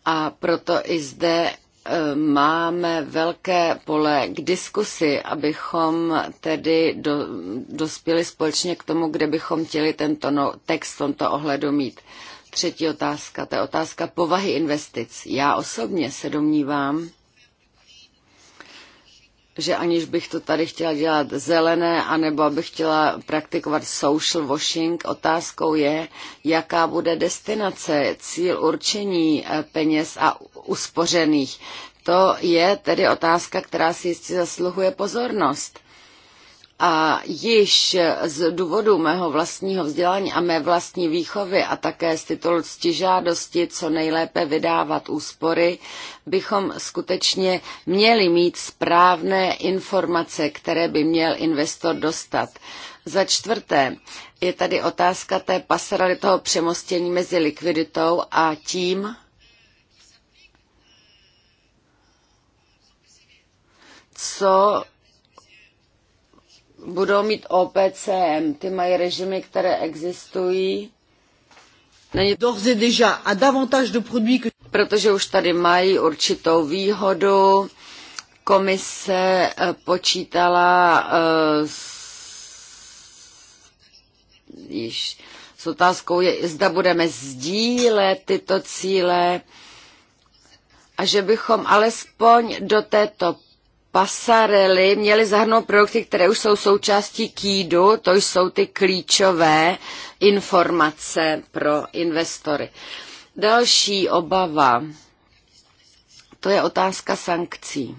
A proto i zde eh, máme velké pole k diskusi, abychom tedy do, dospěli společně k tomu, kde bychom chtěli tento no, text v tomto ohledu mít. Třetí otázka, to je otázka povahy investic. Já osobně se domnívám, že aniž bych to tady chtěla dělat zelené, anebo abych chtěla praktikovat social washing, otázkou je, jaká bude destinace, cíl určení eh, peněz a uspořených. To je tedy otázka, která si jistě zasluhuje pozornost. A již z důvodu mého vlastního vzdělání a mé vlastní výchovy a také z titulu ctižádosti, co nejlépe vydávat úspory, bychom skutečně měli mít správné informace, které by měl investor dostat. Za čtvrté, je tady otázka té pasarely toho přemostění mezi likviditou a tím, co budou mít OPCM. Ty mají režimy, které existují. Není Protože už tady mají určitou výhodu. Komise eh, počítala eh, s, s otázkou, je, zda budeme sdílet tyto cíle a že bychom alespoň do této pasarely měly zahrnout produkty, které už jsou součástí kýdu, to jsou ty klíčové informace pro investory. Další obava, to je otázka sankcí.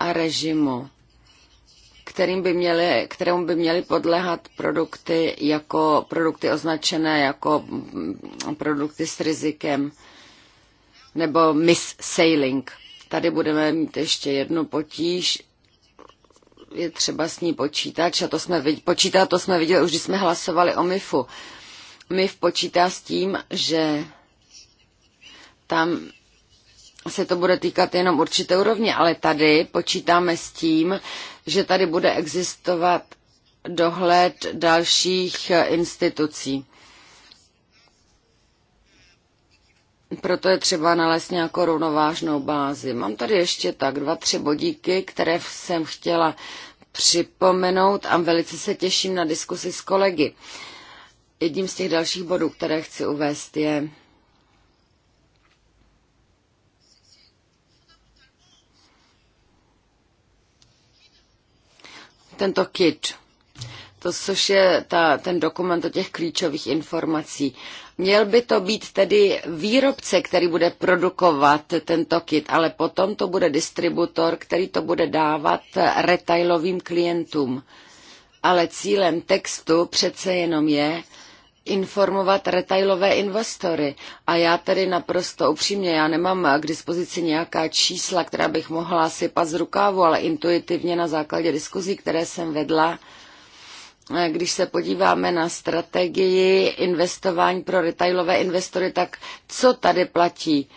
A režimu kterým by měly, kterému by měly podléhat produkty jako produkty označené jako mm, produkty s rizikem nebo miss sailing. Tady budeme mít ještě jednu potíž, je třeba s ní počítat, a to jsme viděli, počítá, to jsme viděli už, když jsme hlasovali o MIFu. MIF počítá s tím, že tam se to bude týkat jenom určité úrovně, ale tady počítáme s tím, že tady bude existovat dohled dalších eh, institucí. Proto je třeba nalézt nějakou rovnovážnou bázi. Mám tady ještě tak dva, tři bodíky, které jsem chtěla připomenout a velice se těším na diskusi s kolegy. Jedním z těch dalších bodů, které chci uvést, je tento kit, to, což je ta, ten dokument o těch klíčových informací. Měl by to být tedy výrobce, který bude produkovat tento kit, ale potom to bude distributor, který to bude dávat retailovým klientům. Ale cílem textu přece jenom je, informovat retailové investory. A já tedy naprosto upřímně, já nemám k dispozici nějaká čísla, která bych mohla sypat z rukávu, ale intuitivně na základě diskuzí, které jsem vedla, eh, když se podíváme na strategii investování pro retailové investory, tak co tady platí?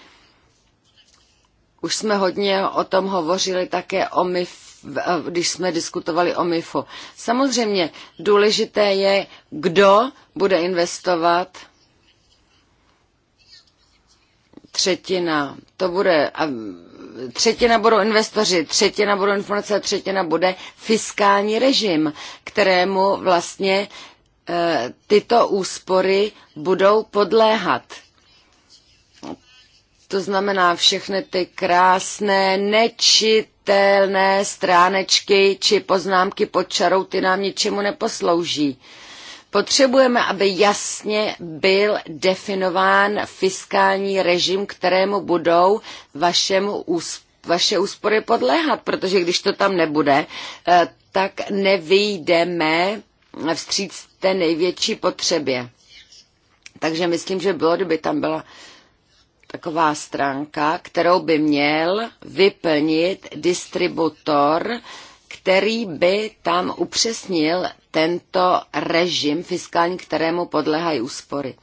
Už jsme hodně o tom hovořili také o MIF, eh, když jsme diskutovali o MIFu. Samozřejmě důležité je, kdo bude investovat třetina, to bude, a třetina budou investoři, třetina budou informace třetina bude fiskální režim, kterému vlastně e, tyto úspory budou podléhat. To znamená všechny ty krásné, nečitelné stránečky či poznámky pod čarou, ty nám ničemu neposlouží Potřebujeme, aby jasně byl definován fiskální režim, kterému budou vašemu úspěchu vaše úspory podléhat, protože když to tam nebude, eh, tak nevyjdeme vstříc té největší potřebě. Takže myslím, že bylo, kdyby tam byla taková stránka, kterou by měl vyplnit distributor který by tam upřesnil tento režim fiskální, kterému podléhají úspory.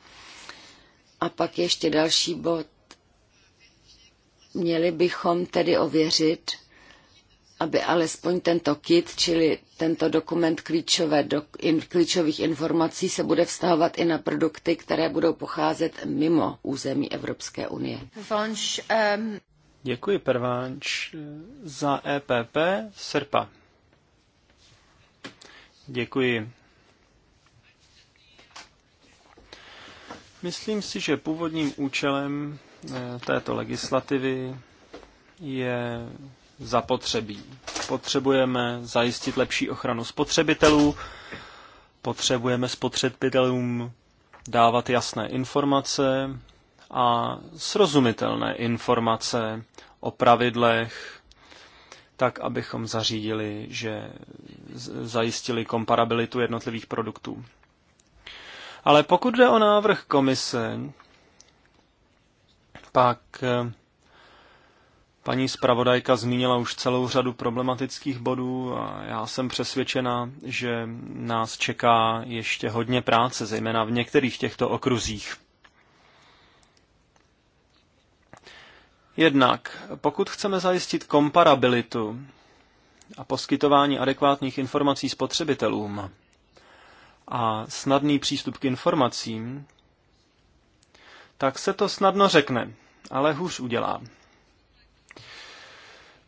A pak ještě další bod. Měli bychom tedy ověřit, aby alespoň tento kit, čili tento dokument klíčové, do, in, klíčových informací, se bude vztahovat i na produkty, které budou pocházet mimo území Evropské unie. Vanš, um... Děkuji, Pervánč. Za EPP Srpa. Děkuji. Myslím si, že původním účelem eh, této legislativy je zapotřebí. Potřebujeme zajistit lepší ochranu spotřebitelů, potřebujeme spotřebitelům dávat jasné informace a srozumitelné informace o pravidlech tak abychom zařídili, že zajistili komparabilitu jednotlivých produktů. Ale pokud jde o návrh komise, pak eh, paní zpravodajka zmínila už celou řadu problematických bodů a já jsem přesvědčena, že nás čeká ještě hodně práce, zejména v některých těchto okruzích. Jednak, pokud chceme zajistit komparabilitu a poskytování adekvátních informací spotřebitelům a snadný přístup k informacím, tak se to snadno řekne, ale hůř udělá.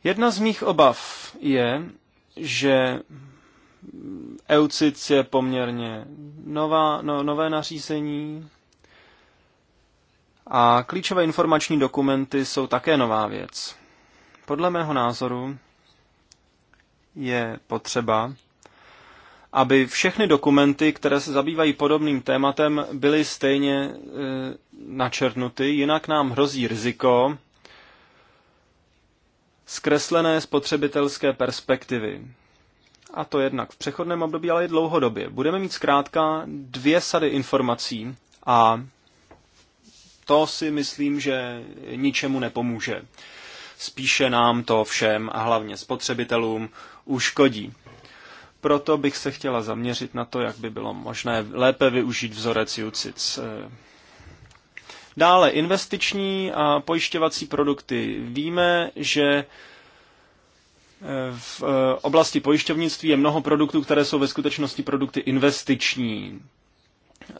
Jedna z mých obav je, že EUCIC je poměrně nová, no, nové nařízení, a klíčové informační dokumenty jsou také nová věc. Podle mého názoru je potřeba, aby všechny dokumenty, které se zabývají podobným tématem, byly stejně e, načrtnuty, jinak nám hrozí riziko zkreslené spotřebitelské perspektivy. A to jednak v přechodném období, ale i dlouhodobě. Budeme mít zkrátka dvě sady informací a to si myslím, že ničemu nepomůže. Spíše nám to všem a hlavně spotřebitelům uškodí. Proto bych se chtěla zaměřit na to, jak by bylo možné lépe využít vzorec UCIC. Dále investiční a pojišťovací produkty. Víme, že eh, v eh, oblasti pojišťovnictví je mnoho produktů, které jsou ve skutečnosti produkty investiční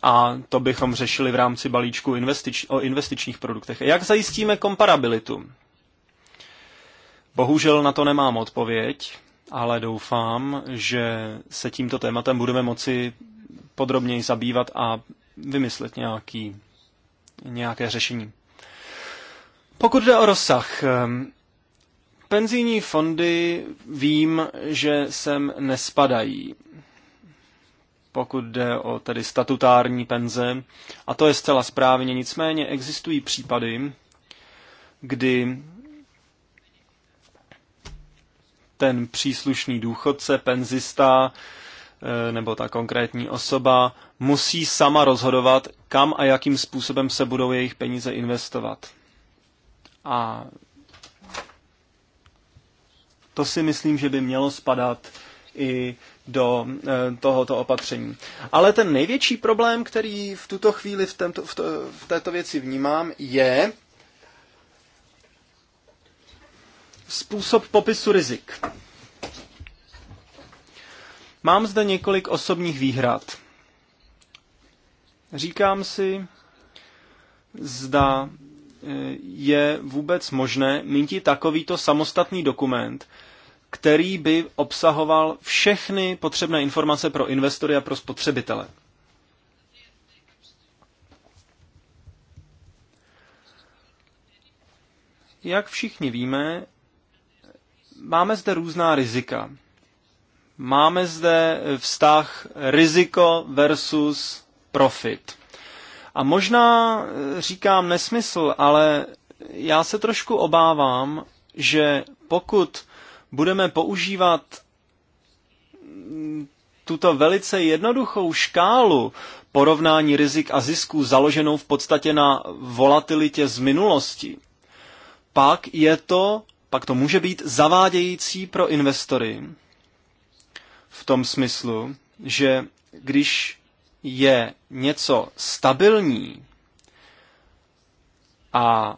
a to bychom řešili v rámci balíčku investič, o investičních produktech. Jak zajistíme komparabilitu? Bohužel na to nemám odpověď, ale doufám, že se tímto tématem budeme moci podrobněji zabývat a vymyslet nějaký, nějaké řešení. Pokud jde o rozsah, ehm, penzijní fondy vím, že sem nespadají pokud jde o tedy statutární penze, a to je zcela správně. Nicméně existují případy, kdy ten příslušný důchodce, penzista eh, nebo ta konkrétní osoba musí sama rozhodovat, kam a jakým způsobem se budou jejich peníze investovat. A to si myslím, že by mělo spadat i do e, tohoto opatření. Ale ten největší problém, který v tuto chvíli v, tento, v, to, v této věci vnímám, je způsob popisu rizik. Mám zde několik osobních výhrad. Říkám si, zda e, je vůbec možné mít takovýto samostatný dokument, který by obsahoval všechny potřebné informace pro investory a pro spotřebitele. Jak všichni víme, máme zde různá rizika. Máme zde vztah riziko versus profit. A možná eh, říkám nesmysl, ale já se trošku obávám, že pokud budeme používat tuto velice jednoduchou škálu porovnání rizik a zisků založenou v podstatě na volatilitě z minulosti, pak je to, pak to může být zavádějící pro investory. V tom smyslu, že když je něco stabilní a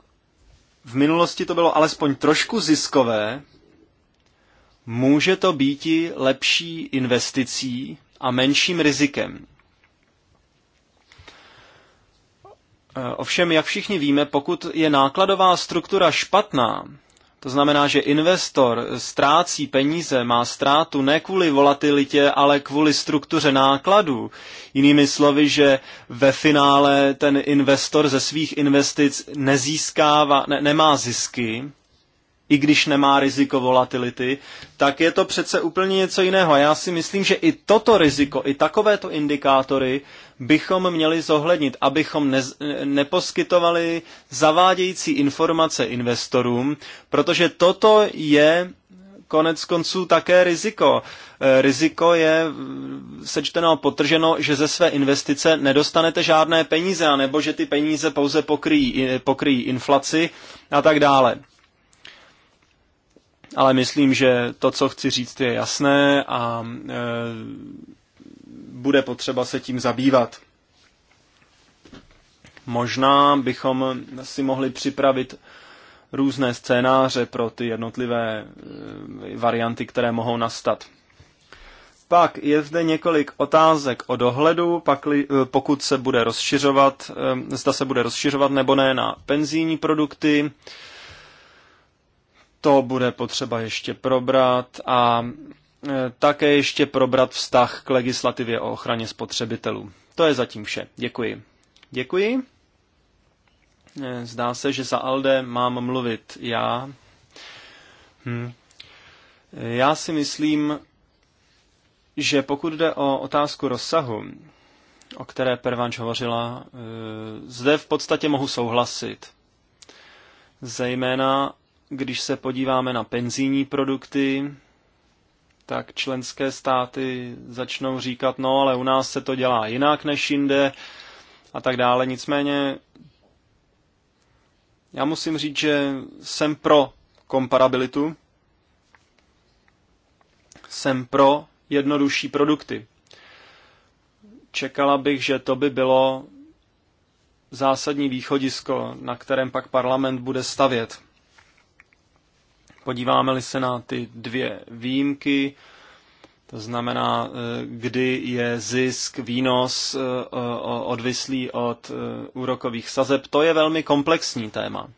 v minulosti to bylo alespoň trošku ziskové, Může to být i lepší investicí a menším rizikem. Eh, ovšem, jak všichni víme, pokud je nákladová struktura špatná, to znamená, že investor ztrácí peníze, má ztrátu ne kvůli volatilitě, ale kvůli struktuře nákladů. Jinými slovy, že ve finále ten investor ze svých investic nezískává, ne, nemá zisky, i když nemá riziko volatility, tak je to přece úplně něco jiného. Já si myslím, že i toto riziko, i takovéto indikátory bychom měli zohlednit, abychom ne, neposkytovali zavádějící informace investorům, protože toto je konec konců také riziko. E, riziko je e, sečteno a potrženo, že ze své investice nedostanete žádné peníze, anebo že ty peníze pouze pokryjí, e, pokryjí inflaci a tak dále ale myslím, že to, co chci říct, je jasné a e, bude potřeba se tím zabývat. Možná bychom si mohli připravit různé scénáře pro ty jednotlivé e, varianty, které mohou nastat. Pak je zde několik otázek o dohledu, li, e, pokud se bude rozšiřovat, e, zda se bude rozšiřovat nebo ne na penzijní produkty, to bude potřeba ještě probrat a e, také ještě probrat vztah k legislativě o ochraně spotřebitelů. To je zatím vše. Děkuji. Děkuji. E, zdá se, že za Alde mám mluvit já. Hm. Já si myslím, že pokud jde o otázku rozsahu, o které Pervanč hovořila, e, zde v podstatě mohu souhlasit. Zejména když se podíváme na penzijní produkty, tak členské státy začnou říkat, no ale u nás se to dělá jinak než jinde a tak dále. Nicméně já musím říct, že jsem pro komparabilitu, jsem pro jednodušší produkty. Čekala bych, že to by bylo zásadní východisko, na kterém pak parlament bude stavět. Podíváme-li se na ty dvě výjimky, to znamená, eh, kdy je zisk, výnos eh, odvislý od eh, úrokových sazeb, to je velmi komplexní téma.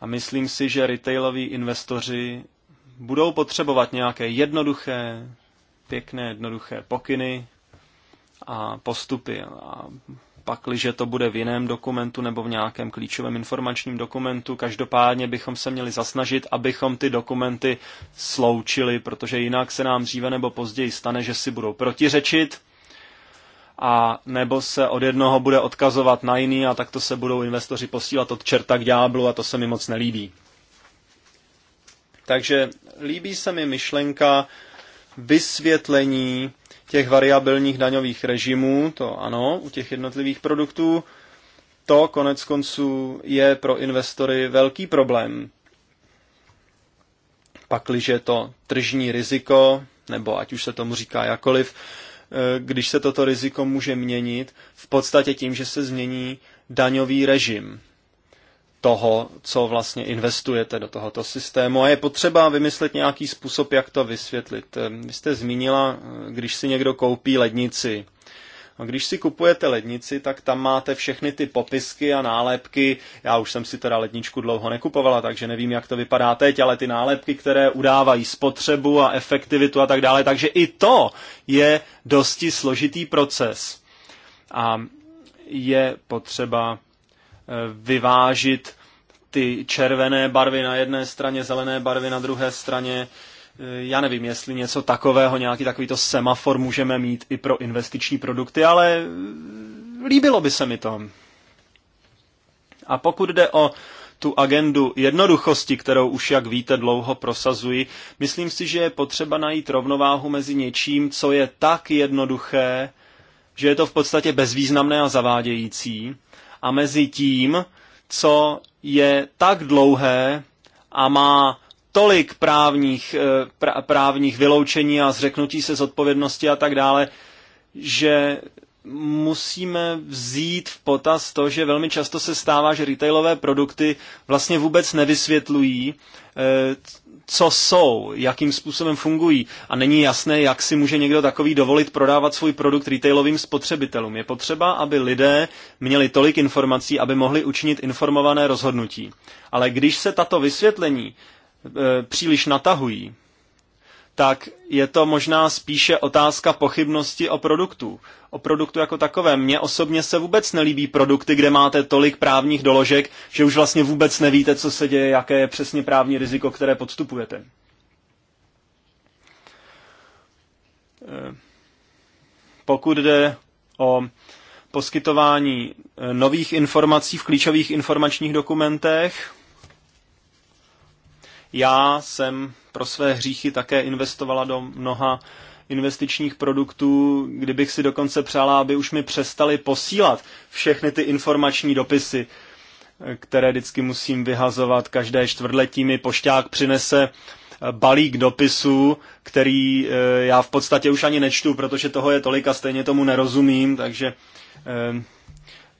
A myslím si, že retailoví investoři budou potřebovat nějaké jednoduché, pěkné, jednoduché pokyny a postupy. A pakliže to bude v jiném dokumentu nebo v nějakém klíčovém informačním dokumentu. Každopádně bychom se měli zasnažit, abychom ty dokumenty sloučili, protože jinak se nám dříve nebo později stane, že si budou protiřečit a nebo se od jednoho bude odkazovat na jiný a takto se budou investoři posílat od čerta k ďáblu a to se mi moc nelíbí. Takže líbí se mi myšlenka vysvětlení těch variabilních daňových režimů, to ano, u těch jednotlivých produktů, to konec konců je pro investory velký problém. Pakliže to tržní riziko, nebo ať už se tomu říká jakoliv, eh, když se toto riziko může měnit, v podstatě tím, že se změní daňový režim toho, co vlastně investujete do tohoto systému. A je potřeba vymyslet nějaký způsob, jak to vysvětlit. Ehm, vy jste zmínila, eh, když si někdo koupí lednici. A když si kupujete lednici, tak tam máte všechny ty popisky a nálepky. Já už jsem si teda ledničku dlouho nekupovala, takže nevím, jak to vypadá teď, ale ty nálepky, které udávají spotřebu a efektivitu a tak dále. Takže i to je dosti složitý proces. A je potřeba vyvážit ty červené barvy na jedné straně, zelené barvy na druhé straně. Já nevím, jestli něco takového, nějaký takovýto semafor můžeme mít i pro investiční produkty, ale líbilo by se mi to. A pokud jde o tu agendu jednoduchosti, kterou už, jak víte, dlouho prosazuji, myslím si, že je potřeba najít rovnováhu mezi něčím, co je tak jednoduché, že je to v podstatě bezvýznamné a zavádějící, a mezi tím, co je tak dlouhé a má tolik právních, eh, právních vyloučení a zřeknutí se z odpovědnosti a tak dále, že musíme vzít v potaz to, že velmi často se stává, že retailové produkty vlastně vůbec nevysvětlují, eh, co jsou, jakým způsobem fungují a není jasné, jak si může někdo takový dovolit prodávat svůj produkt retailovým spotřebitelům. Je potřeba, aby lidé měli tolik informací, aby mohli učinit informované rozhodnutí. Ale když se tato vysvětlení e, příliš natahují, tak je to možná spíše otázka pochybnosti o produktu. O produktu jako takovém. Mně osobně se vůbec nelíbí produkty, kde máte tolik právních doložek, že už vlastně vůbec nevíte, co se děje, jaké je přesně právní riziko, které podstupujete. Eh, pokud jde o poskytování eh, nových informací v klíčových informačních dokumentech, já jsem pro své hříchy také investovala do mnoha investičních produktů, kdybych si dokonce přála, aby už mi přestali posílat všechny ty informační dopisy, které vždycky musím vyhazovat. Každé čtvrtletí mi pošťák přinese balík dopisů, který eh, já v podstatě už ani nečtu, protože toho je tolik a stejně tomu nerozumím, takže eh,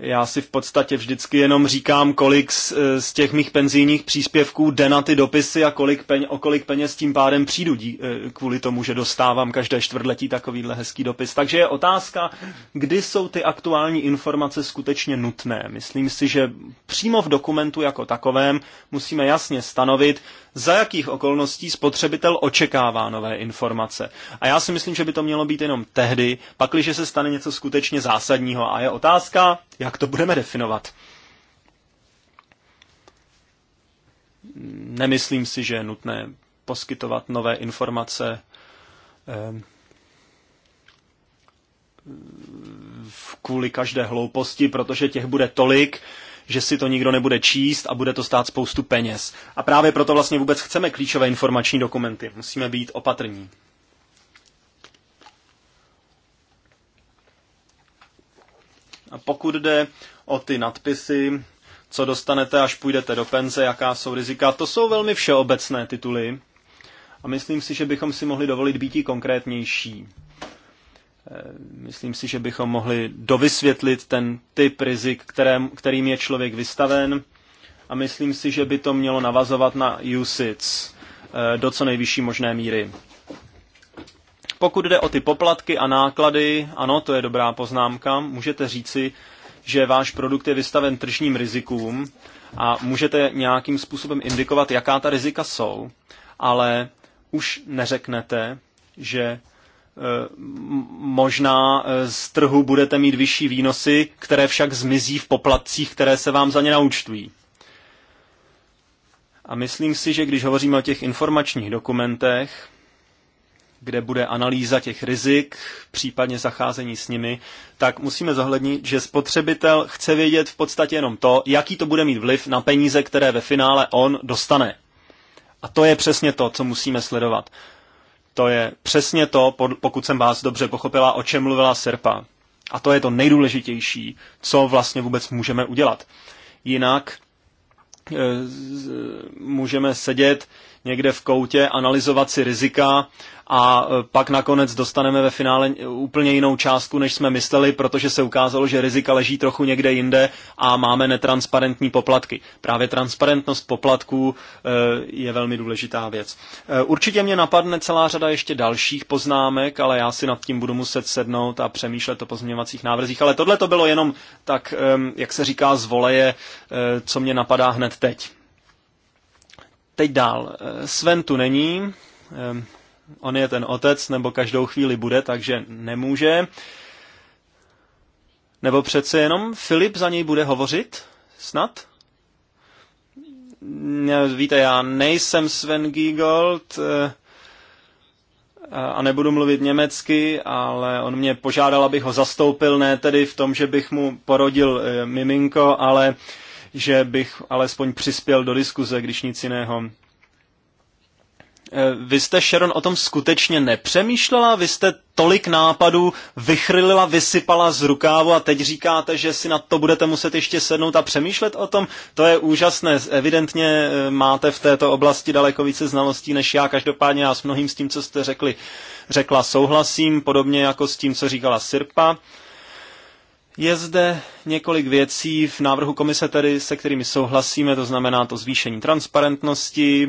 já si v podstatě vždycky jenom říkám, kolik z, e, z těch mých penzijních příspěvků jde na ty dopisy a kolik peň, o kolik peněz tím pádem přijdu dí, e, kvůli tomu, že dostávám každé čtvrtletí takovýhle hezký dopis. Takže je otázka, kdy jsou ty aktuální informace skutečně nutné. Myslím si, že přímo v dokumentu jako takovém musíme jasně stanovit, za jakých okolností spotřebitel očekává nové informace. A já si myslím, že by to mělo být jenom tehdy, pakliže se stane něco skutečně zásadního. A je otázka, jak to budeme definovat. Nemyslím si, že je nutné poskytovat nové informace ehm, kvůli každé hlouposti, protože těch bude tolik, že si to nikdo nebude číst a bude to stát spoustu peněz. A právě proto vlastně vůbec chceme klíčové informační dokumenty. Musíme být opatrní. A pokud jde o ty nadpisy, co dostanete, až půjdete do penze, jaká jsou rizika, to jsou velmi všeobecné tituly. A myslím si, že bychom si mohli dovolit být i konkrétnější. Eh, myslím si, že bychom mohli dovysvětlit ten typ rizik, kterém, kterým je člověk vystaven a myslím si, že by to mělo navazovat na USIC eh, do co nejvyšší možné míry. Pokud jde o ty poplatky a náklady, ano, to je dobrá poznámka, můžete říci, že váš produkt je vystaven tržním rizikům a můžete nějakým způsobem indikovat, jaká ta rizika jsou, ale už neřeknete, že Eh, možná eh, z trhu budete mít vyšší výnosy, které však zmizí v poplatcích, které se vám za ně naučtují. A myslím si, že když hovoříme o těch informačních dokumentech, kde bude analýza těch rizik, případně zacházení s nimi, tak musíme zohlednit, že spotřebitel chce vědět v podstatě jenom to, jaký to bude mít vliv na peníze, které ve finále on dostane. A to je přesně to, co musíme sledovat. To je přesně to, pokud jsem vás dobře pochopila, o čem mluvila Serpa. A to je to nejdůležitější, co vlastně vůbec můžeme udělat. Jinak e, můžeme sedět někde v koutě, analyzovat si rizika a e, pak nakonec dostaneme ve finále úplně jinou částku, než jsme mysleli, protože se ukázalo, že rizika leží trochu někde jinde a máme netransparentní poplatky. Právě transparentnost poplatků e, je velmi důležitá věc. E, určitě mě napadne celá řada ještě dalších poznámek, ale já si nad tím budu muset sednout a přemýšlet o pozměňovacích návrzích. Ale tohle to bylo jenom tak, jak se říká, z voleje, co mě napadá hned teď. Teď dál. Eh, Sven tu není, eh, on je ten otec, nebo každou chvíli bude, takže nemůže. Nebo přece jenom Filip za něj bude hovořit? Snad? Víte, já nejsem Sven Giegold eh, a nebudu mluvit německy, ale on mě požádal, abych ho zastoupil, ne tedy v tom, že bych mu porodil miminko, ale že bych alespoň přispěl do diskuze, když nic jiného. Eh, vy jste, Sharon, o tom skutečně nepřemýšlela? Vy jste tolik nápadů vychrylila, vysypala z rukávu a teď říkáte, že si na to budete muset ještě sednout a přemýšlet o tom? To je úžasné. Evidentně eh, máte v této oblasti daleko více znalostí než já. Každopádně já s mnohým s tím, co jste řekli, řekla souhlasím, podobně jako s tím, co říkala Sirpa. Je zde několik věcí v návrhu komise, tedy, se kterými souhlasíme, to znamená to zvýšení transparentnosti,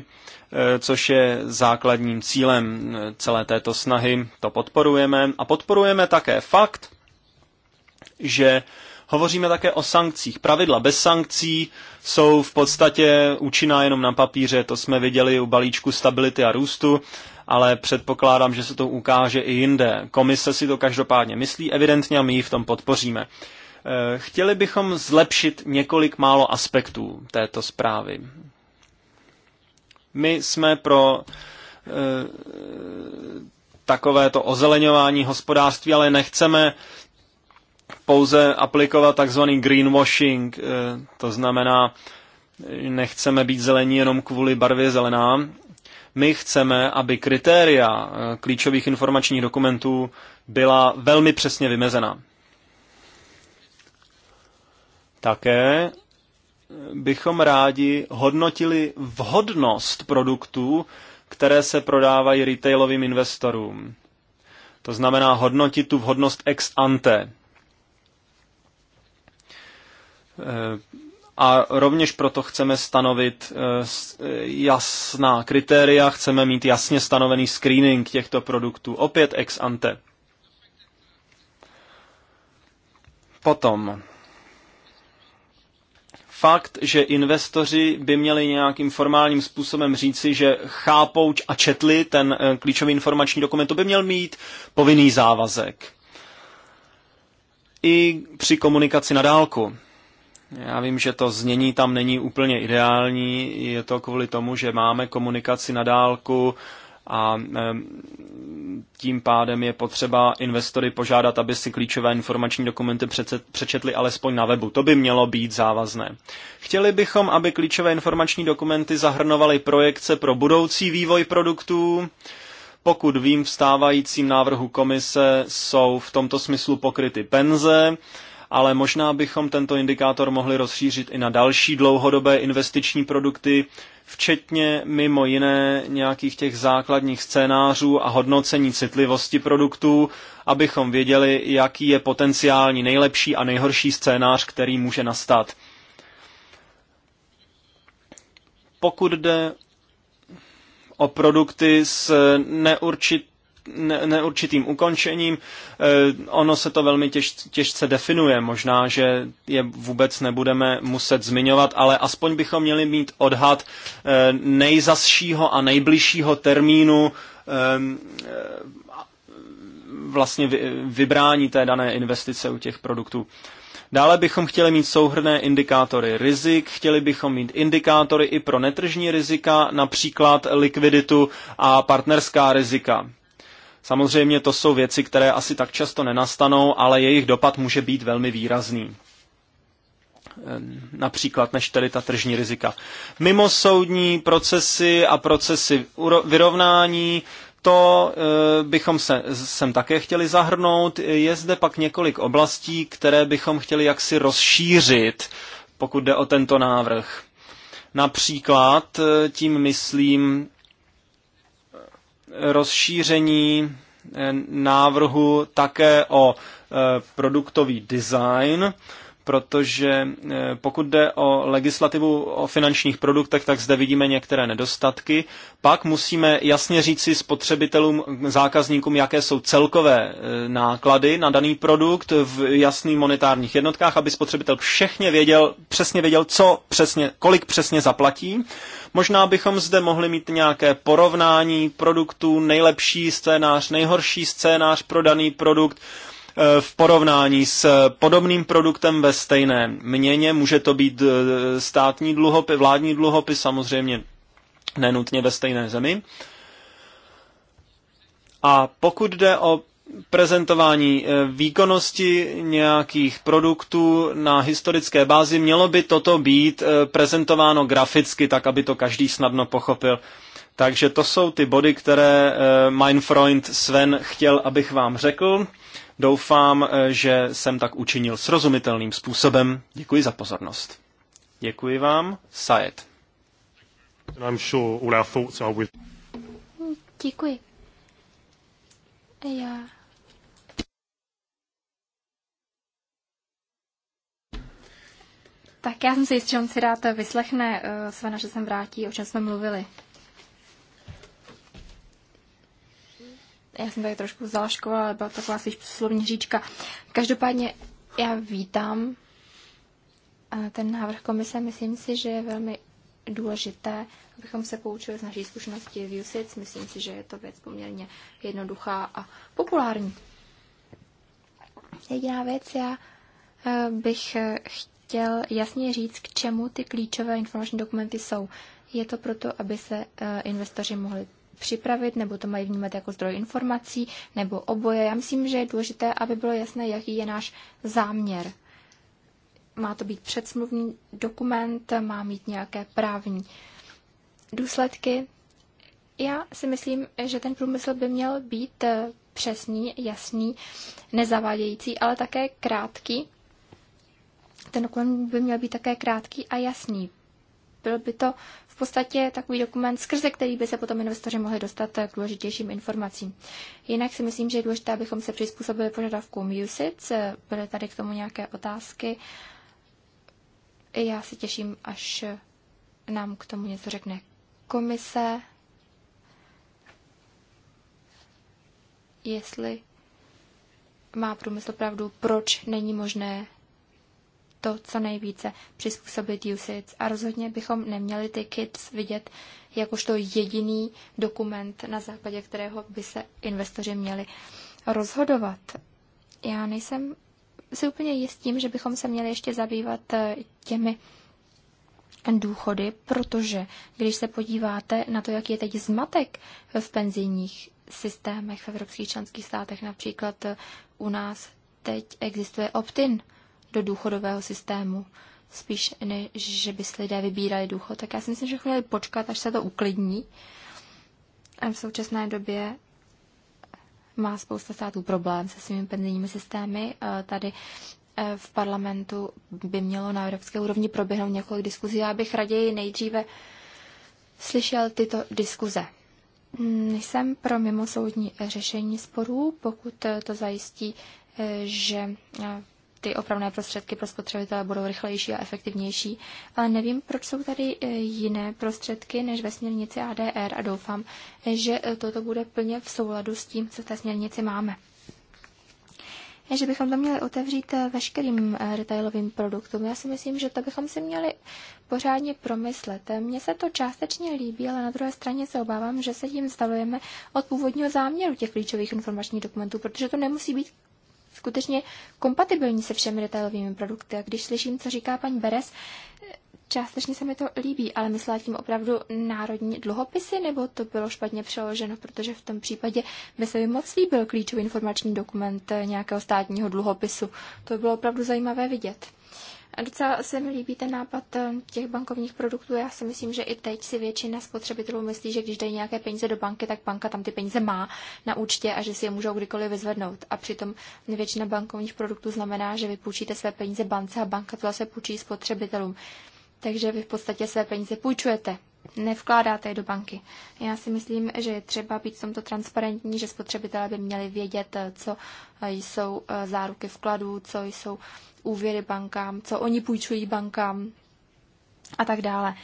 e, což je základním cílem e, celé této snahy. To podporujeme. A podporujeme také fakt, že hovoříme také o sankcích. Pravidla bez sankcí jsou v podstatě účinná jenom na papíře, to jsme viděli u balíčku stability a růstu ale předpokládám, že se to ukáže i jinde. Komise si to každopádně myslí evidentně a my ji v tom podpoříme. Eh, chtěli bychom zlepšit několik málo aspektů této zprávy. My jsme pro eh, takovéto ozeleňování hospodářství, ale nechceme pouze aplikovat takzvaný greenwashing, eh, to znamená, nechceme být zelení jenom kvůli barvě zelená, my chceme, aby kritéria eh, klíčových informačních dokumentů byla velmi přesně vymezena. Také eh, bychom rádi hodnotili vhodnost produktů, které se prodávají retailovým investorům. To znamená hodnotit tu vhodnost ex ante. Eh, a rovněž proto chceme stanovit eh, eh, jasná kritéria, chceme mít jasně stanovený screening těchto produktů, opět ex ante. Potom, fakt, že investoři by měli nějakým formálním způsobem říci, že chápou a četli ten eh, klíčový informační dokument, to by měl mít povinný závazek. I při komunikaci na dálku. Já vím, že to znění tam není úplně ideální, je to kvůli tomu, že máme komunikaci na dálku a tím pádem je potřeba investory požádat, aby si klíčové informační dokumenty přečetli alespoň na webu. To by mělo být závazné. Chtěli bychom, aby klíčové informační dokumenty zahrnovaly projekce pro budoucí vývoj produktů, pokud vím, v stávajícím návrhu komise jsou v tomto smyslu pokryty penze, ale možná bychom tento indikátor mohli rozšířit i na další dlouhodobé investiční produkty, včetně mimo jiné nějakých těch základních scénářů a hodnocení citlivosti produktů, abychom věděli, jaký je potenciální nejlepší a nejhorší scénář, který může nastat. Pokud jde o produkty s neurčit ne, neurčitým ukončením. Eh, ono se to velmi těž, těžce definuje. Možná, že je vůbec nebudeme muset zmiňovat, ale aspoň bychom měli mít odhad eh, nejzasšího a nejbližšího termínu eh, vlastně vybrání té dané investice u těch produktů. Dále bychom chtěli mít souhrné indikátory rizik, chtěli bychom mít indikátory i pro netržní rizika, například likviditu a partnerská rizika. Samozřejmě to jsou věci, které asi tak často nenastanou, ale jejich dopad může být velmi výrazný. Ehm, například než tedy ta tržní rizika. Mimo soudní procesy a procesy vyrovnání, to eh, bychom se sem také chtěli zahrnout. Je zde pak několik oblastí, které bychom chtěli jaksi rozšířit, pokud jde o tento návrh. Například eh, tím myslím rozšíření eh, návrhu také o eh, produktový design, protože eh, pokud jde o legislativu o finančních produktech, tak zde vidíme některé nedostatky. Pak musíme jasně říci spotřebitelům, zákazníkům, jaké jsou celkové eh, náklady na daný produkt v jasných monetárních jednotkách, aby spotřebitel všechně věděl, přesně věděl, co přesně, kolik přesně zaplatí. Možná bychom zde mohli mít nějaké porovnání produktů, nejlepší scénář, nejhorší scénář pro daný produkt, Eh, v porovnání s podobným produktem ve stejné měně. Může to být eh, státní dluhopis, vládní dluhopis, samozřejmě nenutně ve stejné zemi. A pokud jde o prezentování eh, výkonnosti nějakých produktů na historické bázi, mělo by toto být prezentováno graficky, tak aby to každý snadno pochopil. Takže to jsou ty body, které Freund Sven chtěl, abych vám řekl. Doufám, eh, že jsem tak učinil srozumitelným způsobem. Děkuji za pozornost. Děkuji vám. Sajet. Děkuji. Já Tak já jsem si jistě, že on si rád vyslechne, eh, Svena, že jsem vrátí, o čem jsme mluvili. já jsem tady trošku zalaškovala, ale byla taková spíš slovní říčka. Každopádně já vítám ten návrh komise. Myslím si, že je velmi důležité, abychom se poučili z naší zkušenosti v USIC. Myslím si, že je to věc poměrně jednoduchá a populární. Jediná věc, já e, bych e, chtěl jasně říct, k čemu ty klíčové informační dokumenty jsou. Je to proto, aby se e, investoři mohli připravit, nebo to mají vnímat jako zdroj informací, nebo oboje. Já myslím, že je důležité, aby bylo jasné, jaký je náš záměr. Má to být předsmluvní dokument, má mít nějaké právní důsledky. Já si myslím, že ten průmysl by měl být eh, přesný, jasný, nezavádějící, ale také krátký. Ten dokument by měl být také krátký a jasný. Byl by to podstatě takový dokument, skrze který by se potom investoři mohli dostat k důležitějším informacím. Jinak si myslím, že je důležité, abychom se přizpůsobili požadavkům USIC. Byly tady k tomu nějaké otázky. Já se těším, až nám k tomu něco řekne komise. Jestli má průmysl pravdu, proč není možné to co nejvíce přizpůsobit USIDS a rozhodně bychom neměli ty KIDS vidět jakožto jediný dokument, na základě kterého by se investoři měli rozhodovat. Já nejsem si úplně jistím, že bychom se měli ještě zabývat eh, těmi důchody, protože když se podíváte na to, jaký je teď zmatek v penzijních systémech v evropských členských státech, například eh, u nás teď existuje opt-in do důchodového systému, spíš než že by si lidé vybírali důchod. Tak já si myslím, že měli počkat, až se to uklidní. A v současné době má spousta států problém se svými penzijními systémy. Eh, tady eh, v parlamentu by mělo na evropské úrovni proběhnout několik diskuzí. Já bych raději nejdříve slyšel tyto diskuze. Hm, jsem pro mimosoudní řešení sporů, pokud eh, to zajistí, že ty opravné prostředky pro spotřebitele budou rychlejší a efektivnější, ale nevím, proč jsou tady e, jiné prostředky než ve směrnici ADR a doufám, že e, toto bude plně v souladu s tím, co v té směrnici máme. E, že bychom to měli otevřít veškerým retailovým produktům. Já si myslím, že to bychom si měli pořádně promyslet. Mně se to částečně líbí, ale na druhé straně se obávám, že se tím vzdalujeme od původního záměru těch klíčových informačních dokumentů, protože to nemusí být skutečně kompatibilní se všemi retailovými produkty. A když slyším, co říká paní Beres, částečně se mi to líbí, ale myslela tím opravdu národní dluhopisy, nebo to bylo špatně přeloženo, protože v tom případě by se mi moc líbil klíčový informační dokument nějakého státního dluhopisu. To by bylo opravdu zajímavé vidět. Docela se mi líbí ten nápad eh, těch bankovních produktů. Já si myslím, že i teď si většina spotřebitelů myslí, že když dají nějaké peníze do banky, tak banka tam ty peníze má na účtě a že si je můžou kdykoliv vyzvednout. A přitom většina bankovních produktů znamená, že vypůjčíte své peníze bance a banka to zase půjčí spotřebitelům takže vy v podstatě své peníze půjčujete, nevkládáte je do banky. Já si myslím, že je třeba být v tomto transparentní, že spotřebitelé by měli vědět, eh, co eh, jsou eh, záruky vkladů, co jsou úvěry bankám, co oni půjčují bankám a tak dále.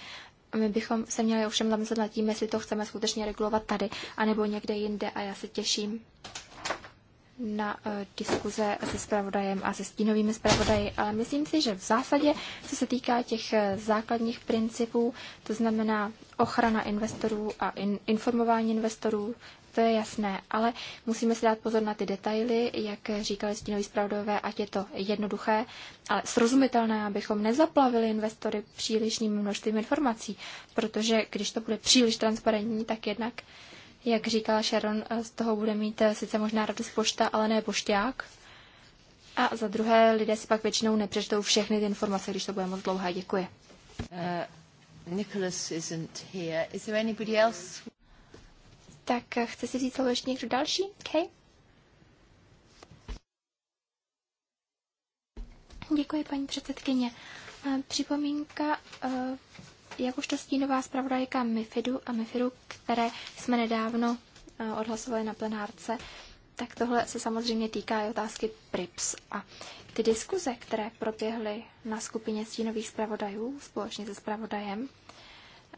My bychom se měli ovšem zamyslet nad tím, jestli to chceme skutečně regulovat tady, anebo někde jinde a já se těším na eh, diskuze se zpravodajem a se stínovými zpravodaji, ale myslím si, že v zásadě, co se týká těch eh, základních principů, to znamená ochrana investorů a in, informování investorů, to je jasné, ale musíme si dát pozor na ty detaily, jak říkali stínoví zpravodajové, ať je to jednoduché, ale srozumitelné, abychom nezaplavili investory přílišným množstvím informací, protože když to bude příliš transparentní, tak jednak uh, jak říkala Sharon, eh, z toho bude mít eh, sice možná radost pošta, ale ne pošťák. A za druhé, lidé si pak většinou nepřečtou všechny ty informace, když to bude moc dlouhé. Děkuji. Uh, Nicholas isn't here. Is there anybody else? Tak eh, chce si říct slovo ještě někdo další? Okay. Děkuji, paní předsedkyně. Připomínka jakožto stínová zpravodajka MIFIDu a MIFIRu, které jsme nedávno eh, odhlasovali na plenárce, tak tohle se samozřejmě týká i otázky PRIPS. A ty diskuze, které proběhly na skupině stínových zpravodajů společně se zpravodajem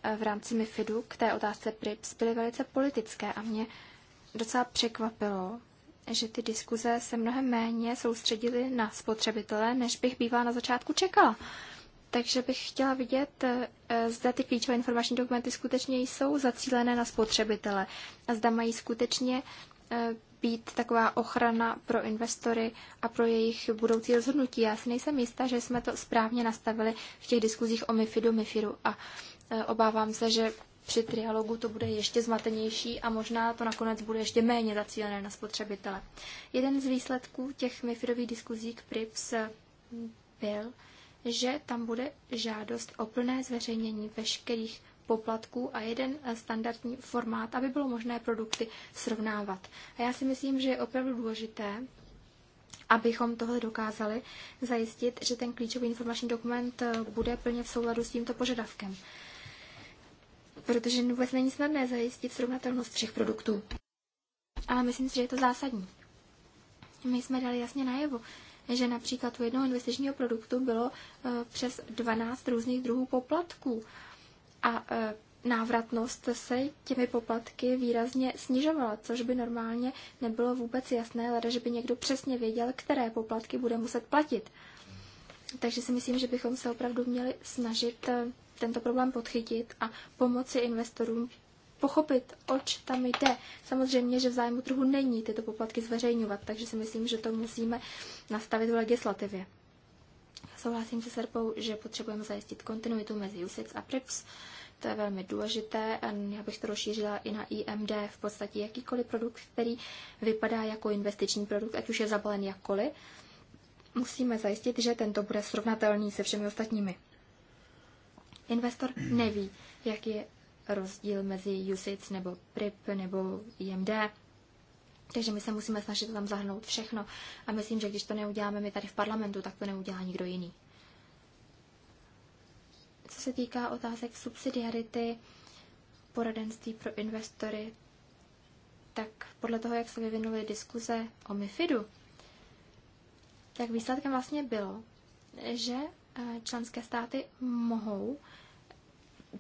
eh, v rámci MIFIDu k té otázce PRIPS byly velice politické a mě docela překvapilo, že ty diskuze se mnohem méně soustředily na spotřebitele, než bych bývala na začátku čekala. Takže bych chtěla vidět, eh, zda ty klíčové informační dokumenty skutečně jsou zacílené na spotřebitele a zda mají skutečně eh, být taková ochrana pro investory a pro jejich budoucí rozhodnutí. Já si nejsem jistá, že jsme to správně nastavili v těch diskuzích o MIFIDu, MIFIRu a eh, obávám se, že při trialogu to bude ještě zmatenější a možná to nakonec bude ještě méně zacílené na spotřebitele. Jeden z výsledků těch MIFIDových diskuzí k PRIPS byl, že tam bude žádost o plné zveřejnění veškerých poplatků a jeden eh, standardní formát, aby bylo možné produkty srovnávat. A já si myslím, že je opravdu důležité, abychom tohle dokázali zajistit, že ten klíčový informační dokument eh, bude plně v souladu s tímto požadavkem. Protože vůbec není snadné zajistit srovnatelnost všech produktů. Ale myslím si, že je to zásadní. My jsme dali jasně najevo, že například u jednoho investičního produktu bylo eh, přes 12 různých druhů poplatků a eh, návratnost se těmi poplatky výrazně snižovala, což by normálně nebylo vůbec jasné, ale že by někdo přesně věděl, které poplatky bude muset platit. Takže si myslím, že bychom se opravdu měli snažit eh, tento problém podchytit a pomoci investorům pochopit, oč tam jde. Samozřejmě, že v zájmu trhu není tyto poplatky zveřejňovat, takže si myslím, že to musíme nastavit v legislativě. Souhlasím se Serpou, že potřebujeme zajistit kontinuitu mezi USIC a PRIPS. To je velmi důležité. Já bych to rozšířila i na IMD. V podstatě jakýkoliv produkt, který vypadá jako investiční produkt, ať už je zabalen jakkoliv, musíme zajistit, že tento bude srovnatelný se všemi ostatními. Investor neví, jak je rozdíl mezi USIC nebo PRIP nebo IMD. Takže my se musíme snažit tam zahrnout všechno a myslím, že když to neuděláme my tady v parlamentu, tak to neudělá nikdo jiný. Co se týká otázek subsidiarity, poradenství pro investory, tak podle toho, jak se vyvinuly diskuze o MIFIDu, tak výsledkem vlastně bylo, že eh, členské státy mohou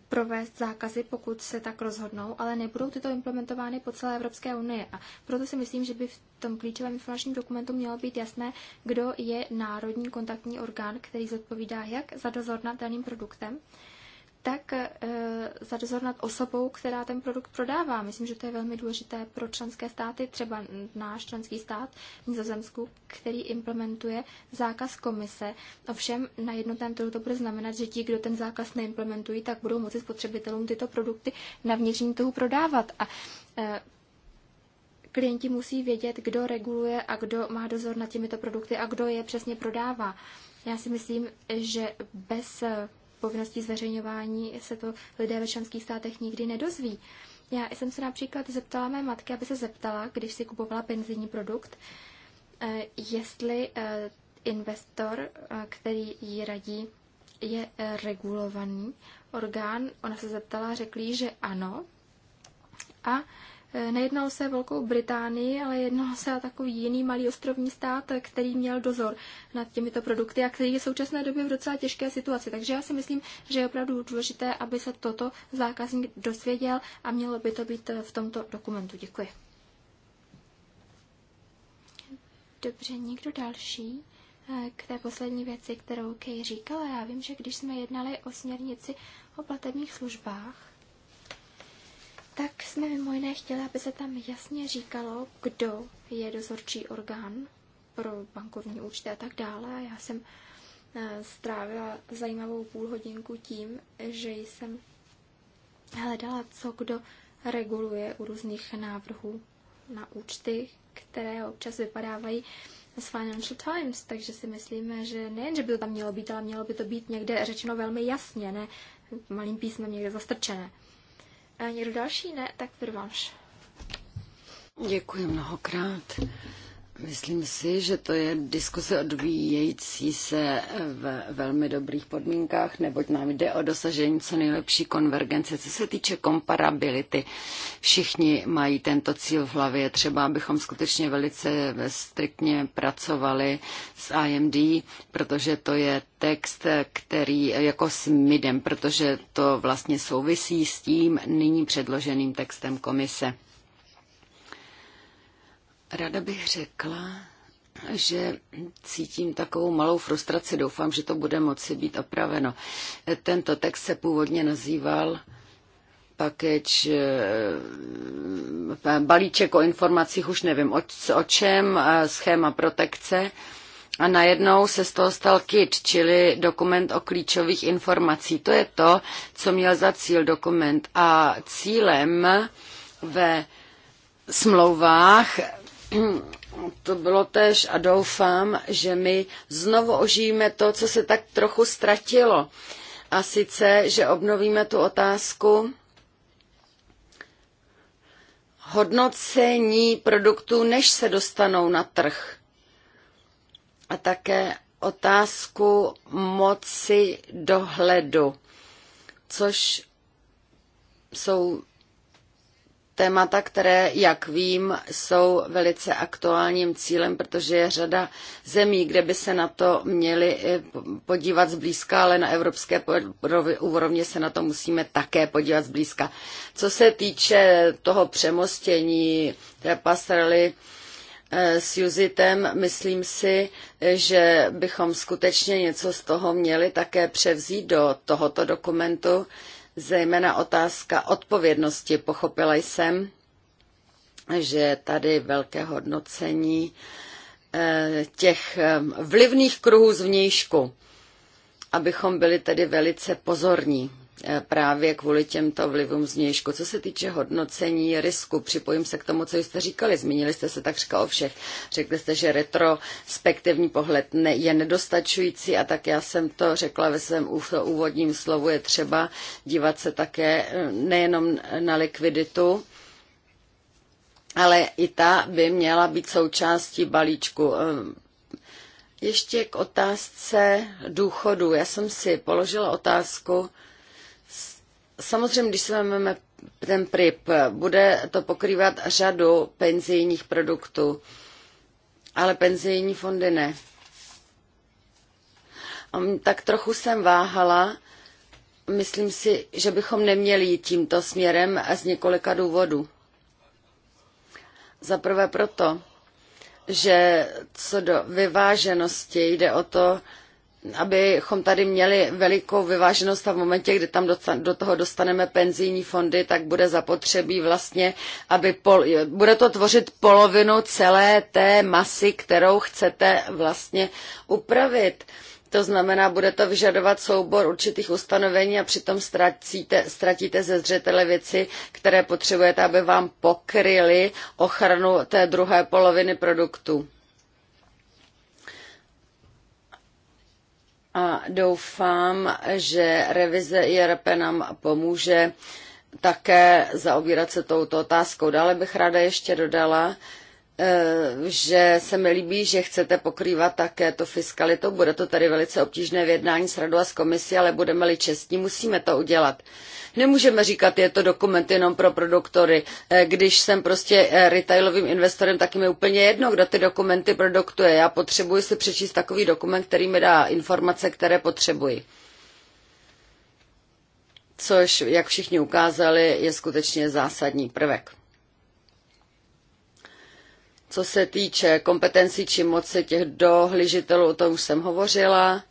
provést zákazy, pokud se tak rozhodnou, ale nebudou tyto implementovány po celé Evropské unii. A proto si myslím, že by v tom klíčovém informačním dokumentu mělo být jasné, kdo je národní kontaktní orgán, který zodpovídá jak za dozor nad daným produktem, tak eh, za dozor nad osobou, která ten produkt prodává. Myslím, že to je velmi důležité pro členské státy, třeba náš členský stát v Nizozemsku, který implementuje zákaz komise. Ovšem na jednotném trhu to bude znamenat, že ti, kdo ten zákaz neimplementují, tak budou moci spotřebitelům tyto produkty na vnitřním trhu prodávat. A eh, klienti musí vědět, kdo reguluje a kdo má dozor nad těmito produkty a kdo je přesně prodává. Já si myslím, že bez eh, povinnosti zveřejňování se to lidé ve členských státech nikdy nedozví. Já jsem se například zeptala mé matky, aby se zeptala, když si kupovala penzijní produkt, eh, jestli eh, investor, eh, který ji radí, je regulovaný orgán. Ona se zeptala, řekli, že ano. A Nejednalo se o Velkou Británii, ale jednalo se o takový jiný malý ostrovní stát, který měl dozor nad těmito produkty a který je v současné době v docela těžké situaci. Takže já si myslím, že je opravdu důležité, aby se toto zákazník dosvěděl a mělo by to být v tomto dokumentu. Děkuji. Dobře, někdo další? Eh, k té poslední věci, kterou Kej říkala, já vím, že když jsme jednali o směrnici o platebních službách, tak jsme mimo jiné chtěli, aby se tam jasně říkalo, kdo je dozorčí orgán pro bankovní účty a tak dále. já jsem eh, strávila zajímavou půl hodinku tím, že jsem hledala, co kdo reguluje u různých návrhů na účty, které občas vypadávají z Financial Times, takže si myslíme, že nejen, že by to tam mělo být, ale mělo by to být někde řečeno velmi jasně, ne malým písmem někde zastrčené. A někdo další ne, tak vyrvanš. Děkuji mnohokrát. Myslím si, že to je diskuse odvíjející se v velmi dobrých podmínkách, neboť nám jde o dosažení co nejlepší konvergence. Co se týče komparability, všichni mají tento cíl v hlavě. Třeba abychom skutečně velice striktně pracovali s IMD, protože to je text, který jako s MIDem, protože to vlastně souvisí s tím nyní předloženým textem komise. Rada bych řekla, že cítím takovou malou frustraci. Doufám, že to bude moci být opraveno. Tento text se původně nazýval package, eh, balíček o informacích, už nevím o, o čem, schéma protekce. A najednou se z toho stal KIT, čili dokument o klíčových informacích. To je to, co měl za cíl dokument. A cílem ve smlouvách to bylo tež a doufám, že my znovu ožijeme to, co se tak trochu ztratilo. A sice, že obnovíme tu otázku hodnocení produktů, než se dostanou na trh. A také otázku moci dohledu, což jsou témata, které, jak vím, jsou velice aktuálním cílem, protože je řada zemí, kde by se na to měli eh, podívat zblízka, ale na evropské úrovni se na to musíme také podívat zblízka. Co se týče toho přemostění té pasrely, eh, s Juzitem, myslím si, že bychom skutečně něco z toho měli také převzít do tohoto dokumentu, zejména otázka odpovědnosti. Pochopila jsem, že tady velké hodnocení eh, těch eh, vlivných kruhů zvnějšku, abychom byli tedy velice pozorní E, právě kvůli těmto vlivům změšku. Co se týče hodnocení risku, připojím se k tomu, co jste říkali. Zmínili jste se takřka o všech. Řekli jste, že retrospektivní pohled je nedostačující a tak já jsem to řekla ve svém úvodním slovu. Je třeba dívat se také e, nejenom na likviditu, ale i ta by měla být součástí balíčku. E, ještě k otázce důchodu. Já jsem si položila otázku, Samozřejmě, když si vezmeme ten PRIP, bude to pokrývat řadu penzijních produktů, ale penzijní fondy ne. Tak trochu jsem váhala. Myslím si, že bychom neměli jít tímto směrem a z několika důvodů. Za prvé proto, že co do vyváženosti jde o to, abychom tady měli velikou vyváženost a v momentě, kdy tam do toho dostaneme penzijní fondy, tak bude zapotřebí vlastně, aby pol, bude to tvořit polovinu celé té masy, kterou chcete vlastně upravit. To znamená, bude to vyžadovat soubor určitých ustanovení a přitom ztratíte, ztratíte ze zřetele věci, které potřebujete, aby vám pokryly ochranu té druhé poloviny produktu. a doufám, že revize IRP nám pomůže také zaobírat se touto otázkou. Dále bych ráda ještě dodala, Eh, že se mi líbí, že chcete pokrývat také to fiskalitou. Bude to tady velice obtížné v jednání s radou a s komisí, ale budeme-li čestní, musíme to udělat. Nemůžeme říkat, je to dokument jenom pro produktory. Eh, když jsem prostě eh, retailovým investorem, tak mi je úplně jedno, kdo ty dokumenty produktuje. Já potřebuji si přečíst takový dokument, který mi dá informace, které potřebuji. Což, jak všichni ukázali, je skutečně zásadní prvek. Co se týče kompetencí či moci těch dohlížitelů, o tom už jsem hovořila,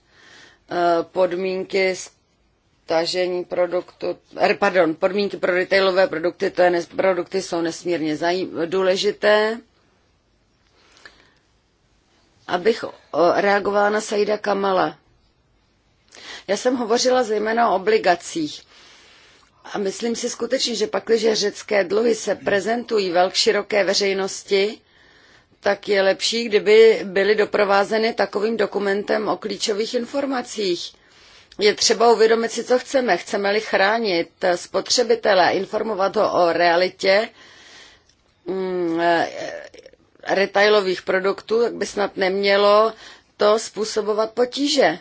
eh, podmínky stažení produktu, eh, pardon, podmínky pro retailové produkty, to je, nes, produkty jsou nesmírně zajím, důležité. Abych eh, reagovala na Saida Kamala. Já jsem hovořila zejména o obligacích. A myslím si skutečně, že pakliže řecké dluhy se prezentují velk široké veřejnosti, tak je lepší, kdyby byly doprovázeny takovým dokumentem o klíčových informacích. Je třeba uvědomit si, co chceme. Chceme-li chránit spotřebitele, informovat ho o realitě mm, e, retailových produktů, tak by snad nemělo to způsobovat potíže.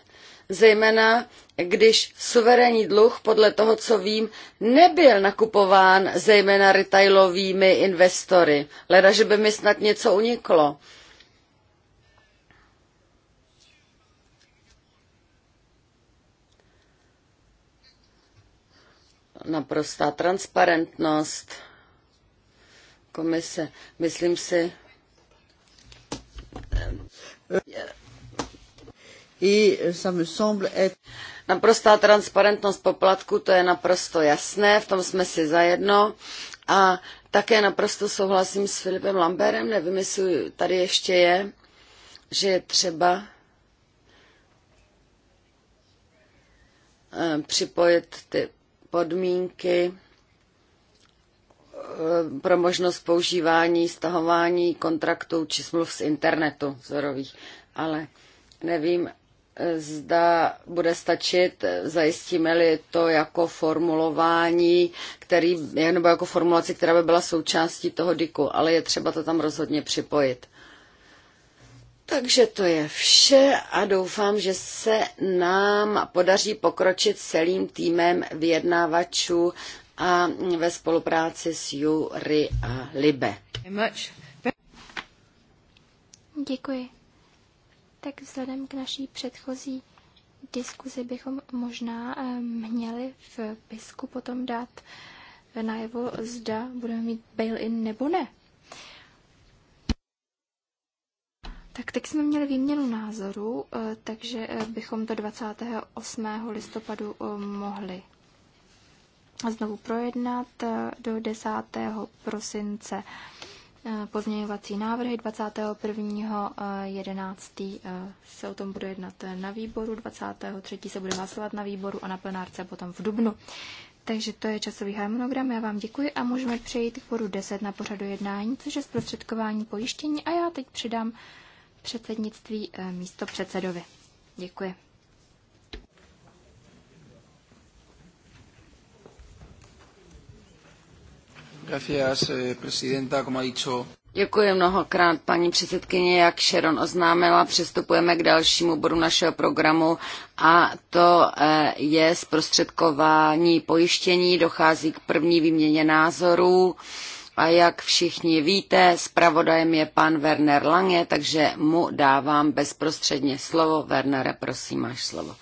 Zejména když suverénní dluh, podle toho, co vím, nebyl nakupován zejména retailovými investory. Leda, že by mi snad něco uniklo. Naprostá transparentnost komise. Myslím si, i e, ça me semble être... Naprostá transparentnost poplatku, to je naprosto jasné, v tom jsme si zajedno. A také naprosto souhlasím s Filipem Lamberem, nevím, jestli tady ještě je, že je třeba e, připojit ty podmínky e, pro možnost používání, stahování kontraktů či smluv z internetu vzorových. Ale nevím, zda bude stačit, zajistíme-li to jako formulování, který, nebo jako formulaci, která by byla součástí toho diku, ale je třeba to tam rozhodně připojit. Takže to je vše a doufám, že se nám podaří pokročit celým týmem vyjednávačů a ve spolupráci s Jury a Libe. Děkuji tak vzhledem k naší předchozí diskuzi bychom možná eh, měli v bisku potom dát najevo, zda budeme mít bail-in nebo ne. Tak teď jsme měli výměnu názoru, eh, takže eh, bychom to 28. listopadu mohli znovu projednat do 10. prosince Eh, pozměňovací návrhy 21. 11. Eh, eh, se o tom bude jednat na výboru, 23. se bude hlasovat na výboru a na plenárce potom v Dubnu. Takže to je časový harmonogram, já vám děkuji a můžeme přejít k bodu 10 na pořadu jednání, což je zprostředkování pojištění a já teď předám předsednictví místo předsedovi. Děkuji. Eh, Děkuji mnohokrát, paní předsedkyně. Jak Sharon oznámila, přistupujeme k dalšímu bodu našeho programu a to eh, je zprostředkování pojištění. Dochází k první výměně názorů. A jak všichni víte, zpravodajem je pan Werner Lange, takže mu dávám bezprostředně slovo. Wernere, prosím, máš slovo.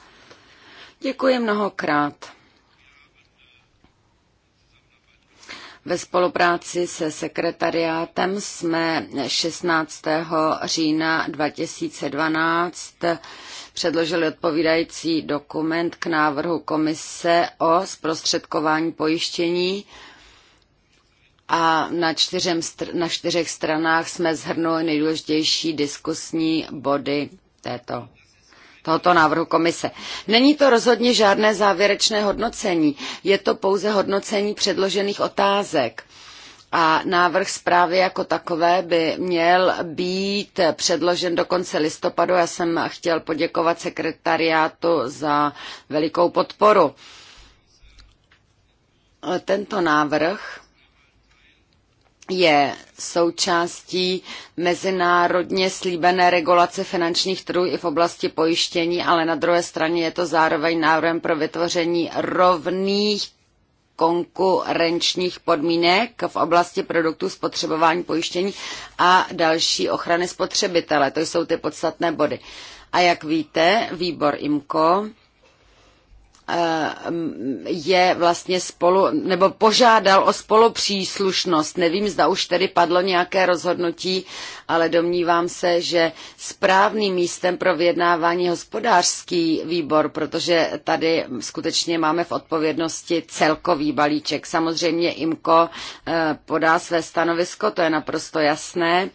Děkuji mnohokrát. Ve spolupráci se sekretariátem jsme 16. října 2012 předložili odpovídající dokument k návrhu komise o zprostředkování pojištění a na, čtyřem, na čtyřech stranách jsme zhrnuli nejdůležitější diskusní body této tohoto návrhu komise. Není to rozhodně žádné závěrečné hodnocení, je to pouze hodnocení předložených otázek a návrh zprávy jako takové by měl být předložen do konce listopadu. Já jsem chtěl poděkovat sekretariátu za velikou podporu. Tento návrh je součástí mezinárodně slíbené regulace finančních trhů i v oblasti pojištění, ale na druhé straně je to zároveň návrhem pro vytvoření rovných konkurenčních podmínek v oblasti produktů spotřebování pojištění a další ochrany spotřebitele. To jsou ty podstatné body. A jak víte, výbor IMCO Eh, je vlastně spolu, nebo požádal o spolupříslušnost. Nevím, zda už tedy padlo nějaké rozhodnutí, ale domnívám se, že správným místem pro vyjednávání hospodářský výbor, protože tady skutečně máme v odpovědnosti celkový balíček. Samozřejmě IMKO eh, podá své stanovisko, to je naprosto jasné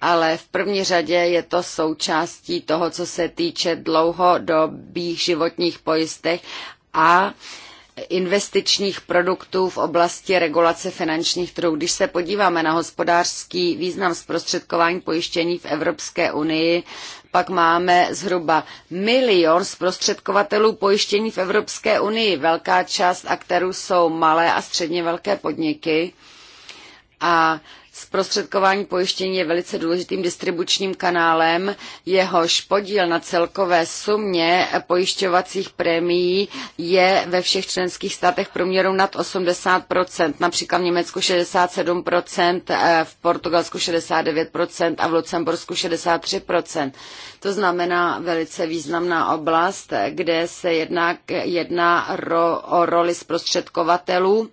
ale v první řadě je to součástí toho, co se týče dlouhodobých životních pojistech a investičních produktů v oblasti regulace finančních trhů. Když se podíváme na hospodářský význam zprostředkování pojištění v Evropské unii, pak máme zhruba milion zprostředkovatelů pojištění v Evropské unii. Velká část aktérů jsou malé a středně velké podniky a Zprostředkování pojištění je velice důležitým distribučním kanálem, jehož podíl na celkové sumě pojišťovacích prémií je ve všech členských státech průměru nad 80%, například v Německu 67%, eh, v Portugalsku 69% a v Lucembursku 63%. To znamená velice významná oblast, kde se jednak jedná ro, o roli zprostředkovatelů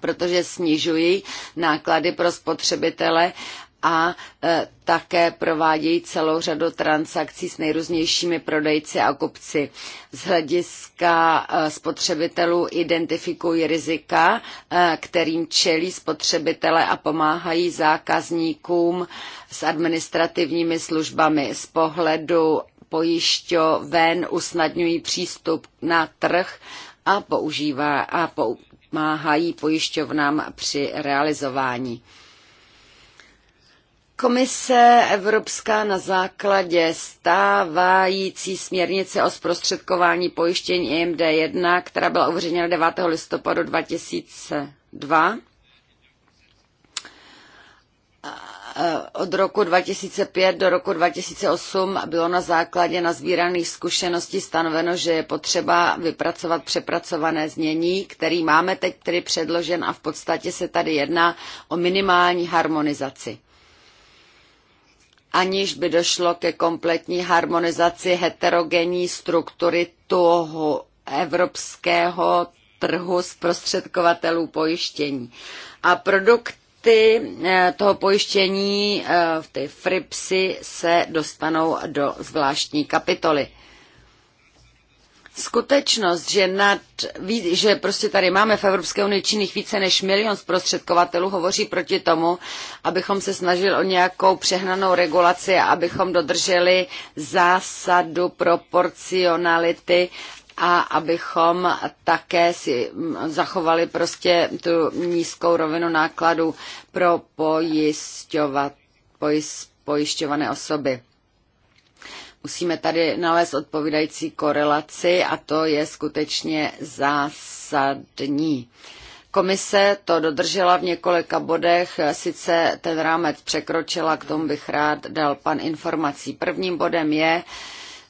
protože snižují náklady pro spotřebitele a e, také provádějí celou řadu transakcí s nejrůznějšími prodejci a kupci. Z hlediska e, spotřebitelů identifikují rizika, e, kterým čelí spotřebitele a pomáhají zákazníkům s administrativními službami z pohledu pojišťoven usnadňují přístup na trh a používá a pou, pomáhají pojišťovnám při realizování. Komise Evropská na základě stávající směrnice o zprostředkování pojištění IMD1, která byla uveřejněna 9. listopadu 2002, Eh, od roku 2005 do roku 2008 bylo na základě nazbíraných zkušeností stanoveno, že je potřeba vypracovat přepracované znění, který máme teď tedy předložen a v podstatě se tady jedná o minimální harmonizaci aniž by došlo ke kompletní harmonizaci heterogenní struktury toho evropského trhu zprostředkovatelů pojištění. A produkt limity eh, toho pojištění eh, v té fripsy se dostanou do zvláštní kapitoly. Skutečnost, že, nad, že prostě tady máme v Evropské unii činných více než milion zprostředkovatelů, hovoří proti tomu, abychom se snažili o nějakou přehnanou regulaci a abychom dodrželi zásadu proporcionality a abychom také si zachovali prostě tu nízkou rovinu nákladů pro pojišťovat, pojist, pojišťované osoby. Musíme tady nalézt odpovídající korelaci a to je skutečně zásadní. Komise to dodržela v několika bodech, sice ten rámec překročila, k tomu bych rád dal pan informací. Prvním bodem je,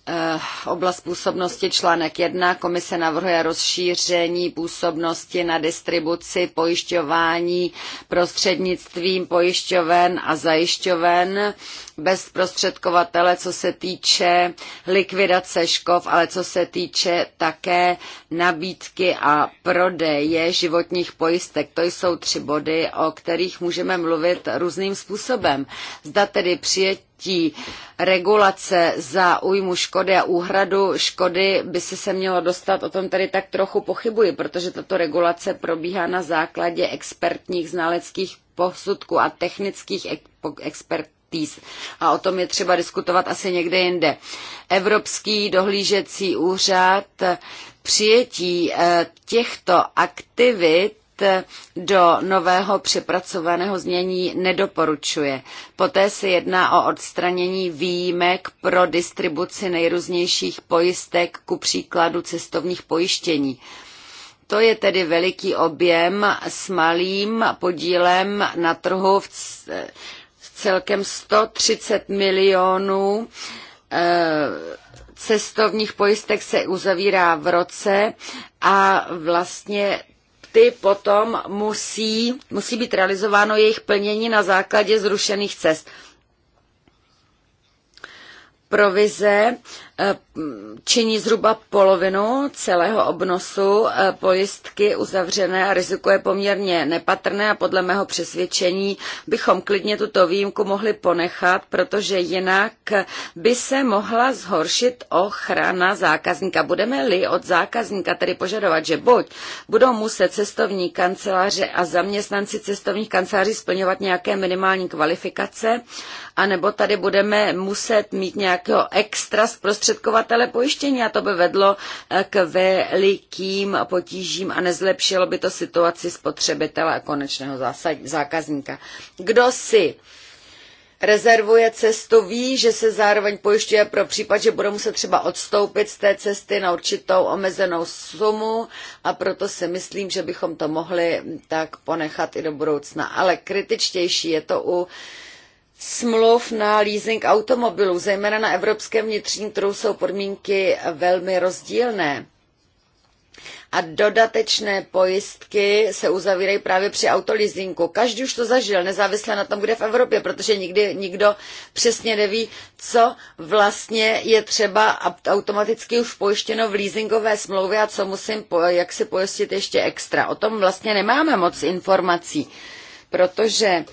Eh, oblast působnosti článek 1. Komise navrhuje rozšíření působnosti na distribuci pojišťování prostřednictvím pojišťoven a zajišťoven bez zprostředkovatele, co se týče likvidace škov, ale co se týče také nabídky a prodeje životních pojistek. To jsou tři body, o kterých můžeme mluvit různým způsobem. Zda tedy přijetí regulace za újmu škody a úhradu škody by se se mělo dostat, o tom tady tak trochu pochybuji, protože tato regulace probíhá na základě expertních znaleckých posudků a technických expert, PIS. A o tom je třeba diskutovat asi někde jinde. Evropský dohlížecí úřad přijetí eh, těchto aktivit eh, do nového přepracovaného znění nedoporučuje. Poté se jedná o odstranění výjimek pro distribuci nejrůznějších pojistek, ku příkladu cestovních pojištění. To je tedy veliký objem s malým podílem na trhu celkem 130 milionů eh, cestovních pojistek se uzavírá v roce a vlastně ty potom musí, musí být realizováno jejich plnění na základě zrušených cest. Provize Eh, činí zhruba polovinu celého obnosu eh, pojistky uzavřené a riziko je poměrně nepatrné a podle mého přesvědčení bychom klidně tuto výjimku mohli ponechat, protože jinak by se mohla zhoršit ochrana zákazníka. Budeme-li od zákazníka tedy požadovat, že buď budou muset cestovní kanceláře a zaměstnanci cestovních kanceláří splňovat nějaké minimální kvalifikace, anebo tady budeme muset mít nějakého extra zprostředkování zprostředkovatele pojištění a to by vedlo eh, k velikým potížím a nezlepšilo by to situaci spotřebitele a konečného zákazníka. Kdo si rezervuje cestu, ví, že se zároveň pojišťuje pro případ, že bude muset třeba odstoupit z té cesty na určitou omezenou sumu a proto si myslím, že bychom to mohli tak ponechat i do budoucna. Ale kritičtější je to u smluv na leasing automobilů, zejména na evropském vnitřním trhu, jsou podmínky velmi rozdílné. A dodatečné pojistky se uzavírají právě při autoleasingu. Každý už to zažil, nezávisle na tom, kde v Evropě, protože nikdy nikdo přesně neví, co vlastně je třeba automaticky už pojištěno v leasingové smlouvě a co musím, jak si pojistit ještě extra. O tom vlastně nemáme moc informací, protože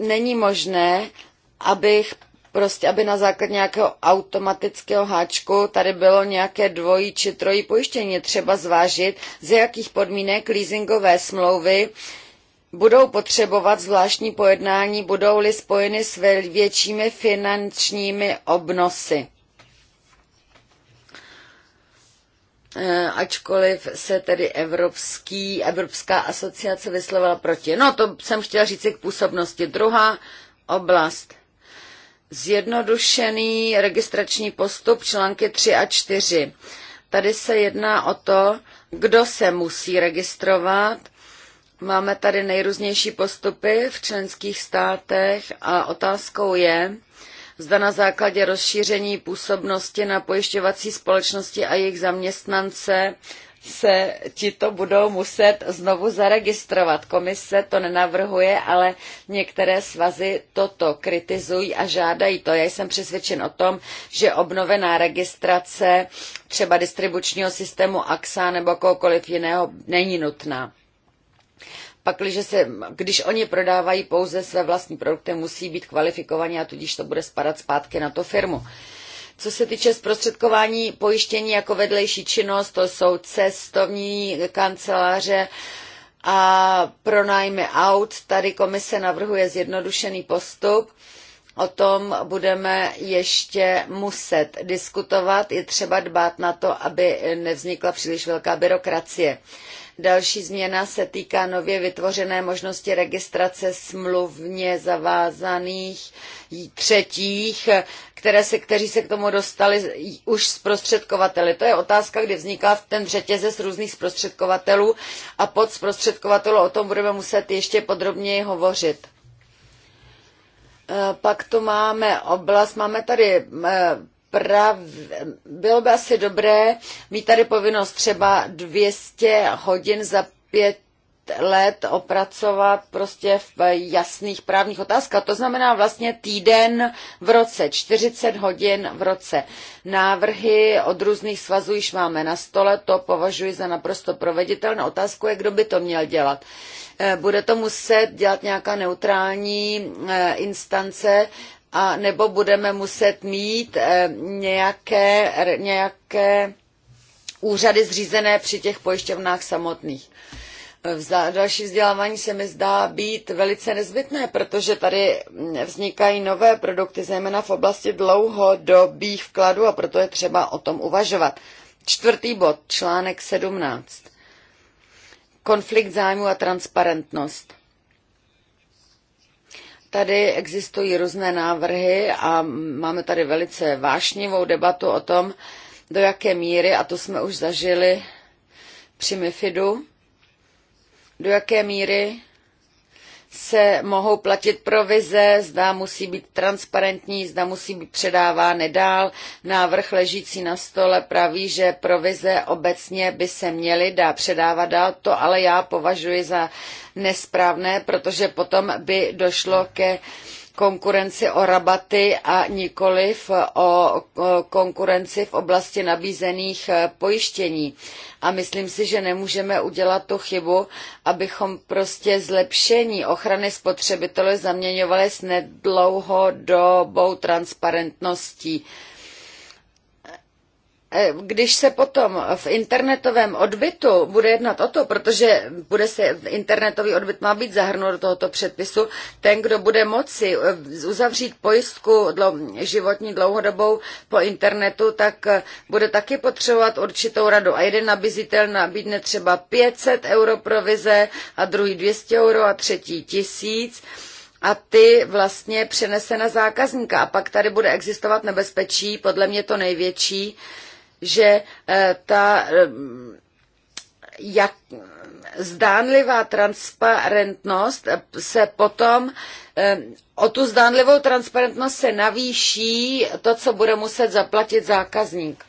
není možné, abych prostě, aby na základě nějakého automatického háčku tady bylo nějaké dvojí či trojí pojištění. Třeba zvážit, ze jakých podmínek leasingové smlouvy budou potřebovat zvláštní pojednání, budou-li spojeny s většími finančními obnosy. Eh, ačkoliv se tedy Evropský, Evropská asociace vyslovala proti. No, to jsem chtěla říct k působnosti. Druhá oblast. Zjednodušený registrační postup články 3 a 4. Tady se jedná o to, kdo se musí registrovat. Máme tady nejrůznější postupy v členských státech a otázkou je, zda na základě rozšíření působnosti na pojišťovací společnosti a jejich zaměstnance se tito budou muset znovu zaregistrovat. Komise to nenavrhuje, ale některé svazy toto kritizují a žádají to. Já jsem přesvědčen o tom, že obnovená registrace třeba distribučního systému AXA nebo kohokoliv jiného není nutná. Pakliže se, když oni prodávají pouze své vlastní produkty, musí být kvalifikovaní a tudíž to bude spadat zpátky na to firmu. Co se týče zprostředkování pojištění jako vedlejší činnost, to jsou cestovní kanceláře a pronájmy aut. Tady komise navrhuje zjednodušený postup. O tom budeme ještě muset diskutovat. Je třeba dbát na to, aby nevznikla příliš velká byrokracie. Další změna se týká nově vytvořené možnosti registrace smluvně zavázaných třetích, které se, kteří se k tomu dostali už zprostředkovateli. To je otázka, kdy vzniká ten řetězec různých zprostředkovatelů a pod zprostředkovatelů o tom budeme muset ještě podrobněji hovořit. E, pak tu máme oblast, máme tady e, prav... bylo by asi dobré mít tady povinnost třeba 200 hodin za pět let opracovat prostě v jasných právních otázkách. To znamená vlastně týden v roce, 40 hodin v roce. Návrhy od různých svazů již máme na stole, to považuji za naprosto proveditelné. Otázku je, kdo by to měl dělat. Eh, bude to muset dělat nějaká neutrální eh, instance, a nebo budeme muset mít eh, nějaké, nějaké úřady zřízené při těch pojišťovnách samotných. Eh, další vzdělávání se mi zdá být velice nezbytné, protože tady mm, vznikají nové produkty, zejména v oblasti dlouhodobých vkladů a proto je třeba o tom uvažovat. Čtvrtý bod, článek 17. Konflikt zájmu a transparentnost. Tady existují různé návrhy a máme tady velice vášnivou debatu o tom, do jaké míry, a to jsme už zažili při MIFIDu, do jaké míry se mohou platit provize, zda musí být transparentní, zda musí být předávány dál. Návrh ležící na stole praví, že provize obecně by se měly dát předávat dál. To ale já považuji za nesprávné, protože potom by došlo ke konkurenci o rabaty a nikoliv o konkurenci v oblasti nabízených eh, pojištění. A myslím si, že nemůžeme udělat tu chybu, abychom prostě zlepšení ochrany spotřebitele zaměňovali s nedlouhodobou transparentností. Uh, Eh, když se potom v internetovém odbytu bude jednat o to, protože bude se internetový odbyt má být zahrnut do tohoto předpisu, ten, kdo bude moci eh, uzavřít pojistku životní dlouhodobou po internetu, tak eh, bude taky potřebovat určitou radu. A jeden nabízitel nabídne třeba 500 euro provize a druhý 200 euro a třetí tisíc a ty vlastně přenese na zákazníka. A pak tady bude existovat nebezpečí, podle mě to největší, že eh, ta eh, jak zdánlivá transparentnost se potom eh, o tu zdánlivou transparentnost se navýší to, co bude muset zaplatit zákazník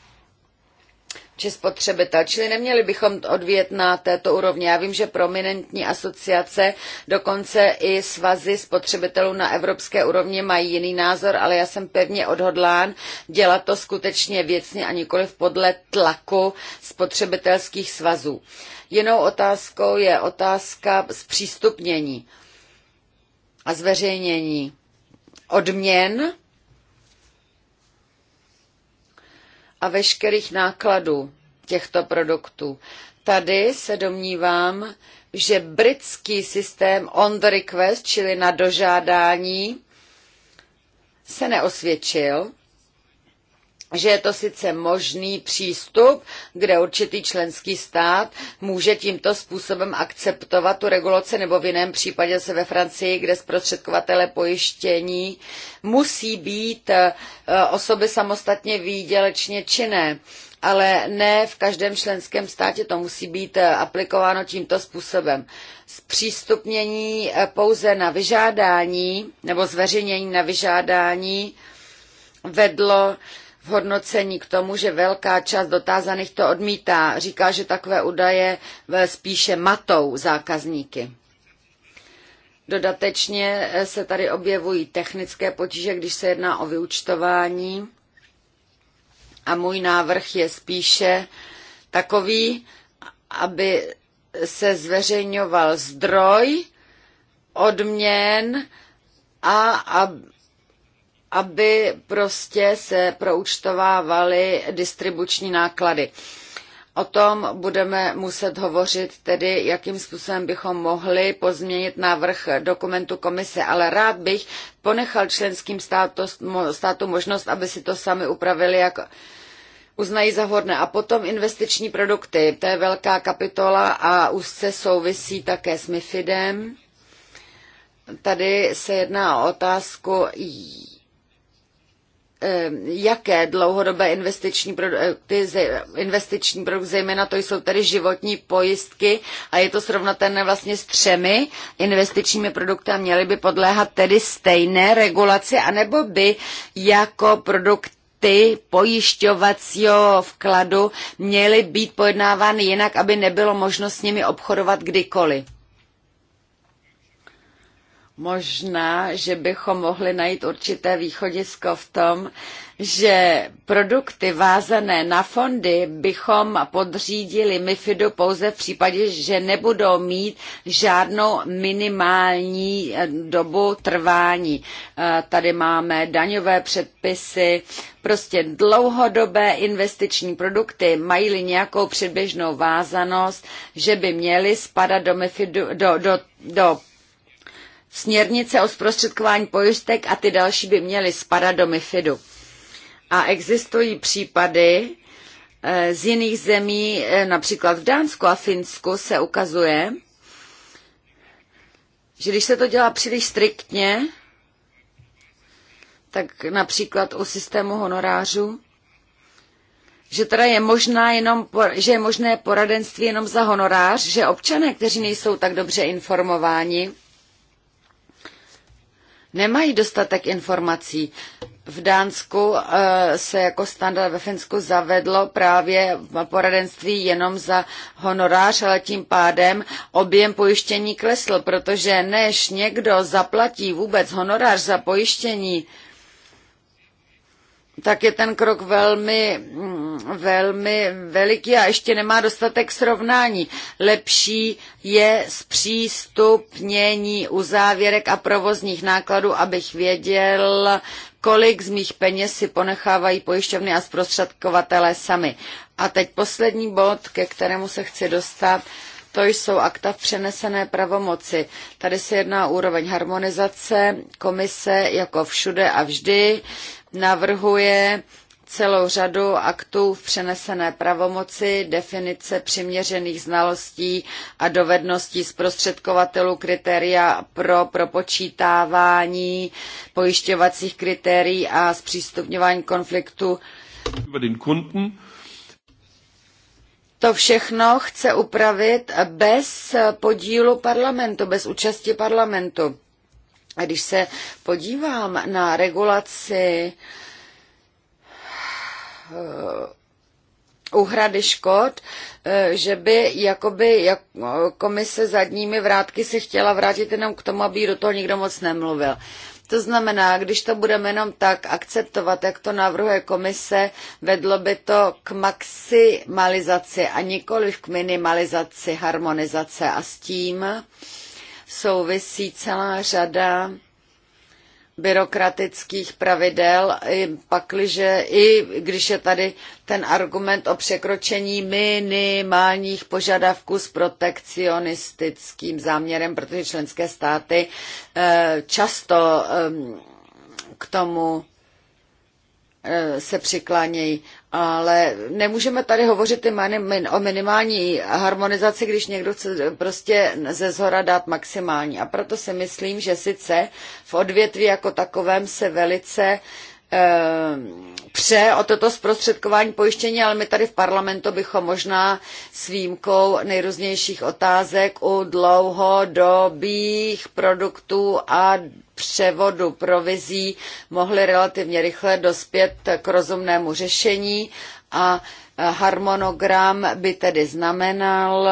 či spotřebitel. Čili neměli bychom odvět na této úrovni. Já vím, že prominentní asociace, dokonce i svazy spotřebitelů na evropské úrovni mají jiný názor, ale já jsem pevně odhodlán dělat to skutečně věcně a nikoliv podle tlaku spotřebitelských svazů. Jinou otázkou je otázka zpřístupnění a zveřejnění odměn a veškerých nákladů těchto produktů. Tady se domnívám, že britský systém on the request, čili na dožádání, se neosvědčil že je to sice možný přístup, kde určitý členský stát může tímto způsobem akceptovat tu regulaci, nebo v jiném případě se ve Francii, kde zprostředkovatele pojištění musí být eh, osoby samostatně výdělečně činné ale ne v každém členském státě to musí být eh, aplikováno tímto způsobem. Zpřístupnění eh, pouze na vyžádání nebo zveřejnění na vyžádání vedlo v hodnocení k tomu, že velká část dotázaných to odmítá. Říká, že takové údaje spíše matou zákazníky. Dodatečně eh, se tady objevují technické potíže, když se jedná o vyučtování. A můj návrh je spíše takový, aby se zveřejňoval zdroj odměn a, a aby prostě se proúčtovávaly distribuční náklady. O tom budeme muset hovořit, tedy jakým způsobem bychom mohli pozměnit návrh dokumentu komise, ale rád bych ponechal členským státům státu možnost, aby si to sami upravili, jak uznají za vhodné. A potom investiční produkty, to je velká kapitola a úzce souvisí také s MIFIDem. Tady se jedná o otázku, Ehm, jaké dlouhodobé investiční produkty, investiční produkty zejména to jsou tedy životní pojistky a je to srovnatelné vlastně s třemi investičními produkty a měly by podléhat tedy stejné regulaci, anebo by jako produkt ty pojišťovacího vkladu měly být pojednávány jinak, aby nebylo možno s nimi obchodovat kdykoliv. Možná, že bychom mohli najít určité východisko v tom, že produkty vázané na fondy bychom podřídili MIFIDu pouze v případě, že nebudou mít žádnou minimální eh, dobu trvání. Eh, tady máme daňové předpisy, prostě dlouhodobé investiční produkty mají-li nějakou předběžnou vázanost, že by měly spadat do, MIFIDu, do, do, do Směrnice o zprostředkování pojistek a ty další by měly spadat do MIFIDu. A existují případy eh, z jiných zemí, eh, například v Dánsku a Finsku se ukazuje, že když se to dělá příliš striktně, tak například u systému honorářů, že teda je, možná jenom, že je možné poradenství jenom za honorář, že občané, kteří nejsou tak dobře informováni, nemají dostatek informací. V Dánsku eh, se jako standard ve Finsku zavedlo právě poradenství jenom za honorář, ale tím pádem objem pojištění klesl, protože než někdo zaplatí vůbec honorář za pojištění, tak je ten krok velmi, mm, velmi veliký a ještě nemá dostatek srovnání. Lepší je zpřístupnění uzávěrek a provozních nákladů, abych věděl, kolik z mých peněz si ponechávají pojišťovny a zprostředkovatelé sami. A teď poslední bod, ke kterému se chci dostat, to jsou akta v přenesené pravomoci. Tady se jedná o úroveň harmonizace, komise jako všude a vždy navrhuje celou řadu aktů v přenesené pravomoci, definice přiměřených znalostí a dovedností zprostředkovatelů, kritéria pro propočítávání pojišťovacích kritérií a zpřístupňování konfliktu. To všechno chce upravit bez podílu parlamentu, bez účasti parlamentu. A když se podívám na regulaci uhrady eh, škod, eh, že by jakoby jak komise zadními vrátky se chtěla vrátit jenom k tomu, aby do toho nikdo moc nemluvil. To znamená, když to budeme jenom tak akceptovat, jak to navrhuje komise, vedlo by to k maximalizaci a nikoliv k minimalizaci harmonizace a s tím souvisí celá řada byrokratických pravidel, i pakliže, i když je tady ten argument o překročení minimálních požadavků s protekcionistickým záměrem, protože členské státy eh, často ehm, k tomu Eh, se přiklánějí. Ale nemůžeme tady hovořit o minimální harmonizaci, když někdo chce prostě ze zhora dát maximální. A proto si myslím, že sice v odvětví jako takovém se velice uh, Eh, pře o toto zprostředkování pojištění, ale my tady v parlamentu bychom možná s výjimkou nejrůznějších otázek u dlouhodobých produktů a převodu provizí mohli relativně rychle dospět k rozumnému řešení a harmonogram by tedy znamenal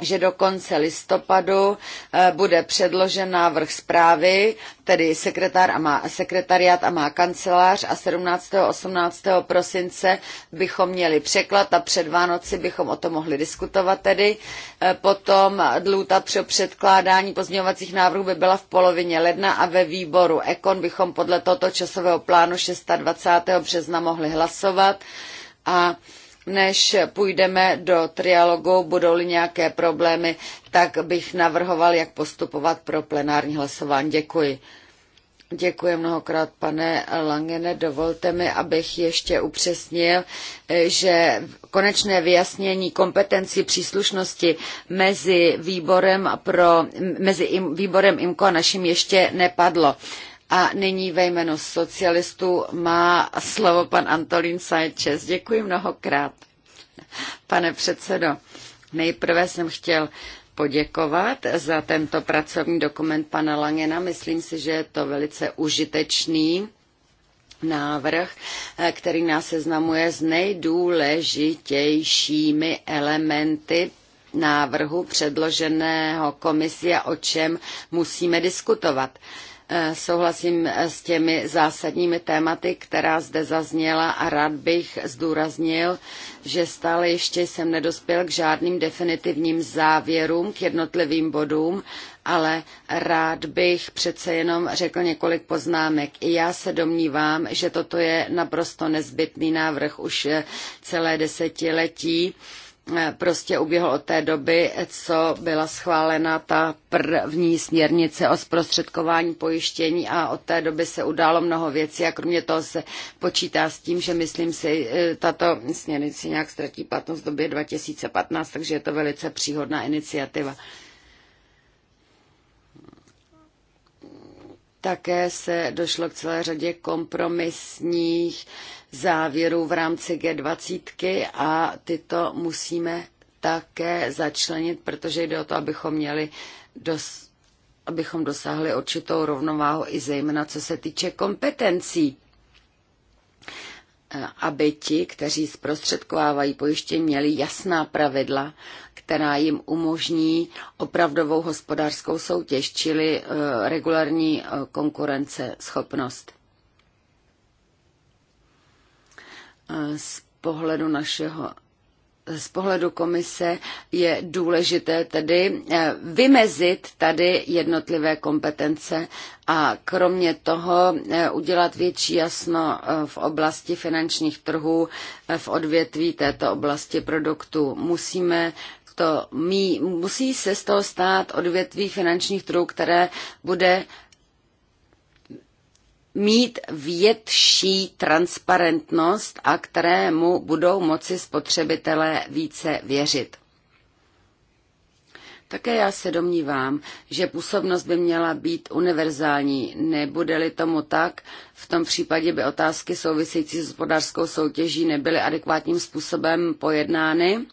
že do konce listopadu eh, bude předložen návrh zprávy, tedy sekretár a má, sekretariát a má kancelář a 17. a 18. prosince bychom měli překlad a před Vánoci bychom o tom mohli diskutovat tedy. Eh, potom dluta pro předkládání pozměňovacích návrhů by byla v polovině ledna a ve výboru Ekon bychom podle tohoto časového plánu 26. března mohli hlasovat a než půjdeme do trialogu, budou-li nějaké problémy, tak bych navrhoval, jak postupovat pro plenární hlasování. Děkuji. Děkuji mnohokrát, pane Langene. Dovolte mi, abych ještě upřesnil, že konečné vyjasnění kompetencí příslušnosti mezi výborem, pro, mezi výborem IMCO a naším ještě nepadlo. A nyní ve jménu socialistů má slovo pan Antolín Sajčes. Děkuji mnohokrát. Pane předsedo, nejprve jsem chtěl poděkovat za tento pracovní dokument pana Langena. Myslím si, že je to velice užitečný návrh, který nás seznamuje s nejdůležitějšími elementy návrhu předloženého komisie, a o čem musíme diskutovat. Eh, souhlasím eh, s těmi zásadními tématy, která zde zazněla a rád bych zdůraznil, že stále ještě jsem nedospěl k žádným definitivním závěrům, k jednotlivým bodům, ale rád bych přece jenom řekl několik poznámek. I já se domnívám, že toto je naprosto nezbytný návrh už eh, celé desetiletí prostě uběhl od té doby, co byla schválena ta první směrnice o zprostředkování pojištění a od té doby se událo mnoho věcí a kromě toho se počítá s tím, že myslím si, e, tato směrnice nějak ztratí platnost v době 2015, takže je to velice příhodná iniciativa. Také se došlo k celé řadě kompromisních závěrů v rámci G20 a tyto musíme také začlenit, protože jde o to, abychom měli dos, abychom dosáhli určitou rovnováhu i zejména co se týče kompetencí e, aby ti, kteří zprostředkovávají pojištění, měli jasná pravidla, která jim umožní opravdovou hospodářskou soutěž, čili e, regulární e, konkurenceschopnost. z pohledu našeho z pohledu komise je důležité tedy eh, vymezit tady jednotlivé kompetence a kromě toho eh, udělat větší jasno eh, v oblasti finančních trhů, v odvětví této oblasti produktů. Musíme to mít, musí se z toho stát odvětví finančních trhů, které bude mít větší transparentnost a kterému budou moci spotřebitelé více věřit. Také já se domnívám, že působnost by měla být univerzální. Nebude-li tomu tak, v tom případě by otázky související s hospodářskou soutěží nebyly adekvátním způsobem pojednány,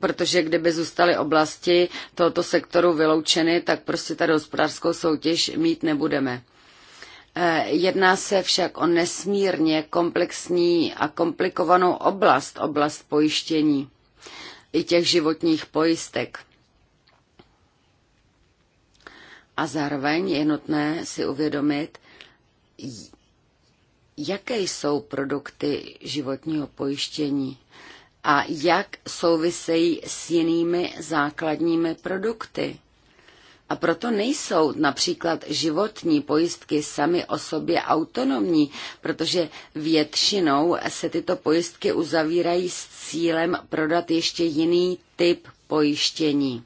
protože kdyby zůstaly oblasti tohoto sektoru vyloučeny, tak prostě tady hospodářskou soutěž mít nebudeme. E, jedná se však o nesmírně komplexní a komplikovanou oblast, oblast pojištění i těch životních pojistek. A zároveň je nutné si uvědomit, jaké jsou produkty životního pojištění a jak souvisejí s jinými základními produkty a proto nejsou například životní pojistky sami o sobě autonomní, protože většinou se tyto pojistky uzavírají s cílem prodat ještě jiný typ pojištění.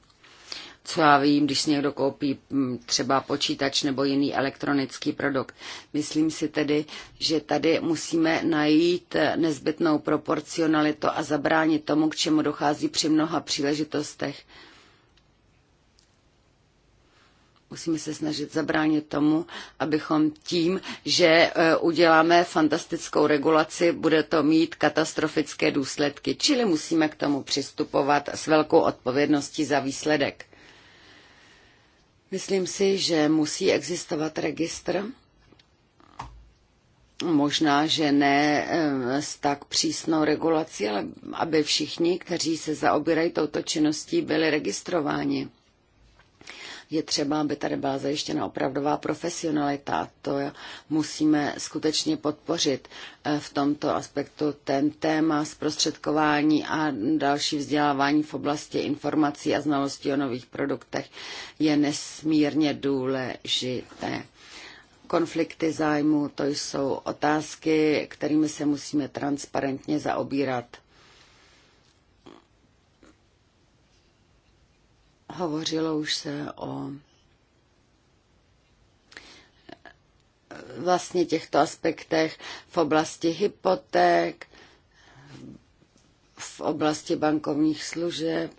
Co já vím, když si někdo koupí mm, třeba počítač nebo jiný elektronický produkt. Myslím si tedy, že tady musíme najít nezbytnou proporcionalitu a zabránit tomu, k čemu dochází při mnoha příležitostech musíme se snažit zabránit tomu, abychom tím, že e, uděláme fantastickou regulaci, bude to mít katastrofické důsledky. Čili musíme k tomu přistupovat s velkou odpovědností za výsledek. Myslím si, že musí existovat registr. Možná, že ne e, s tak přísnou regulací, ale aby všichni, kteří se zaobírají touto činností, byli registrováni je třeba, aby tady byla zajištěna opravdová profesionalita. To musíme skutečně podpořit eh, v tomto aspektu. Ten téma zprostředkování a další vzdělávání v oblasti informací a znalostí o nových produktech je nesmírně důležité konflikty zájmu, to jsou otázky, kterými se musíme transparentně zaobírat. Hovořilo už se o vlastně těchto aspektech v oblasti hypoték, v oblasti bankovních služeb,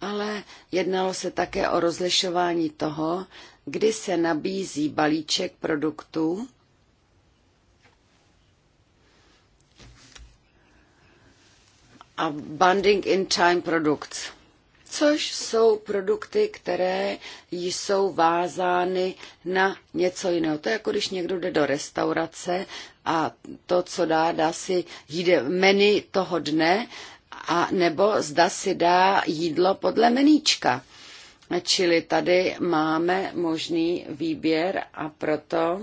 ale jednalo se také o rozlišování toho, kdy se nabízí balíček produktů, a Bunding in Time Products což jsou produkty, které jsou vázány na něco jiného. To je jako když někdo jde do restaurace a to, co dá, dá si jde menu toho dne, a nebo zda si dá jídlo podle meníčka. Čili tady máme možný výběr a proto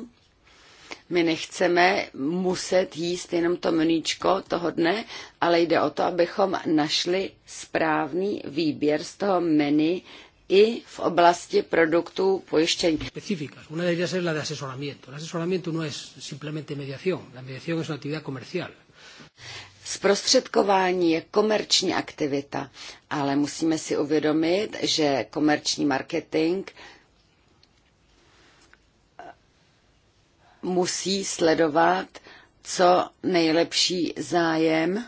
my nechceme muset jíst jenom to mlíčko toho dne, ale jde o to, abychom našli správný výběr z toho menu i v oblasti produktů pojištění. Específicas. Una de ellas es la de asesoramiento. El asesoramiento no es simplemente mediación. La mediación es una actividad comercial. Zprostředkování je komerční aktivita, ale musíme si uvědomit, že komerční marketing musí sledovat co nejlepší zájem.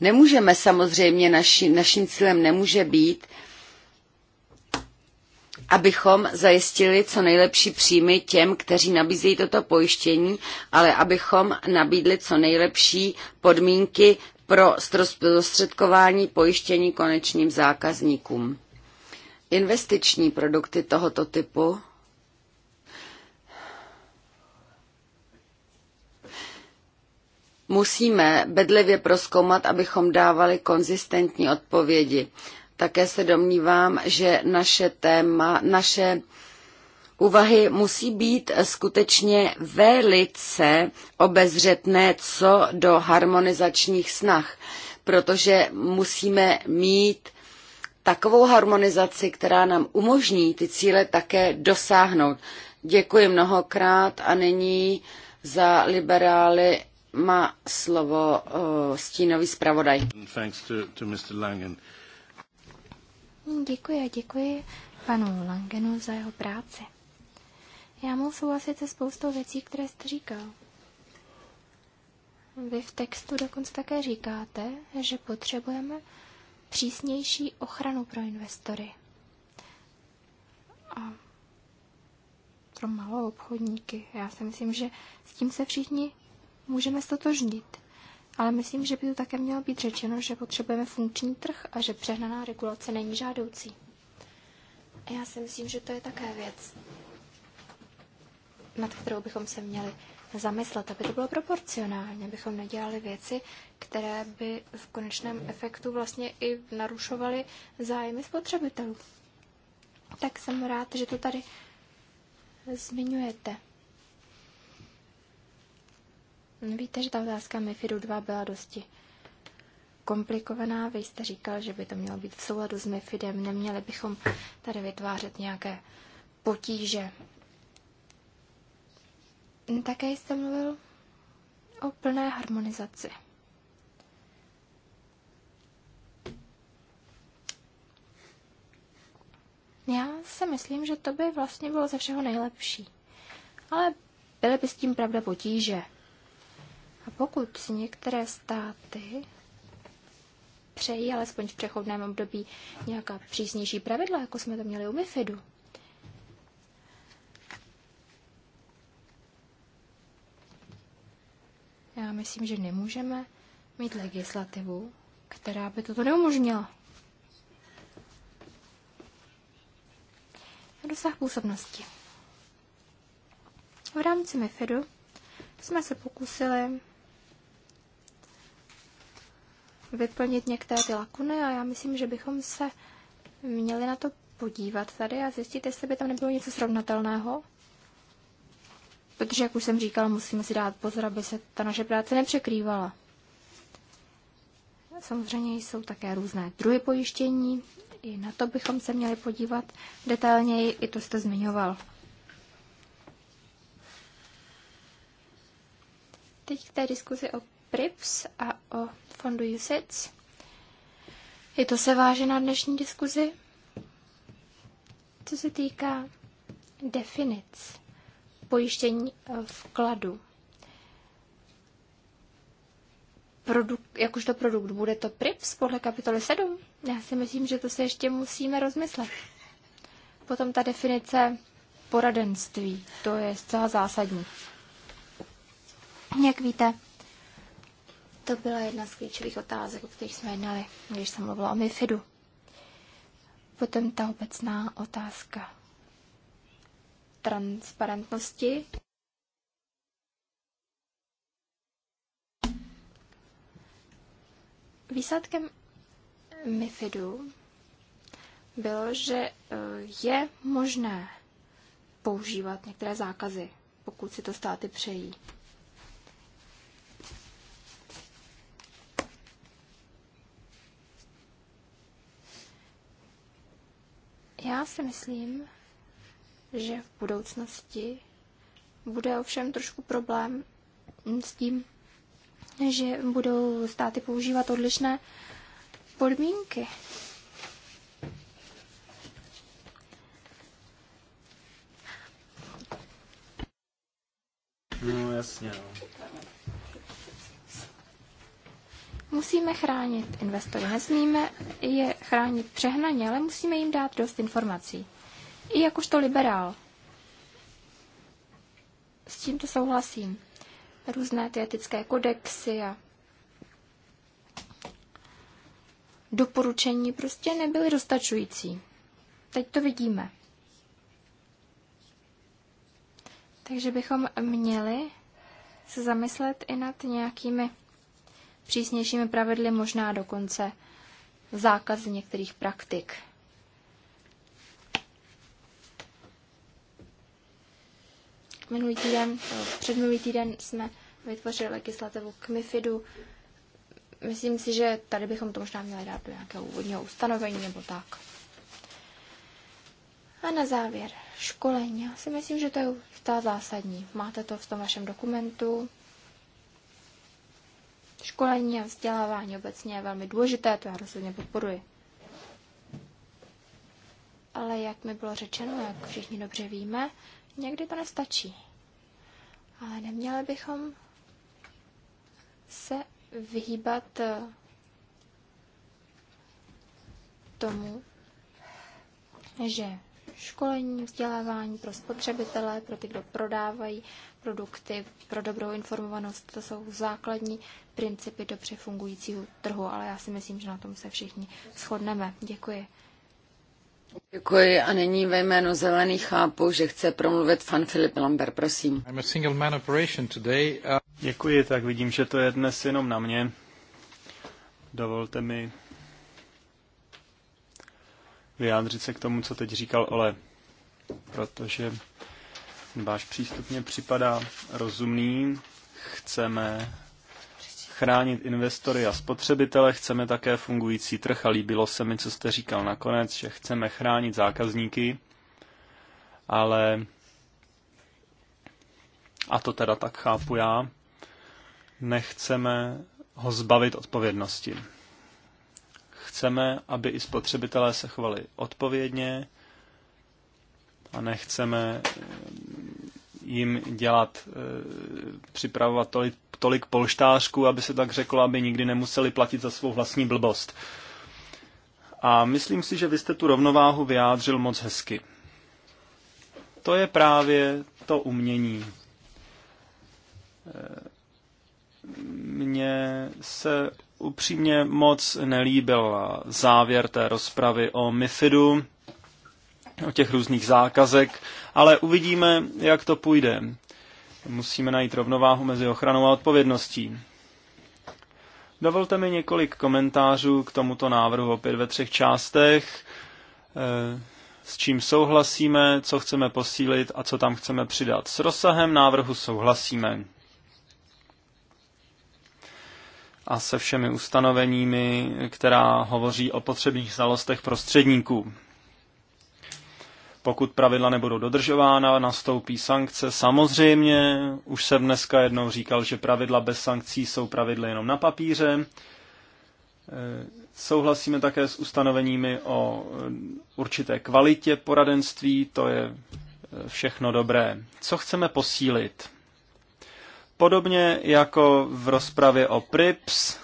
Nemůžeme samozřejmě, naši, naším cílem nemůže být, abychom zajistili co nejlepší příjmy těm, kteří nabízejí toto pojištění, ale abychom nabídli co nejlepší podmínky pro zprostředkování pojištění konečným zákazníkům. Investiční produkty tohoto typu musíme bedlivě proskoumat, abychom dávali konzistentní odpovědi. Také se domnívám, že naše téma, naše úvahy musí být skutečně velice obezřetné co do harmonizačních snah, protože musíme mít takovou harmonizaci, která nám umožní ty cíle také dosáhnout. Děkuji mnohokrát a nyní za liberály má slovo eh, stínový zpravodaj. Děkuji a děkuji panu Langenu za jeho práci. Já mohu souhlasit se spoustou věcí, které jste říkal. Vy v textu dokonce také říkáte, že potřebujeme přísnější ochranu pro investory. A pro malou obchodníky. Já si myslím, že s tím se všichni můžeme stotožnit. Ale myslím, že by to také mělo být řečeno, že potřebujeme funkční trh a že přehnaná regulace není žádoucí. A já si myslím, že to je také věc, nad kterou bychom se měli zamyslet, aby to bylo proporcionálně, abychom nedělali věci, které by v konečném efektu vlastně i narušovaly zájmy spotřebitelů. Tak jsem rád, že to tady zmiňujete. Víte, že ta otázka MIFIDu 2 byla dosti komplikovaná. Vy jste říkal, že by to mělo být v souladu s MIFIDem. Neměli bychom tady vytvářet nějaké potíže. Také jste mluvil o plné harmonizaci. Já si myslím, že to by vlastně bylo ze všeho nejlepší. Ale byly by s tím pravda potíže. A pokud si některé státy přejí alespoň v přechodném období nějaká přísnější pravidla, jako jsme to měli u MIFIDu, Já myslím, že nemůžeme mít legislativu, která by toto neumožnila. Dosah působnosti. V rámci MIFIDu jsme se pokusili vyplnit některé ty lakuny a já myslím, že bychom se měli na to podívat tady a zjistit, jestli by tam nebylo něco srovnatelného. Protože, jak už jsem říkala, musíme si dát pozor, aby se ta naše práce nepřekrývala. Samozřejmě jsou také různé druhy pojištění, i na to bychom se měli podívat detailněji, i to jste zmiňoval. Teď k té diskuzi o PRIPS a o fondu USIC. I to se váže na dnešní diskuzi. Co se týká definic pojištění eh, vkladu, produkt, jakožto produkt, bude to PRIPS podle kapitoly 7? Já si myslím, že to se ještě musíme rozmyslet. Potom ta definice poradenství, to je zcela zásadní. Jak víte, to byla jedna z klíčových otázek, o kterých jsme jednali, když jsem mluvila o MIFIDu. Potom ta obecná otázka transparentnosti. Výsledkem MIFIDu bylo, že e, je možné používat některé zákazy, pokud si to státy přejí. Já si myslím, že v budoucnosti bude ovšem trošku problém s tím, že budou státy používat odlišné podmínky. No jasně, no. Musíme chránit investory. Nesmíme je chránit přehnaně, ale musíme jim dát dost informací. I jakožto liberál. S tímto souhlasím. Různé ty etické kodexy a doporučení prostě nebyly dostačující. Teď to vidíme. Takže bychom měli se zamyslet i nad nějakými přísnějšími pravidly, možná dokonce zákaz některých praktik. Minulý týden, před minulý týden jsme vytvořili legislativu k MIFIDu. Myslím si, že tady bychom to možná měli dát do nějakého úvodního ustanovení nebo tak. A na závěr, školení. Já si myslím, že to je ta zásadní. Máte to v tom vašem dokumentu, Školení a vzdělávání obecně je velmi důležité, to já rozhodně podporuji. Ale jak mi bylo řečeno, jak všichni dobře víme, někdy to nestačí. Ale neměli bychom se vyhýbat eh, tomu, že školení, vzdělávání pro spotřebitele, pro ty, kdo prodávají, produkty pro dobrou informovanost. To jsou základní principy dobře fungujícího trhu, ale já si myslím, že na tom se všichni shodneme. Děkuji. Děkuji a nyní ve jménu Zelených chápu, že chce promluvit fan Filip Lambert, prosím. Uh, Děkuji, tak vidím, že to je dnes jenom na mě. Dovolte mi vyjádřit se k tomu, co teď říkal Ole, protože Váš přístup mě připadá rozumný. Chceme chránit investory a spotřebitele, chceme také fungující trh a líbilo se mi, co jste říkal nakonec, že chceme chránit zákazníky, ale a to teda tak chápu já, nechceme ho zbavit odpovědnosti. Chceme, aby i spotřebitelé se chovali odpovědně a nechceme jim dělat, eh, připravovat tolik, tolik polštářků, aby se tak řeklo, aby nikdy nemuseli platit za svou vlastní blbost. A myslím si, že vy jste tu rovnováhu vyjádřil moc hezky. To je právě to umění. Eh, mně se upřímně moc nelíbil závěr té rozpravy o Mifidu o těch různých zákazek, ale uvidíme, jak to půjde. Musíme najít rovnováhu mezi ochranou a odpovědností. Dovolte mi několik komentářů k tomuto návrhu opět ve třech částech, eh, s čím souhlasíme, co chceme posílit a co tam chceme přidat. S rozsahem návrhu souhlasíme. A se všemi ustanoveními, která hovoří o potřebných znalostech prostředníků. Pokud pravidla nebudou dodržována, nastoupí sankce. Samozřejmě, už jsem dneska jednou říkal, že pravidla bez sankcí jsou pravidly jenom na papíře. E, souhlasíme také s ustanoveními o e, určité kvalitě poradenství, to je e, všechno dobré. Co chceme posílit? Podobně jako v rozpravě o PRIPS,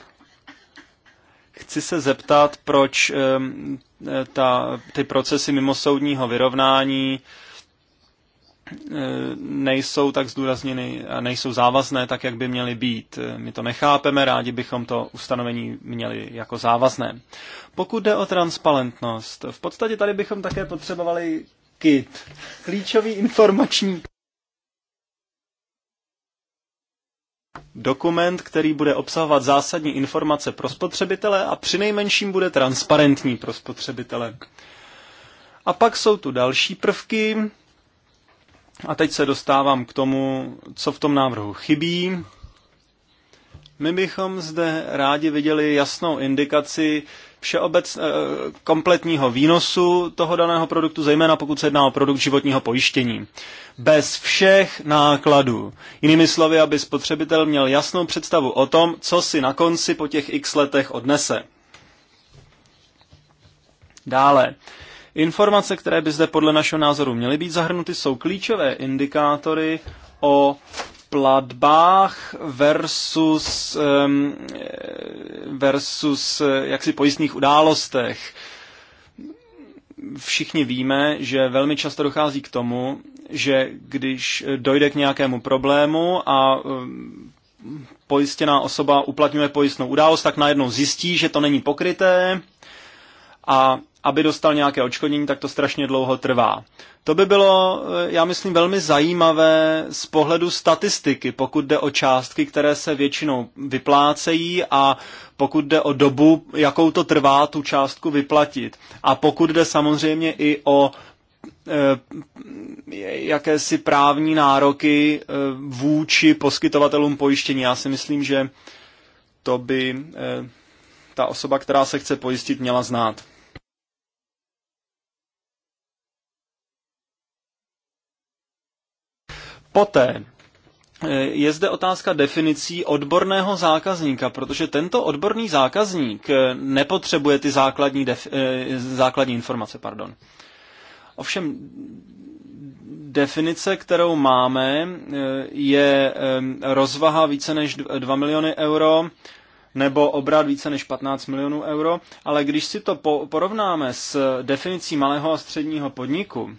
Chci se zeptat, proč e, ta, ty procesy mimosoudního vyrovnání e, nejsou tak zdůrazněny a nejsou závazné tak, jak by měly být. My to nechápeme, rádi bychom to ustanovení měli jako závazné. Pokud jde o transparentnost, v podstatě tady bychom také potřebovali KIT, klíčový informační dokument, který bude obsahovat zásadní informace pro spotřebitele a přinejmenším bude transparentní pro spotřebitele. A pak jsou tu další prvky. A teď se dostávám k tomu, co v tom návrhu chybí. My bychom zde rádi viděli jasnou indikaci, všeobec eh, kompletního výnosu toho daného produktu, zejména pokud se jedná o produkt životního pojištění. Bez všech nákladů. Jinými slovy, aby spotřebitel měl jasnou představu o tom, co si na konci po těch x letech odnese. Dále. Informace, které by zde podle našeho názoru měly být zahrnuty, jsou klíčové indikátory o platbách versus, versus eh, jaksi pojistných událostech. Všichni víme, že velmi často dochází k tomu, že když dojde k nějakému problému a pojistěná osoba uplatňuje pojistnou událost, tak najednou zjistí, že to není pokryté a aby dostal nějaké očkodnění, tak to strašně dlouho trvá. To by bylo, eh, já myslím, velmi zajímavé z pohledu statistiky, pokud jde o částky, které se většinou vyplácejí a pokud jde o dobu, jakou to trvá tu částku vyplatit. A pokud jde samozřejmě i o eh, jakési právní nároky eh, vůči poskytovatelům pojištění. Já si myslím, že to by ta osoba, která se chce pojistit, měla znát. Poté eh, je zde otázka definicí odborného zákazníka, protože tento odborný zákazník eh, nepotřebuje ty základní, def, eh, základní informace. Pardon. Ovšem, definice, kterou máme, je rozvaha více než 2 miliony euro nebo obrat více než 15 milionů euro, ale když si to porovnáme s definicí malého a středního podniku,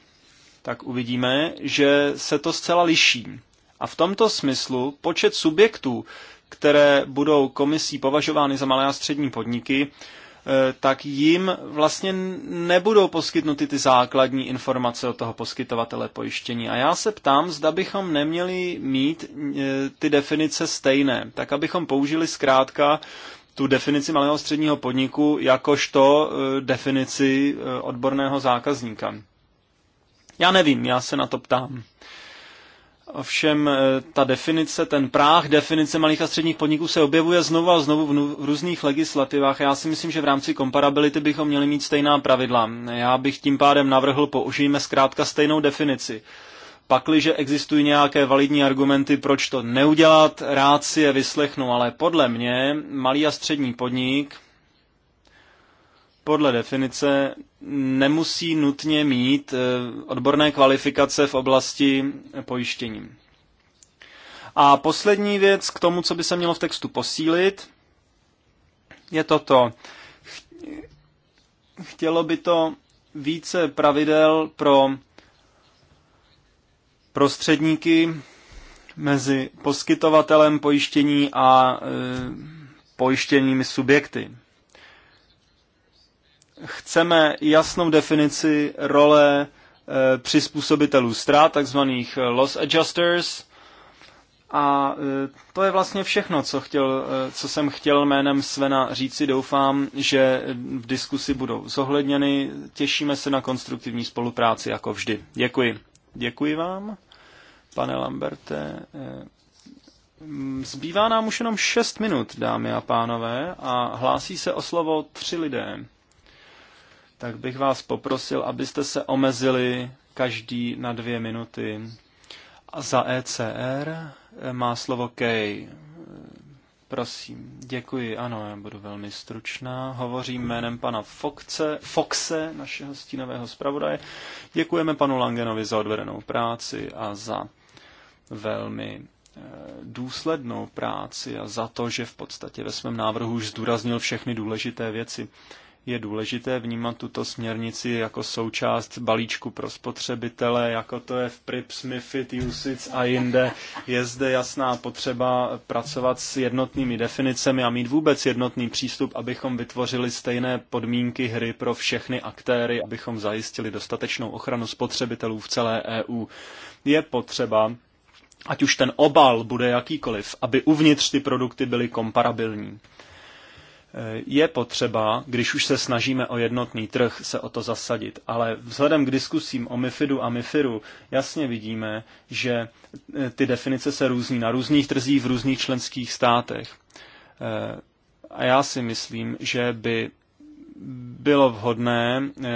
tak uvidíme, že se to zcela liší. A v tomto smyslu počet subjektů, které budou komisí považovány za malé a střední podniky, eh, tak jim vlastně nebudou poskytnuty ty základní informace od toho poskytovatele pojištění. A já se ptám, zda bychom neměli mít eh, ty definice stejné, tak abychom použili zkrátka tu definici malého středního podniku jakožto eh, definici odborného zákazníka. Já nevím, já se na to ptám. Ovšem eh, ta definice, ten práh definice malých a středních podniků se objevuje znovu a znovu v různých legislativách. Já si myslím, že v rámci komparability bychom měli mít stejná pravidla. Já bych tím pádem navrhl, použijeme zkrátka stejnou definici. Pakliže existují nějaké validní argumenty, proč to neudělat, rád si je vyslechnu, ale podle mě malý a střední podnik podle definice nemusí nutně mít eh, odborné kvalifikace v oblasti pojištění. A poslední věc k tomu, co by se mělo v textu posílit, je toto. Chtělo by to více pravidel pro prostředníky mezi poskytovatelem pojištění a e, subjekty chceme jasnou definici role eh, přizpůsobitelů ztrát, takzvaných eh, loss adjusters. A eh, to je vlastně všechno, co, chtěl, co jsem chtěl jménem Svena říci. Doufám, že v diskusi budou zohledněny. Těšíme se na konstruktivní spolupráci, jako vždy. Děkuji. Děkuji vám, pane Lamberte. Zbývá nám už jenom 6 minut, dámy a pánové, a hlásí se o slovo tři lidé tak bych vás poprosil, abyste se omezili každý na dvě minuty. A za ECR eh, má slovo Kej. Eh, prosím, děkuji, ano, já budu velmi stručná. Hovořím jménem pana Foxe, Foxe našeho stínového zpravodaje. Děkujeme panu Langenovi za odvedenou práci a za velmi eh, důslednou práci a za to, že v podstatě ve svém návrhu už zdůraznil všechny důležité věci je důležité vnímat tuto směrnici jako součást balíčku pro spotřebitele, jako to je v PRIPS, MIFID, USIC a jinde. Je zde jasná potřeba pracovat s jednotnými definicemi a mít vůbec jednotný přístup, abychom vytvořili stejné podmínky hry pro všechny aktéry, abychom zajistili dostatečnou ochranu spotřebitelů v celé EU. Je potřeba ať už ten obal bude jakýkoliv, aby uvnitř ty produkty byly komparabilní je potřeba, když už se snažíme o jednotný trh, se o to zasadit. Ale vzhledem k diskusím o MIFIDu a MIFIRu jasně vidíme, že e, ty definice se různí na různých trzích v různých členských státech. E, a já si myslím, že by bylo vhodné e,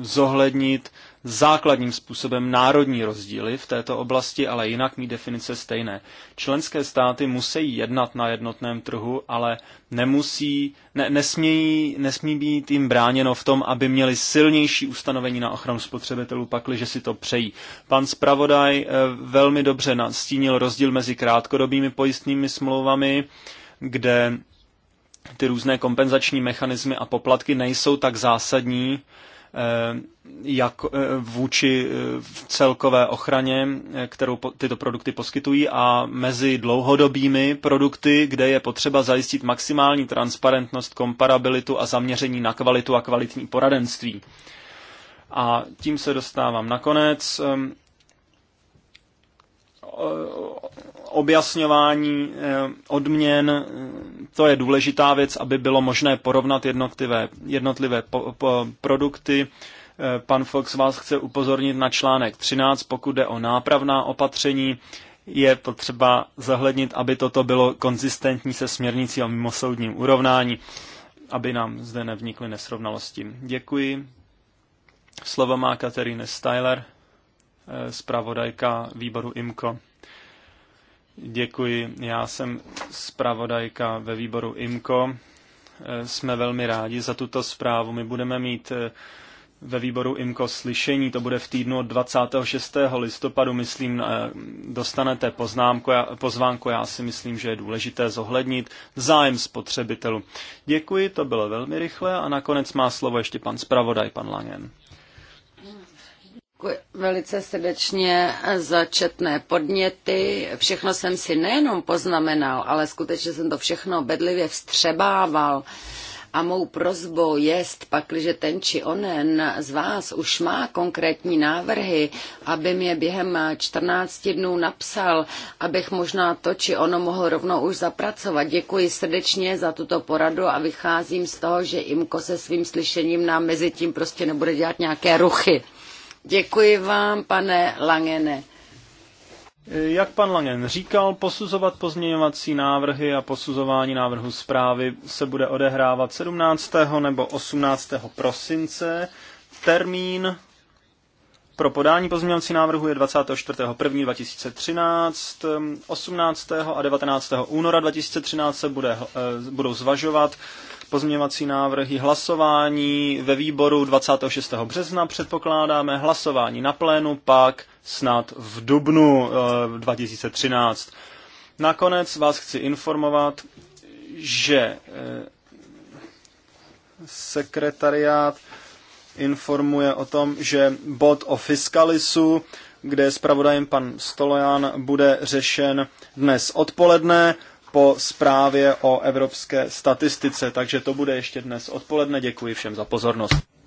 zohlednit základním způsobem národní rozdíly v této oblasti, ale jinak mít definice stejné. Členské státy musí jednat na jednotném trhu, ale nemusí, ne, nesmějí, nesmí být jim bráněno v tom, aby měli silnější ustanovení na ochranu spotřebitelů, pakliže si to přejí. Pan zpravodaj eh, velmi dobře nastínil rozdíl mezi krátkodobými pojistnými smlouvami, kde ty různé kompenzační mechanismy a poplatky nejsou tak zásadní, Eh, jak eh, vůči eh, celkové ochraně, kterou tyto produkty poskytují a mezi dlouhodobými produkty, kde je potřeba zajistit maximální transparentnost, komparabilitu a zaměření na kvalitu a kvalitní poradenství. A tím se dostávám nakonec objasňování eh, odměn, eh, to je důležitá věc, aby bylo možné porovnat jednotlivé, jednotlivé po, po, produkty. Eh, pan Fox vás chce upozornit na článek 13, pokud jde o nápravná opatření, je potřeba zahlednit, aby toto bylo konzistentní se směrnicí o mimosoudním urovnání, aby nám zde nevnikly nesrovnalosti. Děkuji. Slovo má Katerine Styler zpravodajka výboru IMCO. Děkuji, já jsem zpravodajka ve výboru IMCO. Jsme velmi rádi za tuto zprávu. My budeme mít eh, ve výboru IMCO slyšení, to bude v týdnu od 26. listopadu, myslím, eh, dostanete poznámku, pozvánku, já si myslím, že je důležité zohlednit zájem spotřebitelů. Děkuji, to bylo velmi rychle a nakonec má slovo ještě pan zpravodaj, pan Langen velice srdečně za četné podněty. Všechno jsem si nejenom poznamenal, ale skutečně jsem to všechno bedlivě vstřebával. A mou prozbou jest, pakliže ten či onen z vás už má konkrétní návrhy, aby mě během 14 dnů napsal, abych možná to či ono mohl rovnou už zapracovat. Děkuji srdečně za tuto poradu a vycházím z toho, že Imko se svým slyšením nám mezi tím prostě nebude dělat nějaké ruchy. Děkuji vám, pane Langene. Jak pan Langen říkal, posuzovat pozměňovací návrhy a posuzování návrhu zprávy se bude odehrávat 17. nebo 18. prosince. Termín pro podání pozměňovací návrhu je 24.1.2013, 18. a 19. února 2013 se bude, eh, budou zvažovat pozměňovací návrhy, hlasování ve výboru 26. března předpokládáme, hlasování na plénu pak snad v dubnu 2013. Eh, Nakonec vás chci informovat, že eh, sekretariát informuje o tom, že bod o fiskalisu, kde je zpravodajem pan Stolojan, bude řešen dnes odpoledne po zprávě o evropské statistice, takže to bude ještě dnes odpoledne. Děkuji všem za pozornost.